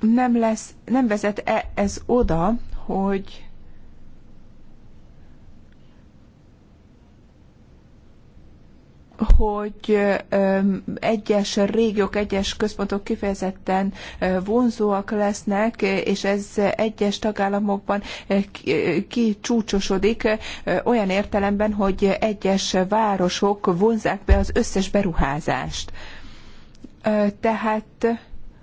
Speaker 1: Nem, lesz, nem vezet -e ez oda, hogy hogy egyes régiók, egyes központok kifejezetten vonzóak lesznek, és ez egyes tagállamokban kicsúcsosodik olyan értelemben, hogy egyes városok vonzák be az összes beruházást. Tehát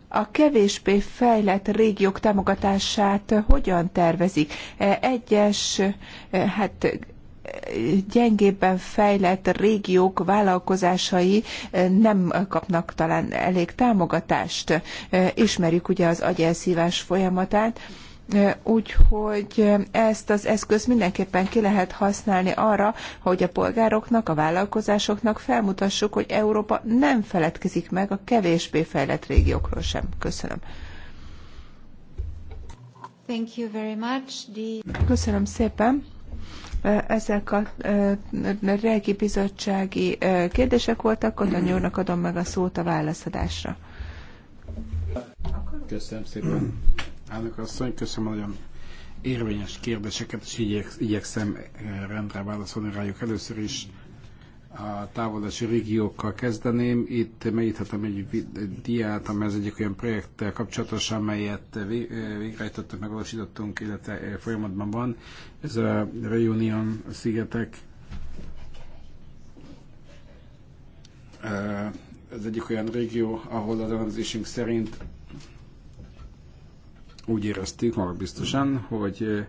Speaker 1: a kevésbé fejlett régiók támogatását hogyan tervezik? Egyes, hát gyengébben fejlett régiók vállalkozásai eh, nem kapnak talán elég támogatást. Eh, ismerjük ugye az agyelszívás folyamatát, eh, Úgyhogy ezt az eszközt mindenképpen ki lehet használni arra, hogy a polgároknak, a vállalkozásoknak felmutassuk, hogy Európa nem feledkezik meg a kevésbé fejlett régiókról sem. Köszönöm. Thank you very much. The... Köszönöm szépen. Ezek a régi bizottsági kérdések voltak, a úrnak adom meg a szót a válaszadásra.
Speaker 2: Köszönöm szépen. Elnök asszony, köszönöm nagyon érvényes kérdéseket, és igyek, igyekszem rendre válaszolni rájuk először is a távolási régiókkal kezdeném. Itt megíthatom egy diát, amely az egyik olyan projekttel kapcsolatos, amelyet végrehajtottunk, megvalósítottunk, illetve folyamatban van. Ez a Reunion szigetek. Ez egyik olyan régió, ahol az analizésünk szerint úgy éreztük biztosan, hogy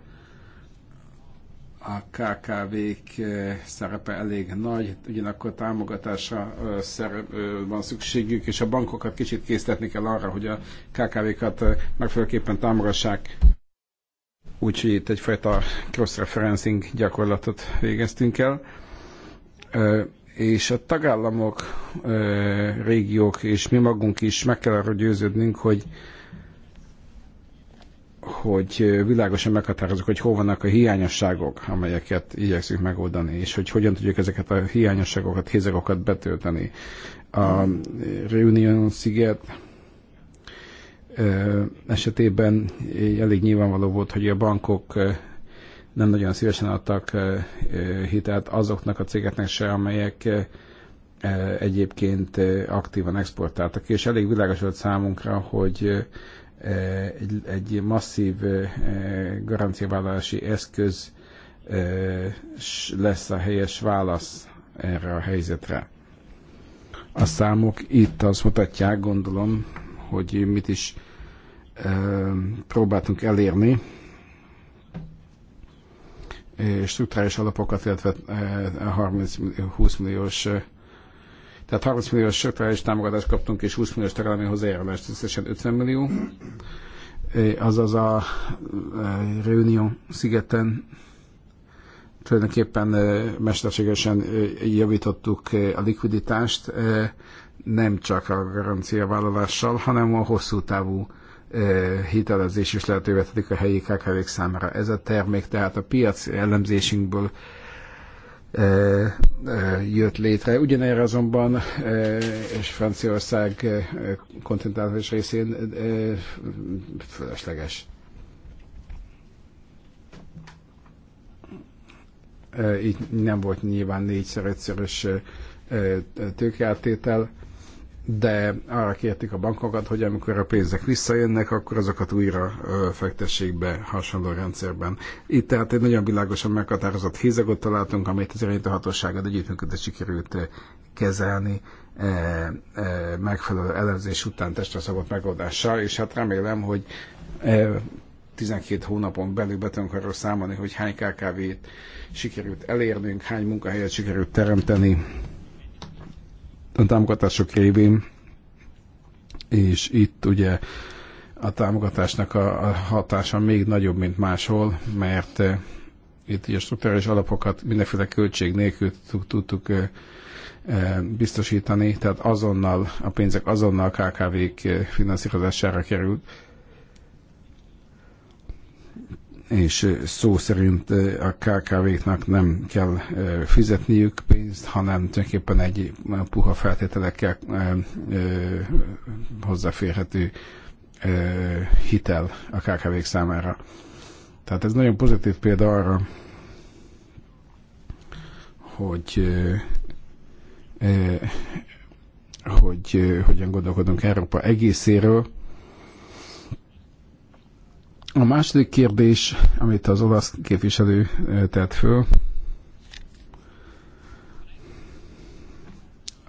Speaker 2: a KKV-k eh, szerepe elég nagy, ugyanakkor támogatásra eh, eh, van szükségük, és a bankokat kicsit készítetni kell arra, hogy a KKV-kat megfelelőképpen támogassák. Úgyhogy itt egyfajta cross-referencing gyakorlatot végeztünk el. És a tagállamok, régiók és mi magunk is meg kell arra győződnünk, hogy hogy világosan meghatározunk, hogy hol vannak a hiányosságok, amelyeket igyekszünk megoldani, és hogy hogyan tudjuk ezeket a hiányosságokat, hézegokat betölteni. A Reunion sziget esetében elég nyilvánvaló volt, hogy a bankok nem nagyon szívesen adtak hitelt azoknak a cégeknek se, amelyek egyébként aktívan exportáltak. És elég világos volt számunkra, hogy egy, egy masszív garanciavállalási eszköz lesz a helyes válasz erre a helyzetre. A számok itt azt mutatják, gondolom, hogy mit is próbáltunk elérni. Struktúrális alapokat, illetve 30-20 milliós tehát 30 milliós strukturális támogatást kaptunk, és 20 milliós tagállami hozzájárulást, összesen 50 millió. Azaz a e, Réunion szigeten tulajdonképpen e, mesterségesen e, javítottuk a likviditást, nem csak a vállalással, hanem a hosszú távú hitelezés is lehetővé tedik a helyi kkv számára. Ez a termék tehát a piac elemzésünkből jött létre. Ugyanerre azonban és Franciaország kontinentális részén fölösleges. Így nem volt nyilván négyszer egyszerös tőkeáttétel de arra kérték a bankokat, hogy amikor a pénzek visszajönnek, akkor azokat újra fektessék be hasonló rendszerben. Itt tehát egy nagyon világosan meghatározott hízagot találtunk, amit az irányító hatóságot együttműködve sikerült kezelni e, e, megfelelő elemzés után testre szabott megoldással, és hát remélem, hogy e, 12 hónapon belül be tudunk arról számolni, hogy hány KKV-t sikerült elérnünk, hány munkahelyet sikerült teremteni, a támogatások révén, és itt ugye a támogatásnak a hatása még nagyobb, mint máshol, mert eh, itt ugye struktúrális alapokat mindenféle költség nélkül tudtuk eh, eh, biztosítani, tehát azonnal a pénzek azonnal a KKV-k finanszírozására került, és szó szerint a KKV-knak nem kell fizetniük pénzt, hanem tulajdonképpen egy puha feltételekkel hozzáférhető hitel a KKV-k számára. Tehát ez nagyon pozitív példa arra, hogy hogy hogyan gondolkodunk Európa egészéről, a második kérdés, amit az olasz képviselő tett föl,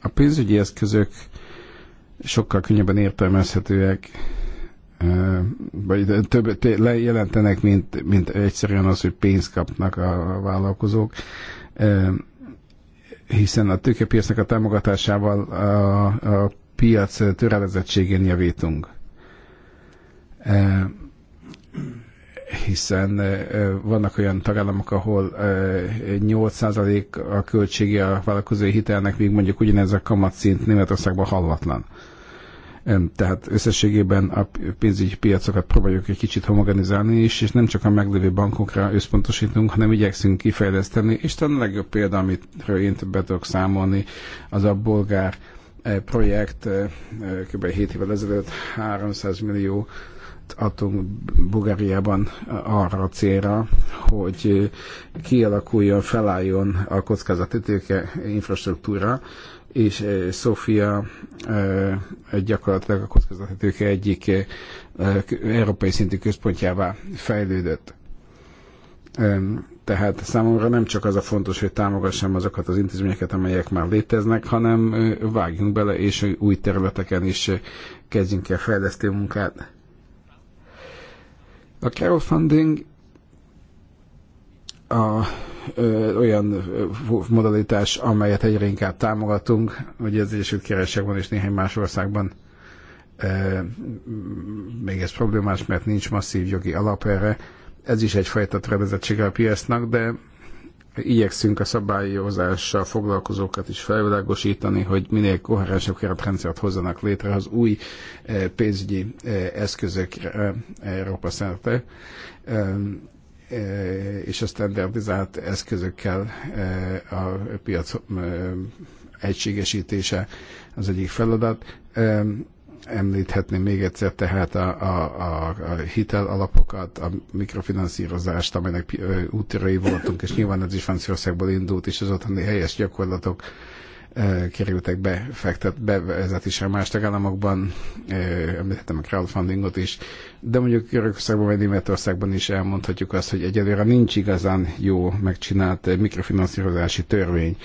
Speaker 2: a pénzügyi eszközök sokkal könnyebben értelmezhetőek, vagy több jelentenek, mint, mint egyszerűen az, hogy pénzt kapnak a vállalkozók, hiszen a tőkepiacnak a támogatásával a, a piac törelezettségén javítunk hiszen vannak olyan tagállamok, ahol 8% a költsége a vállalkozói hitelnek, míg mondjuk ugyanez a kamatszint Németországban hallatlan. Tehát összességében a pénzügyi piacokat próbáljuk egy kicsit homogenizálni is, és nem csak a meglévő bankokra összpontosítunk, hanem igyekszünk kifejleszteni, és talán a legjobb példa, amit én többet tudok számolni, az a bolgár projekt kb. 7 évvel ezelőtt 300 millió adtunk Bulgáriában arra a célra, hogy kialakuljon, felálljon a kockázatütőke infrastruktúra, és eh, Sofia eh, gyakorlatilag a kockázatütőke egyik eh, európai szintű központjává fejlődött. Tehát számomra nem csak az a fontos, hogy támogassam azokat az intézményeket, amelyek már léteznek, hanem vágjunk bele, és új területeken is kezdjünk el fejlesztő munkát. A crowdfunding a, ö, olyan modalitás, amelyet egyre inkább támogatunk, hogy az Egyesült Királyságban és néhány más országban ö, még ez problémás, mert nincs masszív jogi alap erre. Ez is egyfajta tredezettsége a piacnak, de igyekszünk a szabályozással foglalkozókat is felvilágosítani, hogy minél koherensebb keretrendszert hozzanak létre az új eh, pénzügyi eh, eszközök eh, Európa szerte és a standardizált eszközökkel a piac egységesítése az egyik feladat említhetném még egyszer tehát a, a, a hitel alapokat, a mikrofinanszírozást, amelynek útjai voltunk, és nyilván ez is Franciaországból indult, és az otthoni helyes gyakorlatok e, kerültek be, fektet, bevezetésre más tagállamokban, e, említhetem a crowdfundingot is, de mondjuk Görögországban vagy Németországban is elmondhatjuk azt, hogy egyelőre nincs igazán jó megcsinált mikrofinanszírozási törvény,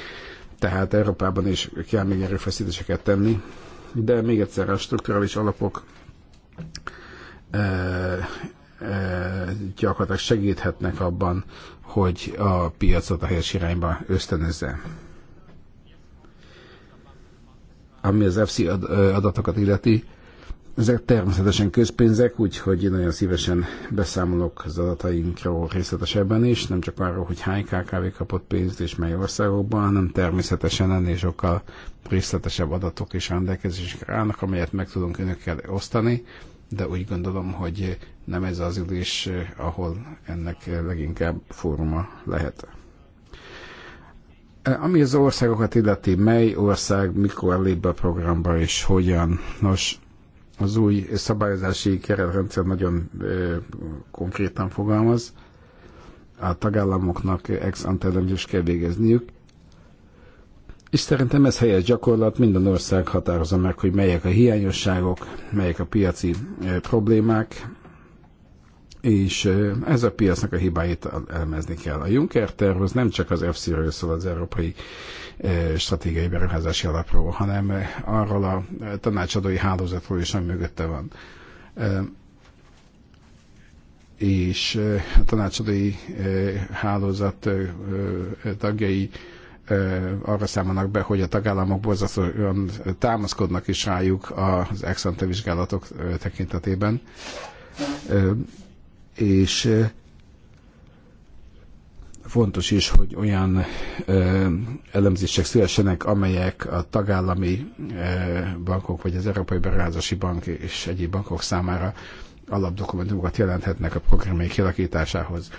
Speaker 2: tehát Európában is kell még erőfeszítéseket tenni, de még egyszer a strukturális alapok e, e, gyakorlatilag segíthetnek abban, hogy a piacot a helyes irányba ösztönözze. Ami az FC adatokat illeti, ezek természetesen közpénzek, úgyhogy nagyon szívesen beszámolok az adatainkról részletesebben is, nem csak arról, hogy hány KKV kapott pénzt és mely országokban, hanem természetesen ennél sokkal részletesebb adatok is, rendelkezésre állnak, amelyet meg tudunk önökkel osztani, de úgy gondolom, hogy nem ez az ülés, ahol ennek leginkább fóruma lehet. Ami az országokat illeti, mely ország mikor lép be a programba és hogyan? Nos, az új szabályozási keretrendszer nagyon konkrétan fogalmaz. A tagállamoknak ex ante kell végezniük, és szerintem ez helyes gyakorlat, minden ország határozza meg, hogy melyek a hiányosságok, melyek a piaci problémák, és ez a piacnak a hibáit elmezni kell. A Juncker terv az nem csak az EFSZ-ről szól az Európai Stratégiai Beruházási Alapról, hanem arról a tanácsadói hálózatról is, ami mögötte van. És a tanácsadói hálózat tagjai arra számolnak be, hogy a tagállamok borzasztóan támaszkodnak is rájuk az ex vizsgálatok tekintetében és fontos is, hogy olyan elemzések szülessenek, amelyek a tagállami bankok, vagy az Európai Beruházási Bank és egyéb bankok számára alapdokumentumokat jelenthetnek a programjai kialakításához.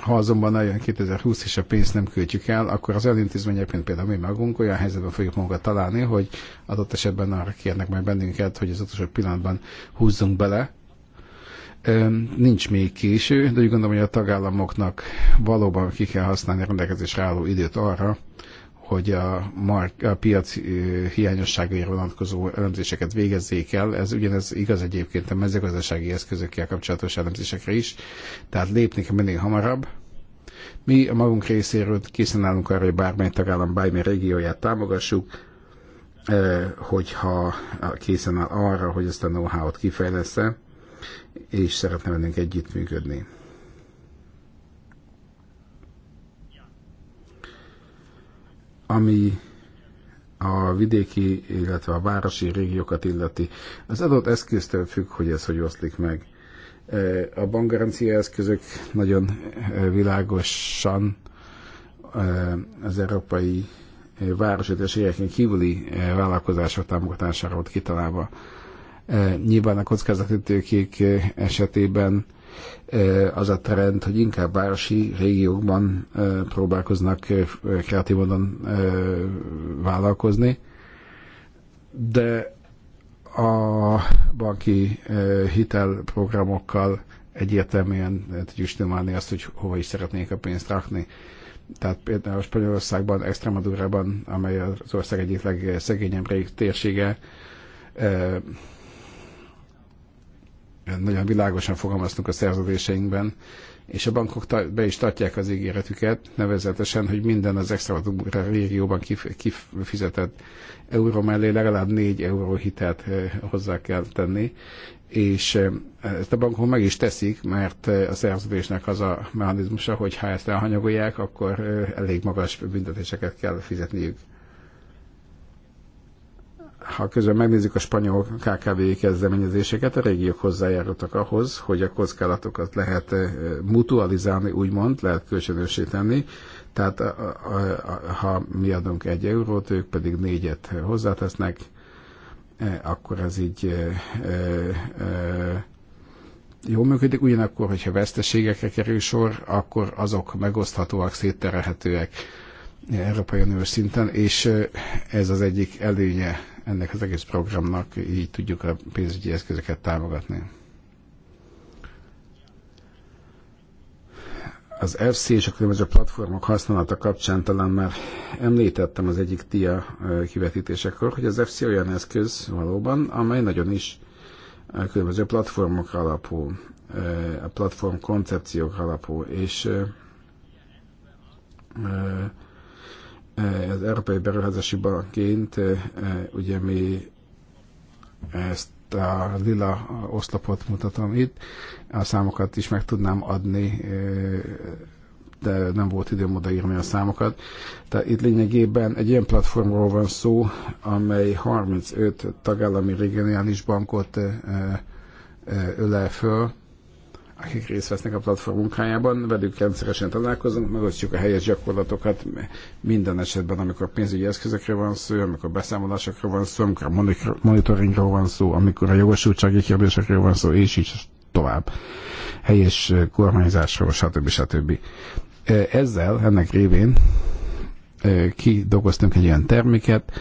Speaker 2: ha azonban eljön 2020 és a pénzt nem költjük el, akkor az elintézmények, mint például mi magunk, olyan helyzetben fogjuk magunkat találni, hogy adott esetben arra kérnek majd bennünket, hogy az utolsó pillanatban húzzunk bele, nincs még késő, de úgy gondolom, hogy a tagállamoknak valóban ki kell használni a rendelkezésre álló időt arra, hogy a, mark, a piac hiányosságaira vonatkozó elemzéseket végezzék el. Ez ugyanez igaz egyébként a mezőgazdasági eszközökkel kapcsolatos elemzésekre is, tehát lépni kell minél hamarabb. Mi a magunk részéről készen állunk arra, hogy bármely tagállam, bármely régióját támogassuk, hogyha készen áll arra, hogy ezt a know-how-t kifejlesz és szeretne velünk együttműködni. Ami a vidéki, illetve a városi régiókat illeti, az adott eszköztől függ, hogy ez hogy oszlik meg. E, a bankgarancia eszközök nagyon e, világosan e, az európai városi térségeken kívüli vállalkozások támogatására volt kitalálva. Eh, nyilván a kockázati tőkék esetében eh, az a trend, hogy inkább városi régiókban eh, próbálkoznak kreatív módon vállalkozni, de a banki hitelprogramokkal egyértelműen tudjuk stimulálni azt, hogy hova is szeretnék a pénzt rakni. Tehát például Spanyolországban, Extremadurában, amely az ország egyik legszegényebb térsége, nagyon világosan fogalmaztunk a szerződéseinkben, és a bankok be is tartják az ígéretüket, nevezetesen, hogy minden az extra régióban kifizetett euró mellé legalább 4 euró hitelt eh, hozzá kell tenni, és eh, ezt a bankok meg is teszik, mert eh, a szerződésnek az a mechanizmusa, hogy ha ezt elhanyagolják, akkor elég magas büntetéseket kell fizetniük ha közben megnézzük a spanyol KKV kezdeményezéseket, a régiók hozzájárultak ahhoz, hogy a kockázatokat lehet eh, mutualizálni, úgymond, lehet kölcsönösíteni. Tehát ha mi adunk egy eurót, ők pedig négyet hozzátesznek, eh, akkor ez így eh, jó működik, ugyanakkor, hogyha veszteségekre kerül sor, akkor azok megoszthatóak, szétterelhetőek. Európai Uniós szinten, és ez az egyik előnye ennek az egész programnak így tudjuk a pénzügyi eszközöket támogatni. az FC és a különböző platformok használata kapcsán talán már említettem az egyik TIA kivetítésekor, hogy az FC olyan eszköz valóban, amely nagyon is a különböző platformok alapú, a platform koncepciók alapú és Eh, az Európai Beruházási Bankként eh, eh, ugye mi ezt a lila oszlopot mutatom itt. A számokat is meg tudnám adni, de nem volt időm odaírni a számokat. Tehát itt lényegében egy ilyen platformról van szó, amely 35 tagállami regionális bankot ölel föl, akik részt vesznek a platform munkájában, velük rendszeresen találkozunk, megosztjuk a helyes gyakorlatokat minden esetben, amikor pénzügyi eszközökre van szó, amikor beszámolásokra van szó, amikor a monitoringról van szó, amikor a jogosultsági kérdésekről van szó, és így tovább. Helyes eh, kormányzásról, stb. stb. Eh, ezzel, ennek révén eh, kidolgoztunk egy olyan terméket,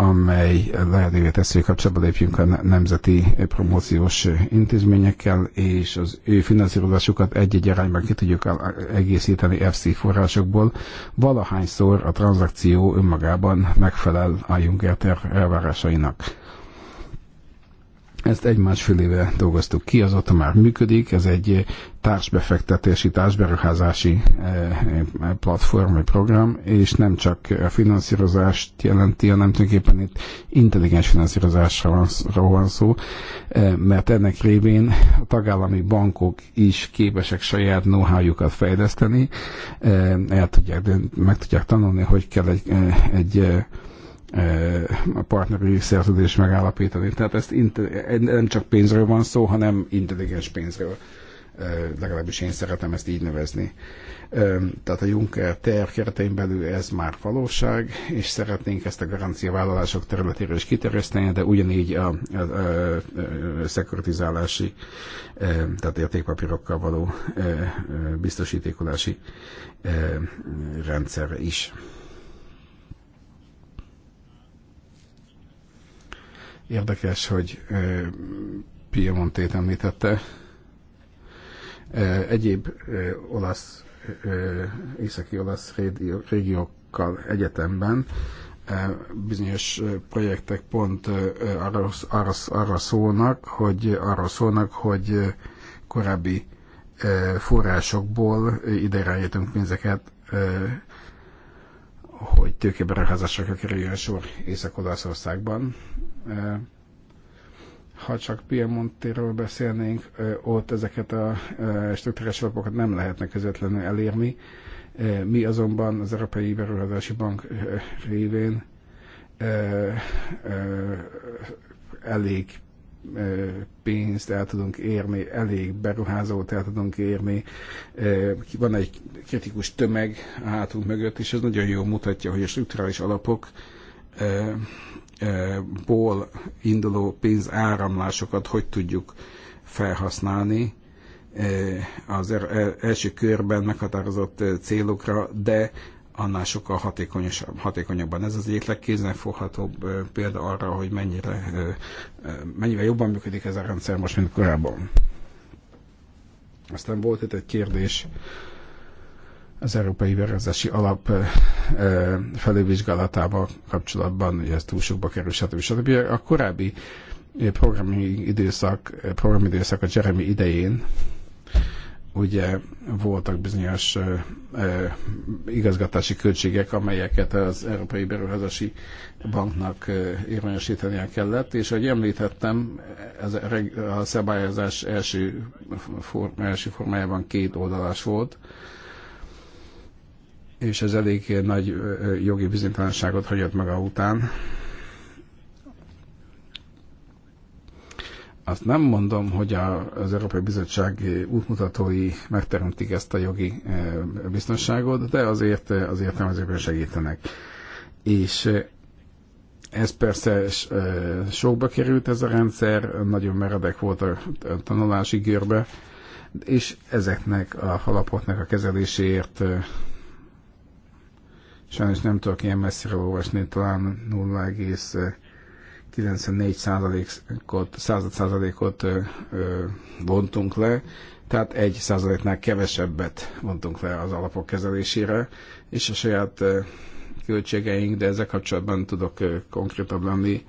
Speaker 2: amely lehetővé teszi, hogy kapcsolatba lépjünk a nemzeti promóciós intézményekkel, és az ő finanszírozásukat egy-egy arányban ki tudjuk egészíteni FC forrásokból. Valahányszor a tranzakció önmagában megfelel a Juncker elvárásainak ezt egy másfél dolgoztuk ki, azóta már működik, ez egy eh, társbefektetési, társberuházási eh, eh, platform vagy program, és nem csak a finanszírozást jelenti, hanem tulajdonképpen itt intelligens finanszírozásra van szó, mert ennek révén a tagállami bankok is képesek saját know jukat fejleszteni, el tudják, meg tudják tanulni, hogy kell egy, egy a partneri szerződés megállapítani. Tehát ezt nem csak pénzről van szó, hanem intelligens pénzről. Legalábbis én szeretem ezt így nevezni. Tehát a Juncker terv keretein belül ez már valóság, és szeretnénk ezt a garanciavállalások területére is kiterjeszteni, de ugyanígy a, a, a, a szekuritizálási, tehát értékpapírokkal való biztosítékolási rendszer is. Érdekes, hogy Piemontét említette. Egyéb olasz, északi olasz régiókkal egyetemben bizonyos projektek pont arra, arra, arra szólnak, hogy arra szólnak, hogy korábbi forrásokból ide rájöttünk pénzeket, hogy tőkeberuházásokra kerüljön sor Észak-Olaszországban. Eh, ha csak Piemontéről beszélnénk, eh, ott ezeket a eh, struktúrás alapokat nem lehetne közvetlenül elérni. Mi azonban az Európai Beruházási Bank révén elég pénzt el tudunk érni, elég beruházót el tudunk érni. Van egy kritikus tömeg a hátunk mögött, és ez nagyon jól mutatja, hogy a strukturális alapok ból induló pénzáramlásokat hogy tudjuk felhasználni az er, e, első körben meghatározott célokra, de annál sokkal hatékonyosabb, hatékonyabban. Ez az egyik legkézenfoghatóbb példa arra, hogy mennyire, mennyivel jobban működik ez a rendszer most, mint korábban. Aztán volt itt egy kérdés az Európai Beruházási Alap felővizsgálatával kapcsolatban, hogy ez túl sokba kerül, stb. stb. A korábbi programi időszak, programidőszak a Jeremy idején ugye voltak bizonyos ö, ö, igazgatási költségek, amelyeket az Európai Beruházási Banknak ö, érvényesítenie kellett, és ahogy említettem, ez a szabályozás első, for, első formájában két oldalás volt, és ez elég nagy jogi bizonytalanságot hagyott maga után. Azt nem mondom, hogy a, az Európai Bizottság útmutatói megteremtik ezt a jogi biztonságot, de azért az értelmezőkön segítenek. És ez persze sokba került ez a rendszer, nagyon meredek volt a tanulási görbe, és ezeknek a halapotnak a kezeléséért Sajnos nem tudok ilyen messzire olvasni, talán 0,94%-ot százalékot vontunk le, tehát egy százaléknál kevesebbet vontunk le az alapok kezelésére, és a saját költségeink, de ezzel kapcsolatban tudok konkrétabb lenni,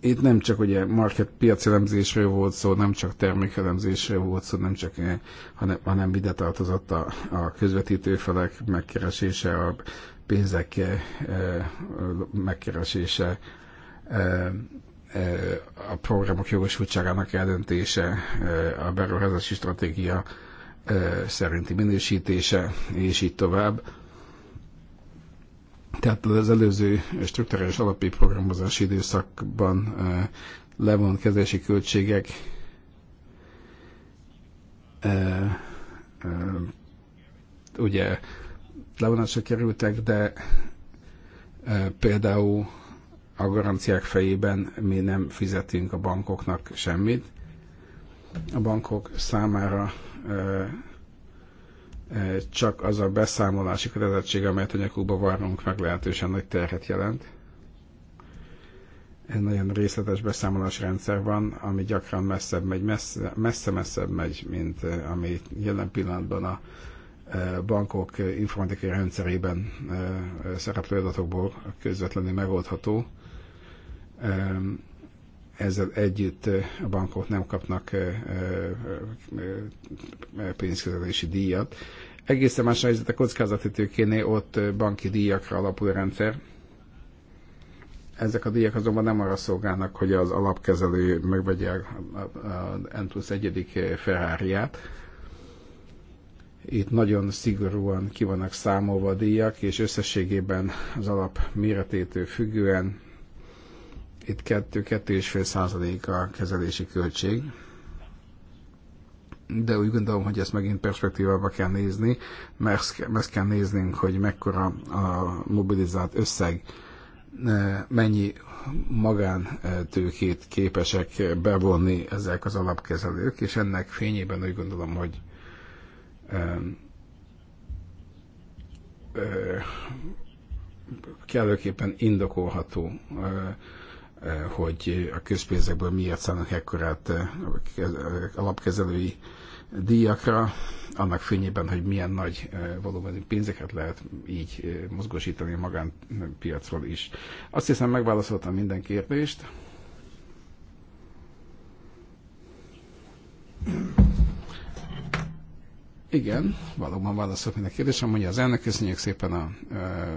Speaker 2: itt nem csak ugye market elemzésről volt szó, nem csak termék elemzésről volt szó, nem csak, eh, hanem, hanem ide tartozott a, a közvetítőfelek megkeresése, a pénzek e, megkeresése, e, a programok jogosultságának eldöntése, a beruházási stratégia szerinti minősítése, és így tovább tehát az előző struktúrális alapi programozási időszakban levon kezelési költségek ugye levonásra kerültek, de például a garanciák fejében mi nem fizetünk a bankoknak semmit. A bankok számára Eh, csak az a beszámolási kötelezettség, amelyet a nyakukba varrunk, meglehetősen nagy terhet jelent. Egy nagyon részletes beszámolás rendszer van, ami gyakran messzebb megy, messze-messzebb megy, mint eh, ami jelen pillanatban a eh, bankok informatikai rendszerében szereplő adatokból közvetlenül megoldható. Ezzel együtt a bankok nem kapnak pénzkezelési díjat, Egészen más helyzet a kockázati tőkénél, ott banki díjakra alapul a rendszer. Ezek a díjak azonban nem arra szolgálnak, hogy az alapkezelő megvegye az N plusz egyedik ferrari -ját. Itt nagyon szigorúan ki vannak számolva a díjak, és összességében az alap méretétől függően itt 2-2,5 százalék a kezelési költség de úgy gondolom, hogy ezt megint perspektívába kell nézni, mert ezt kell néznünk, hogy mekkora a mobilizált összeg, mennyi magántőkét képesek bevonni ezek az alapkezelők, és ennek fényében úgy gondolom, hogy kellőképpen indokolható, hogy a közpénzekből miért szállnak ekkorát alapkezelői díjakra, annak fényében, hogy milyen nagy volumenű pénzeket lehet így mozgósítani a magánpiacról is. Azt hiszem megválaszoltam minden kérdést. Igen, valóban válaszolt minden kérdésem. Mondja az elnök, köszönjük szépen a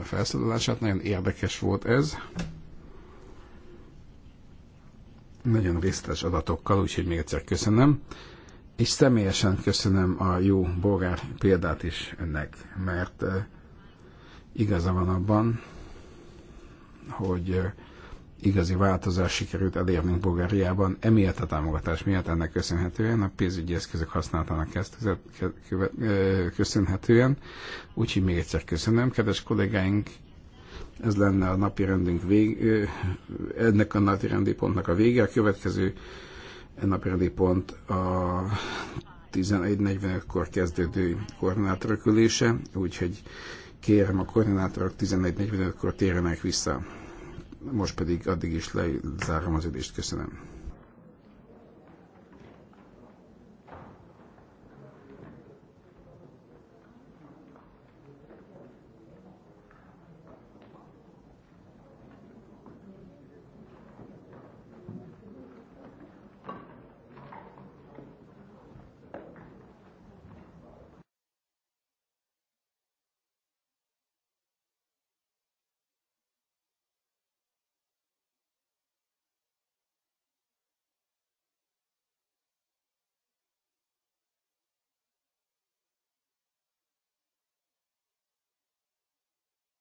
Speaker 2: felszólalását, nagyon érdekes volt ez. Nagyon részletes adatokkal, úgyhogy még egyszer köszönöm és személyesen köszönöm a jó bolgár példát is önnek, mert igaza van abban, hogy igazi változás sikerült elérnünk Bulgáriában, emiatt a támogatás miatt, ennek köszönhetően, a pénzügyi eszközök használatának köszönhetően. Úgyhogy még egyszer köszönöm, kedves kollégáink, ez lenne a napi rendünk vég, ennek a napi rendi pontnak a vége. A következő E napirendi pont a 11.45-kor kezdődő koordinátor ülése, úgyhogy kérem a koordinátorok 11.45-kor térjenek vissza. Most pedig addig is lezárom az időt Köszönöm.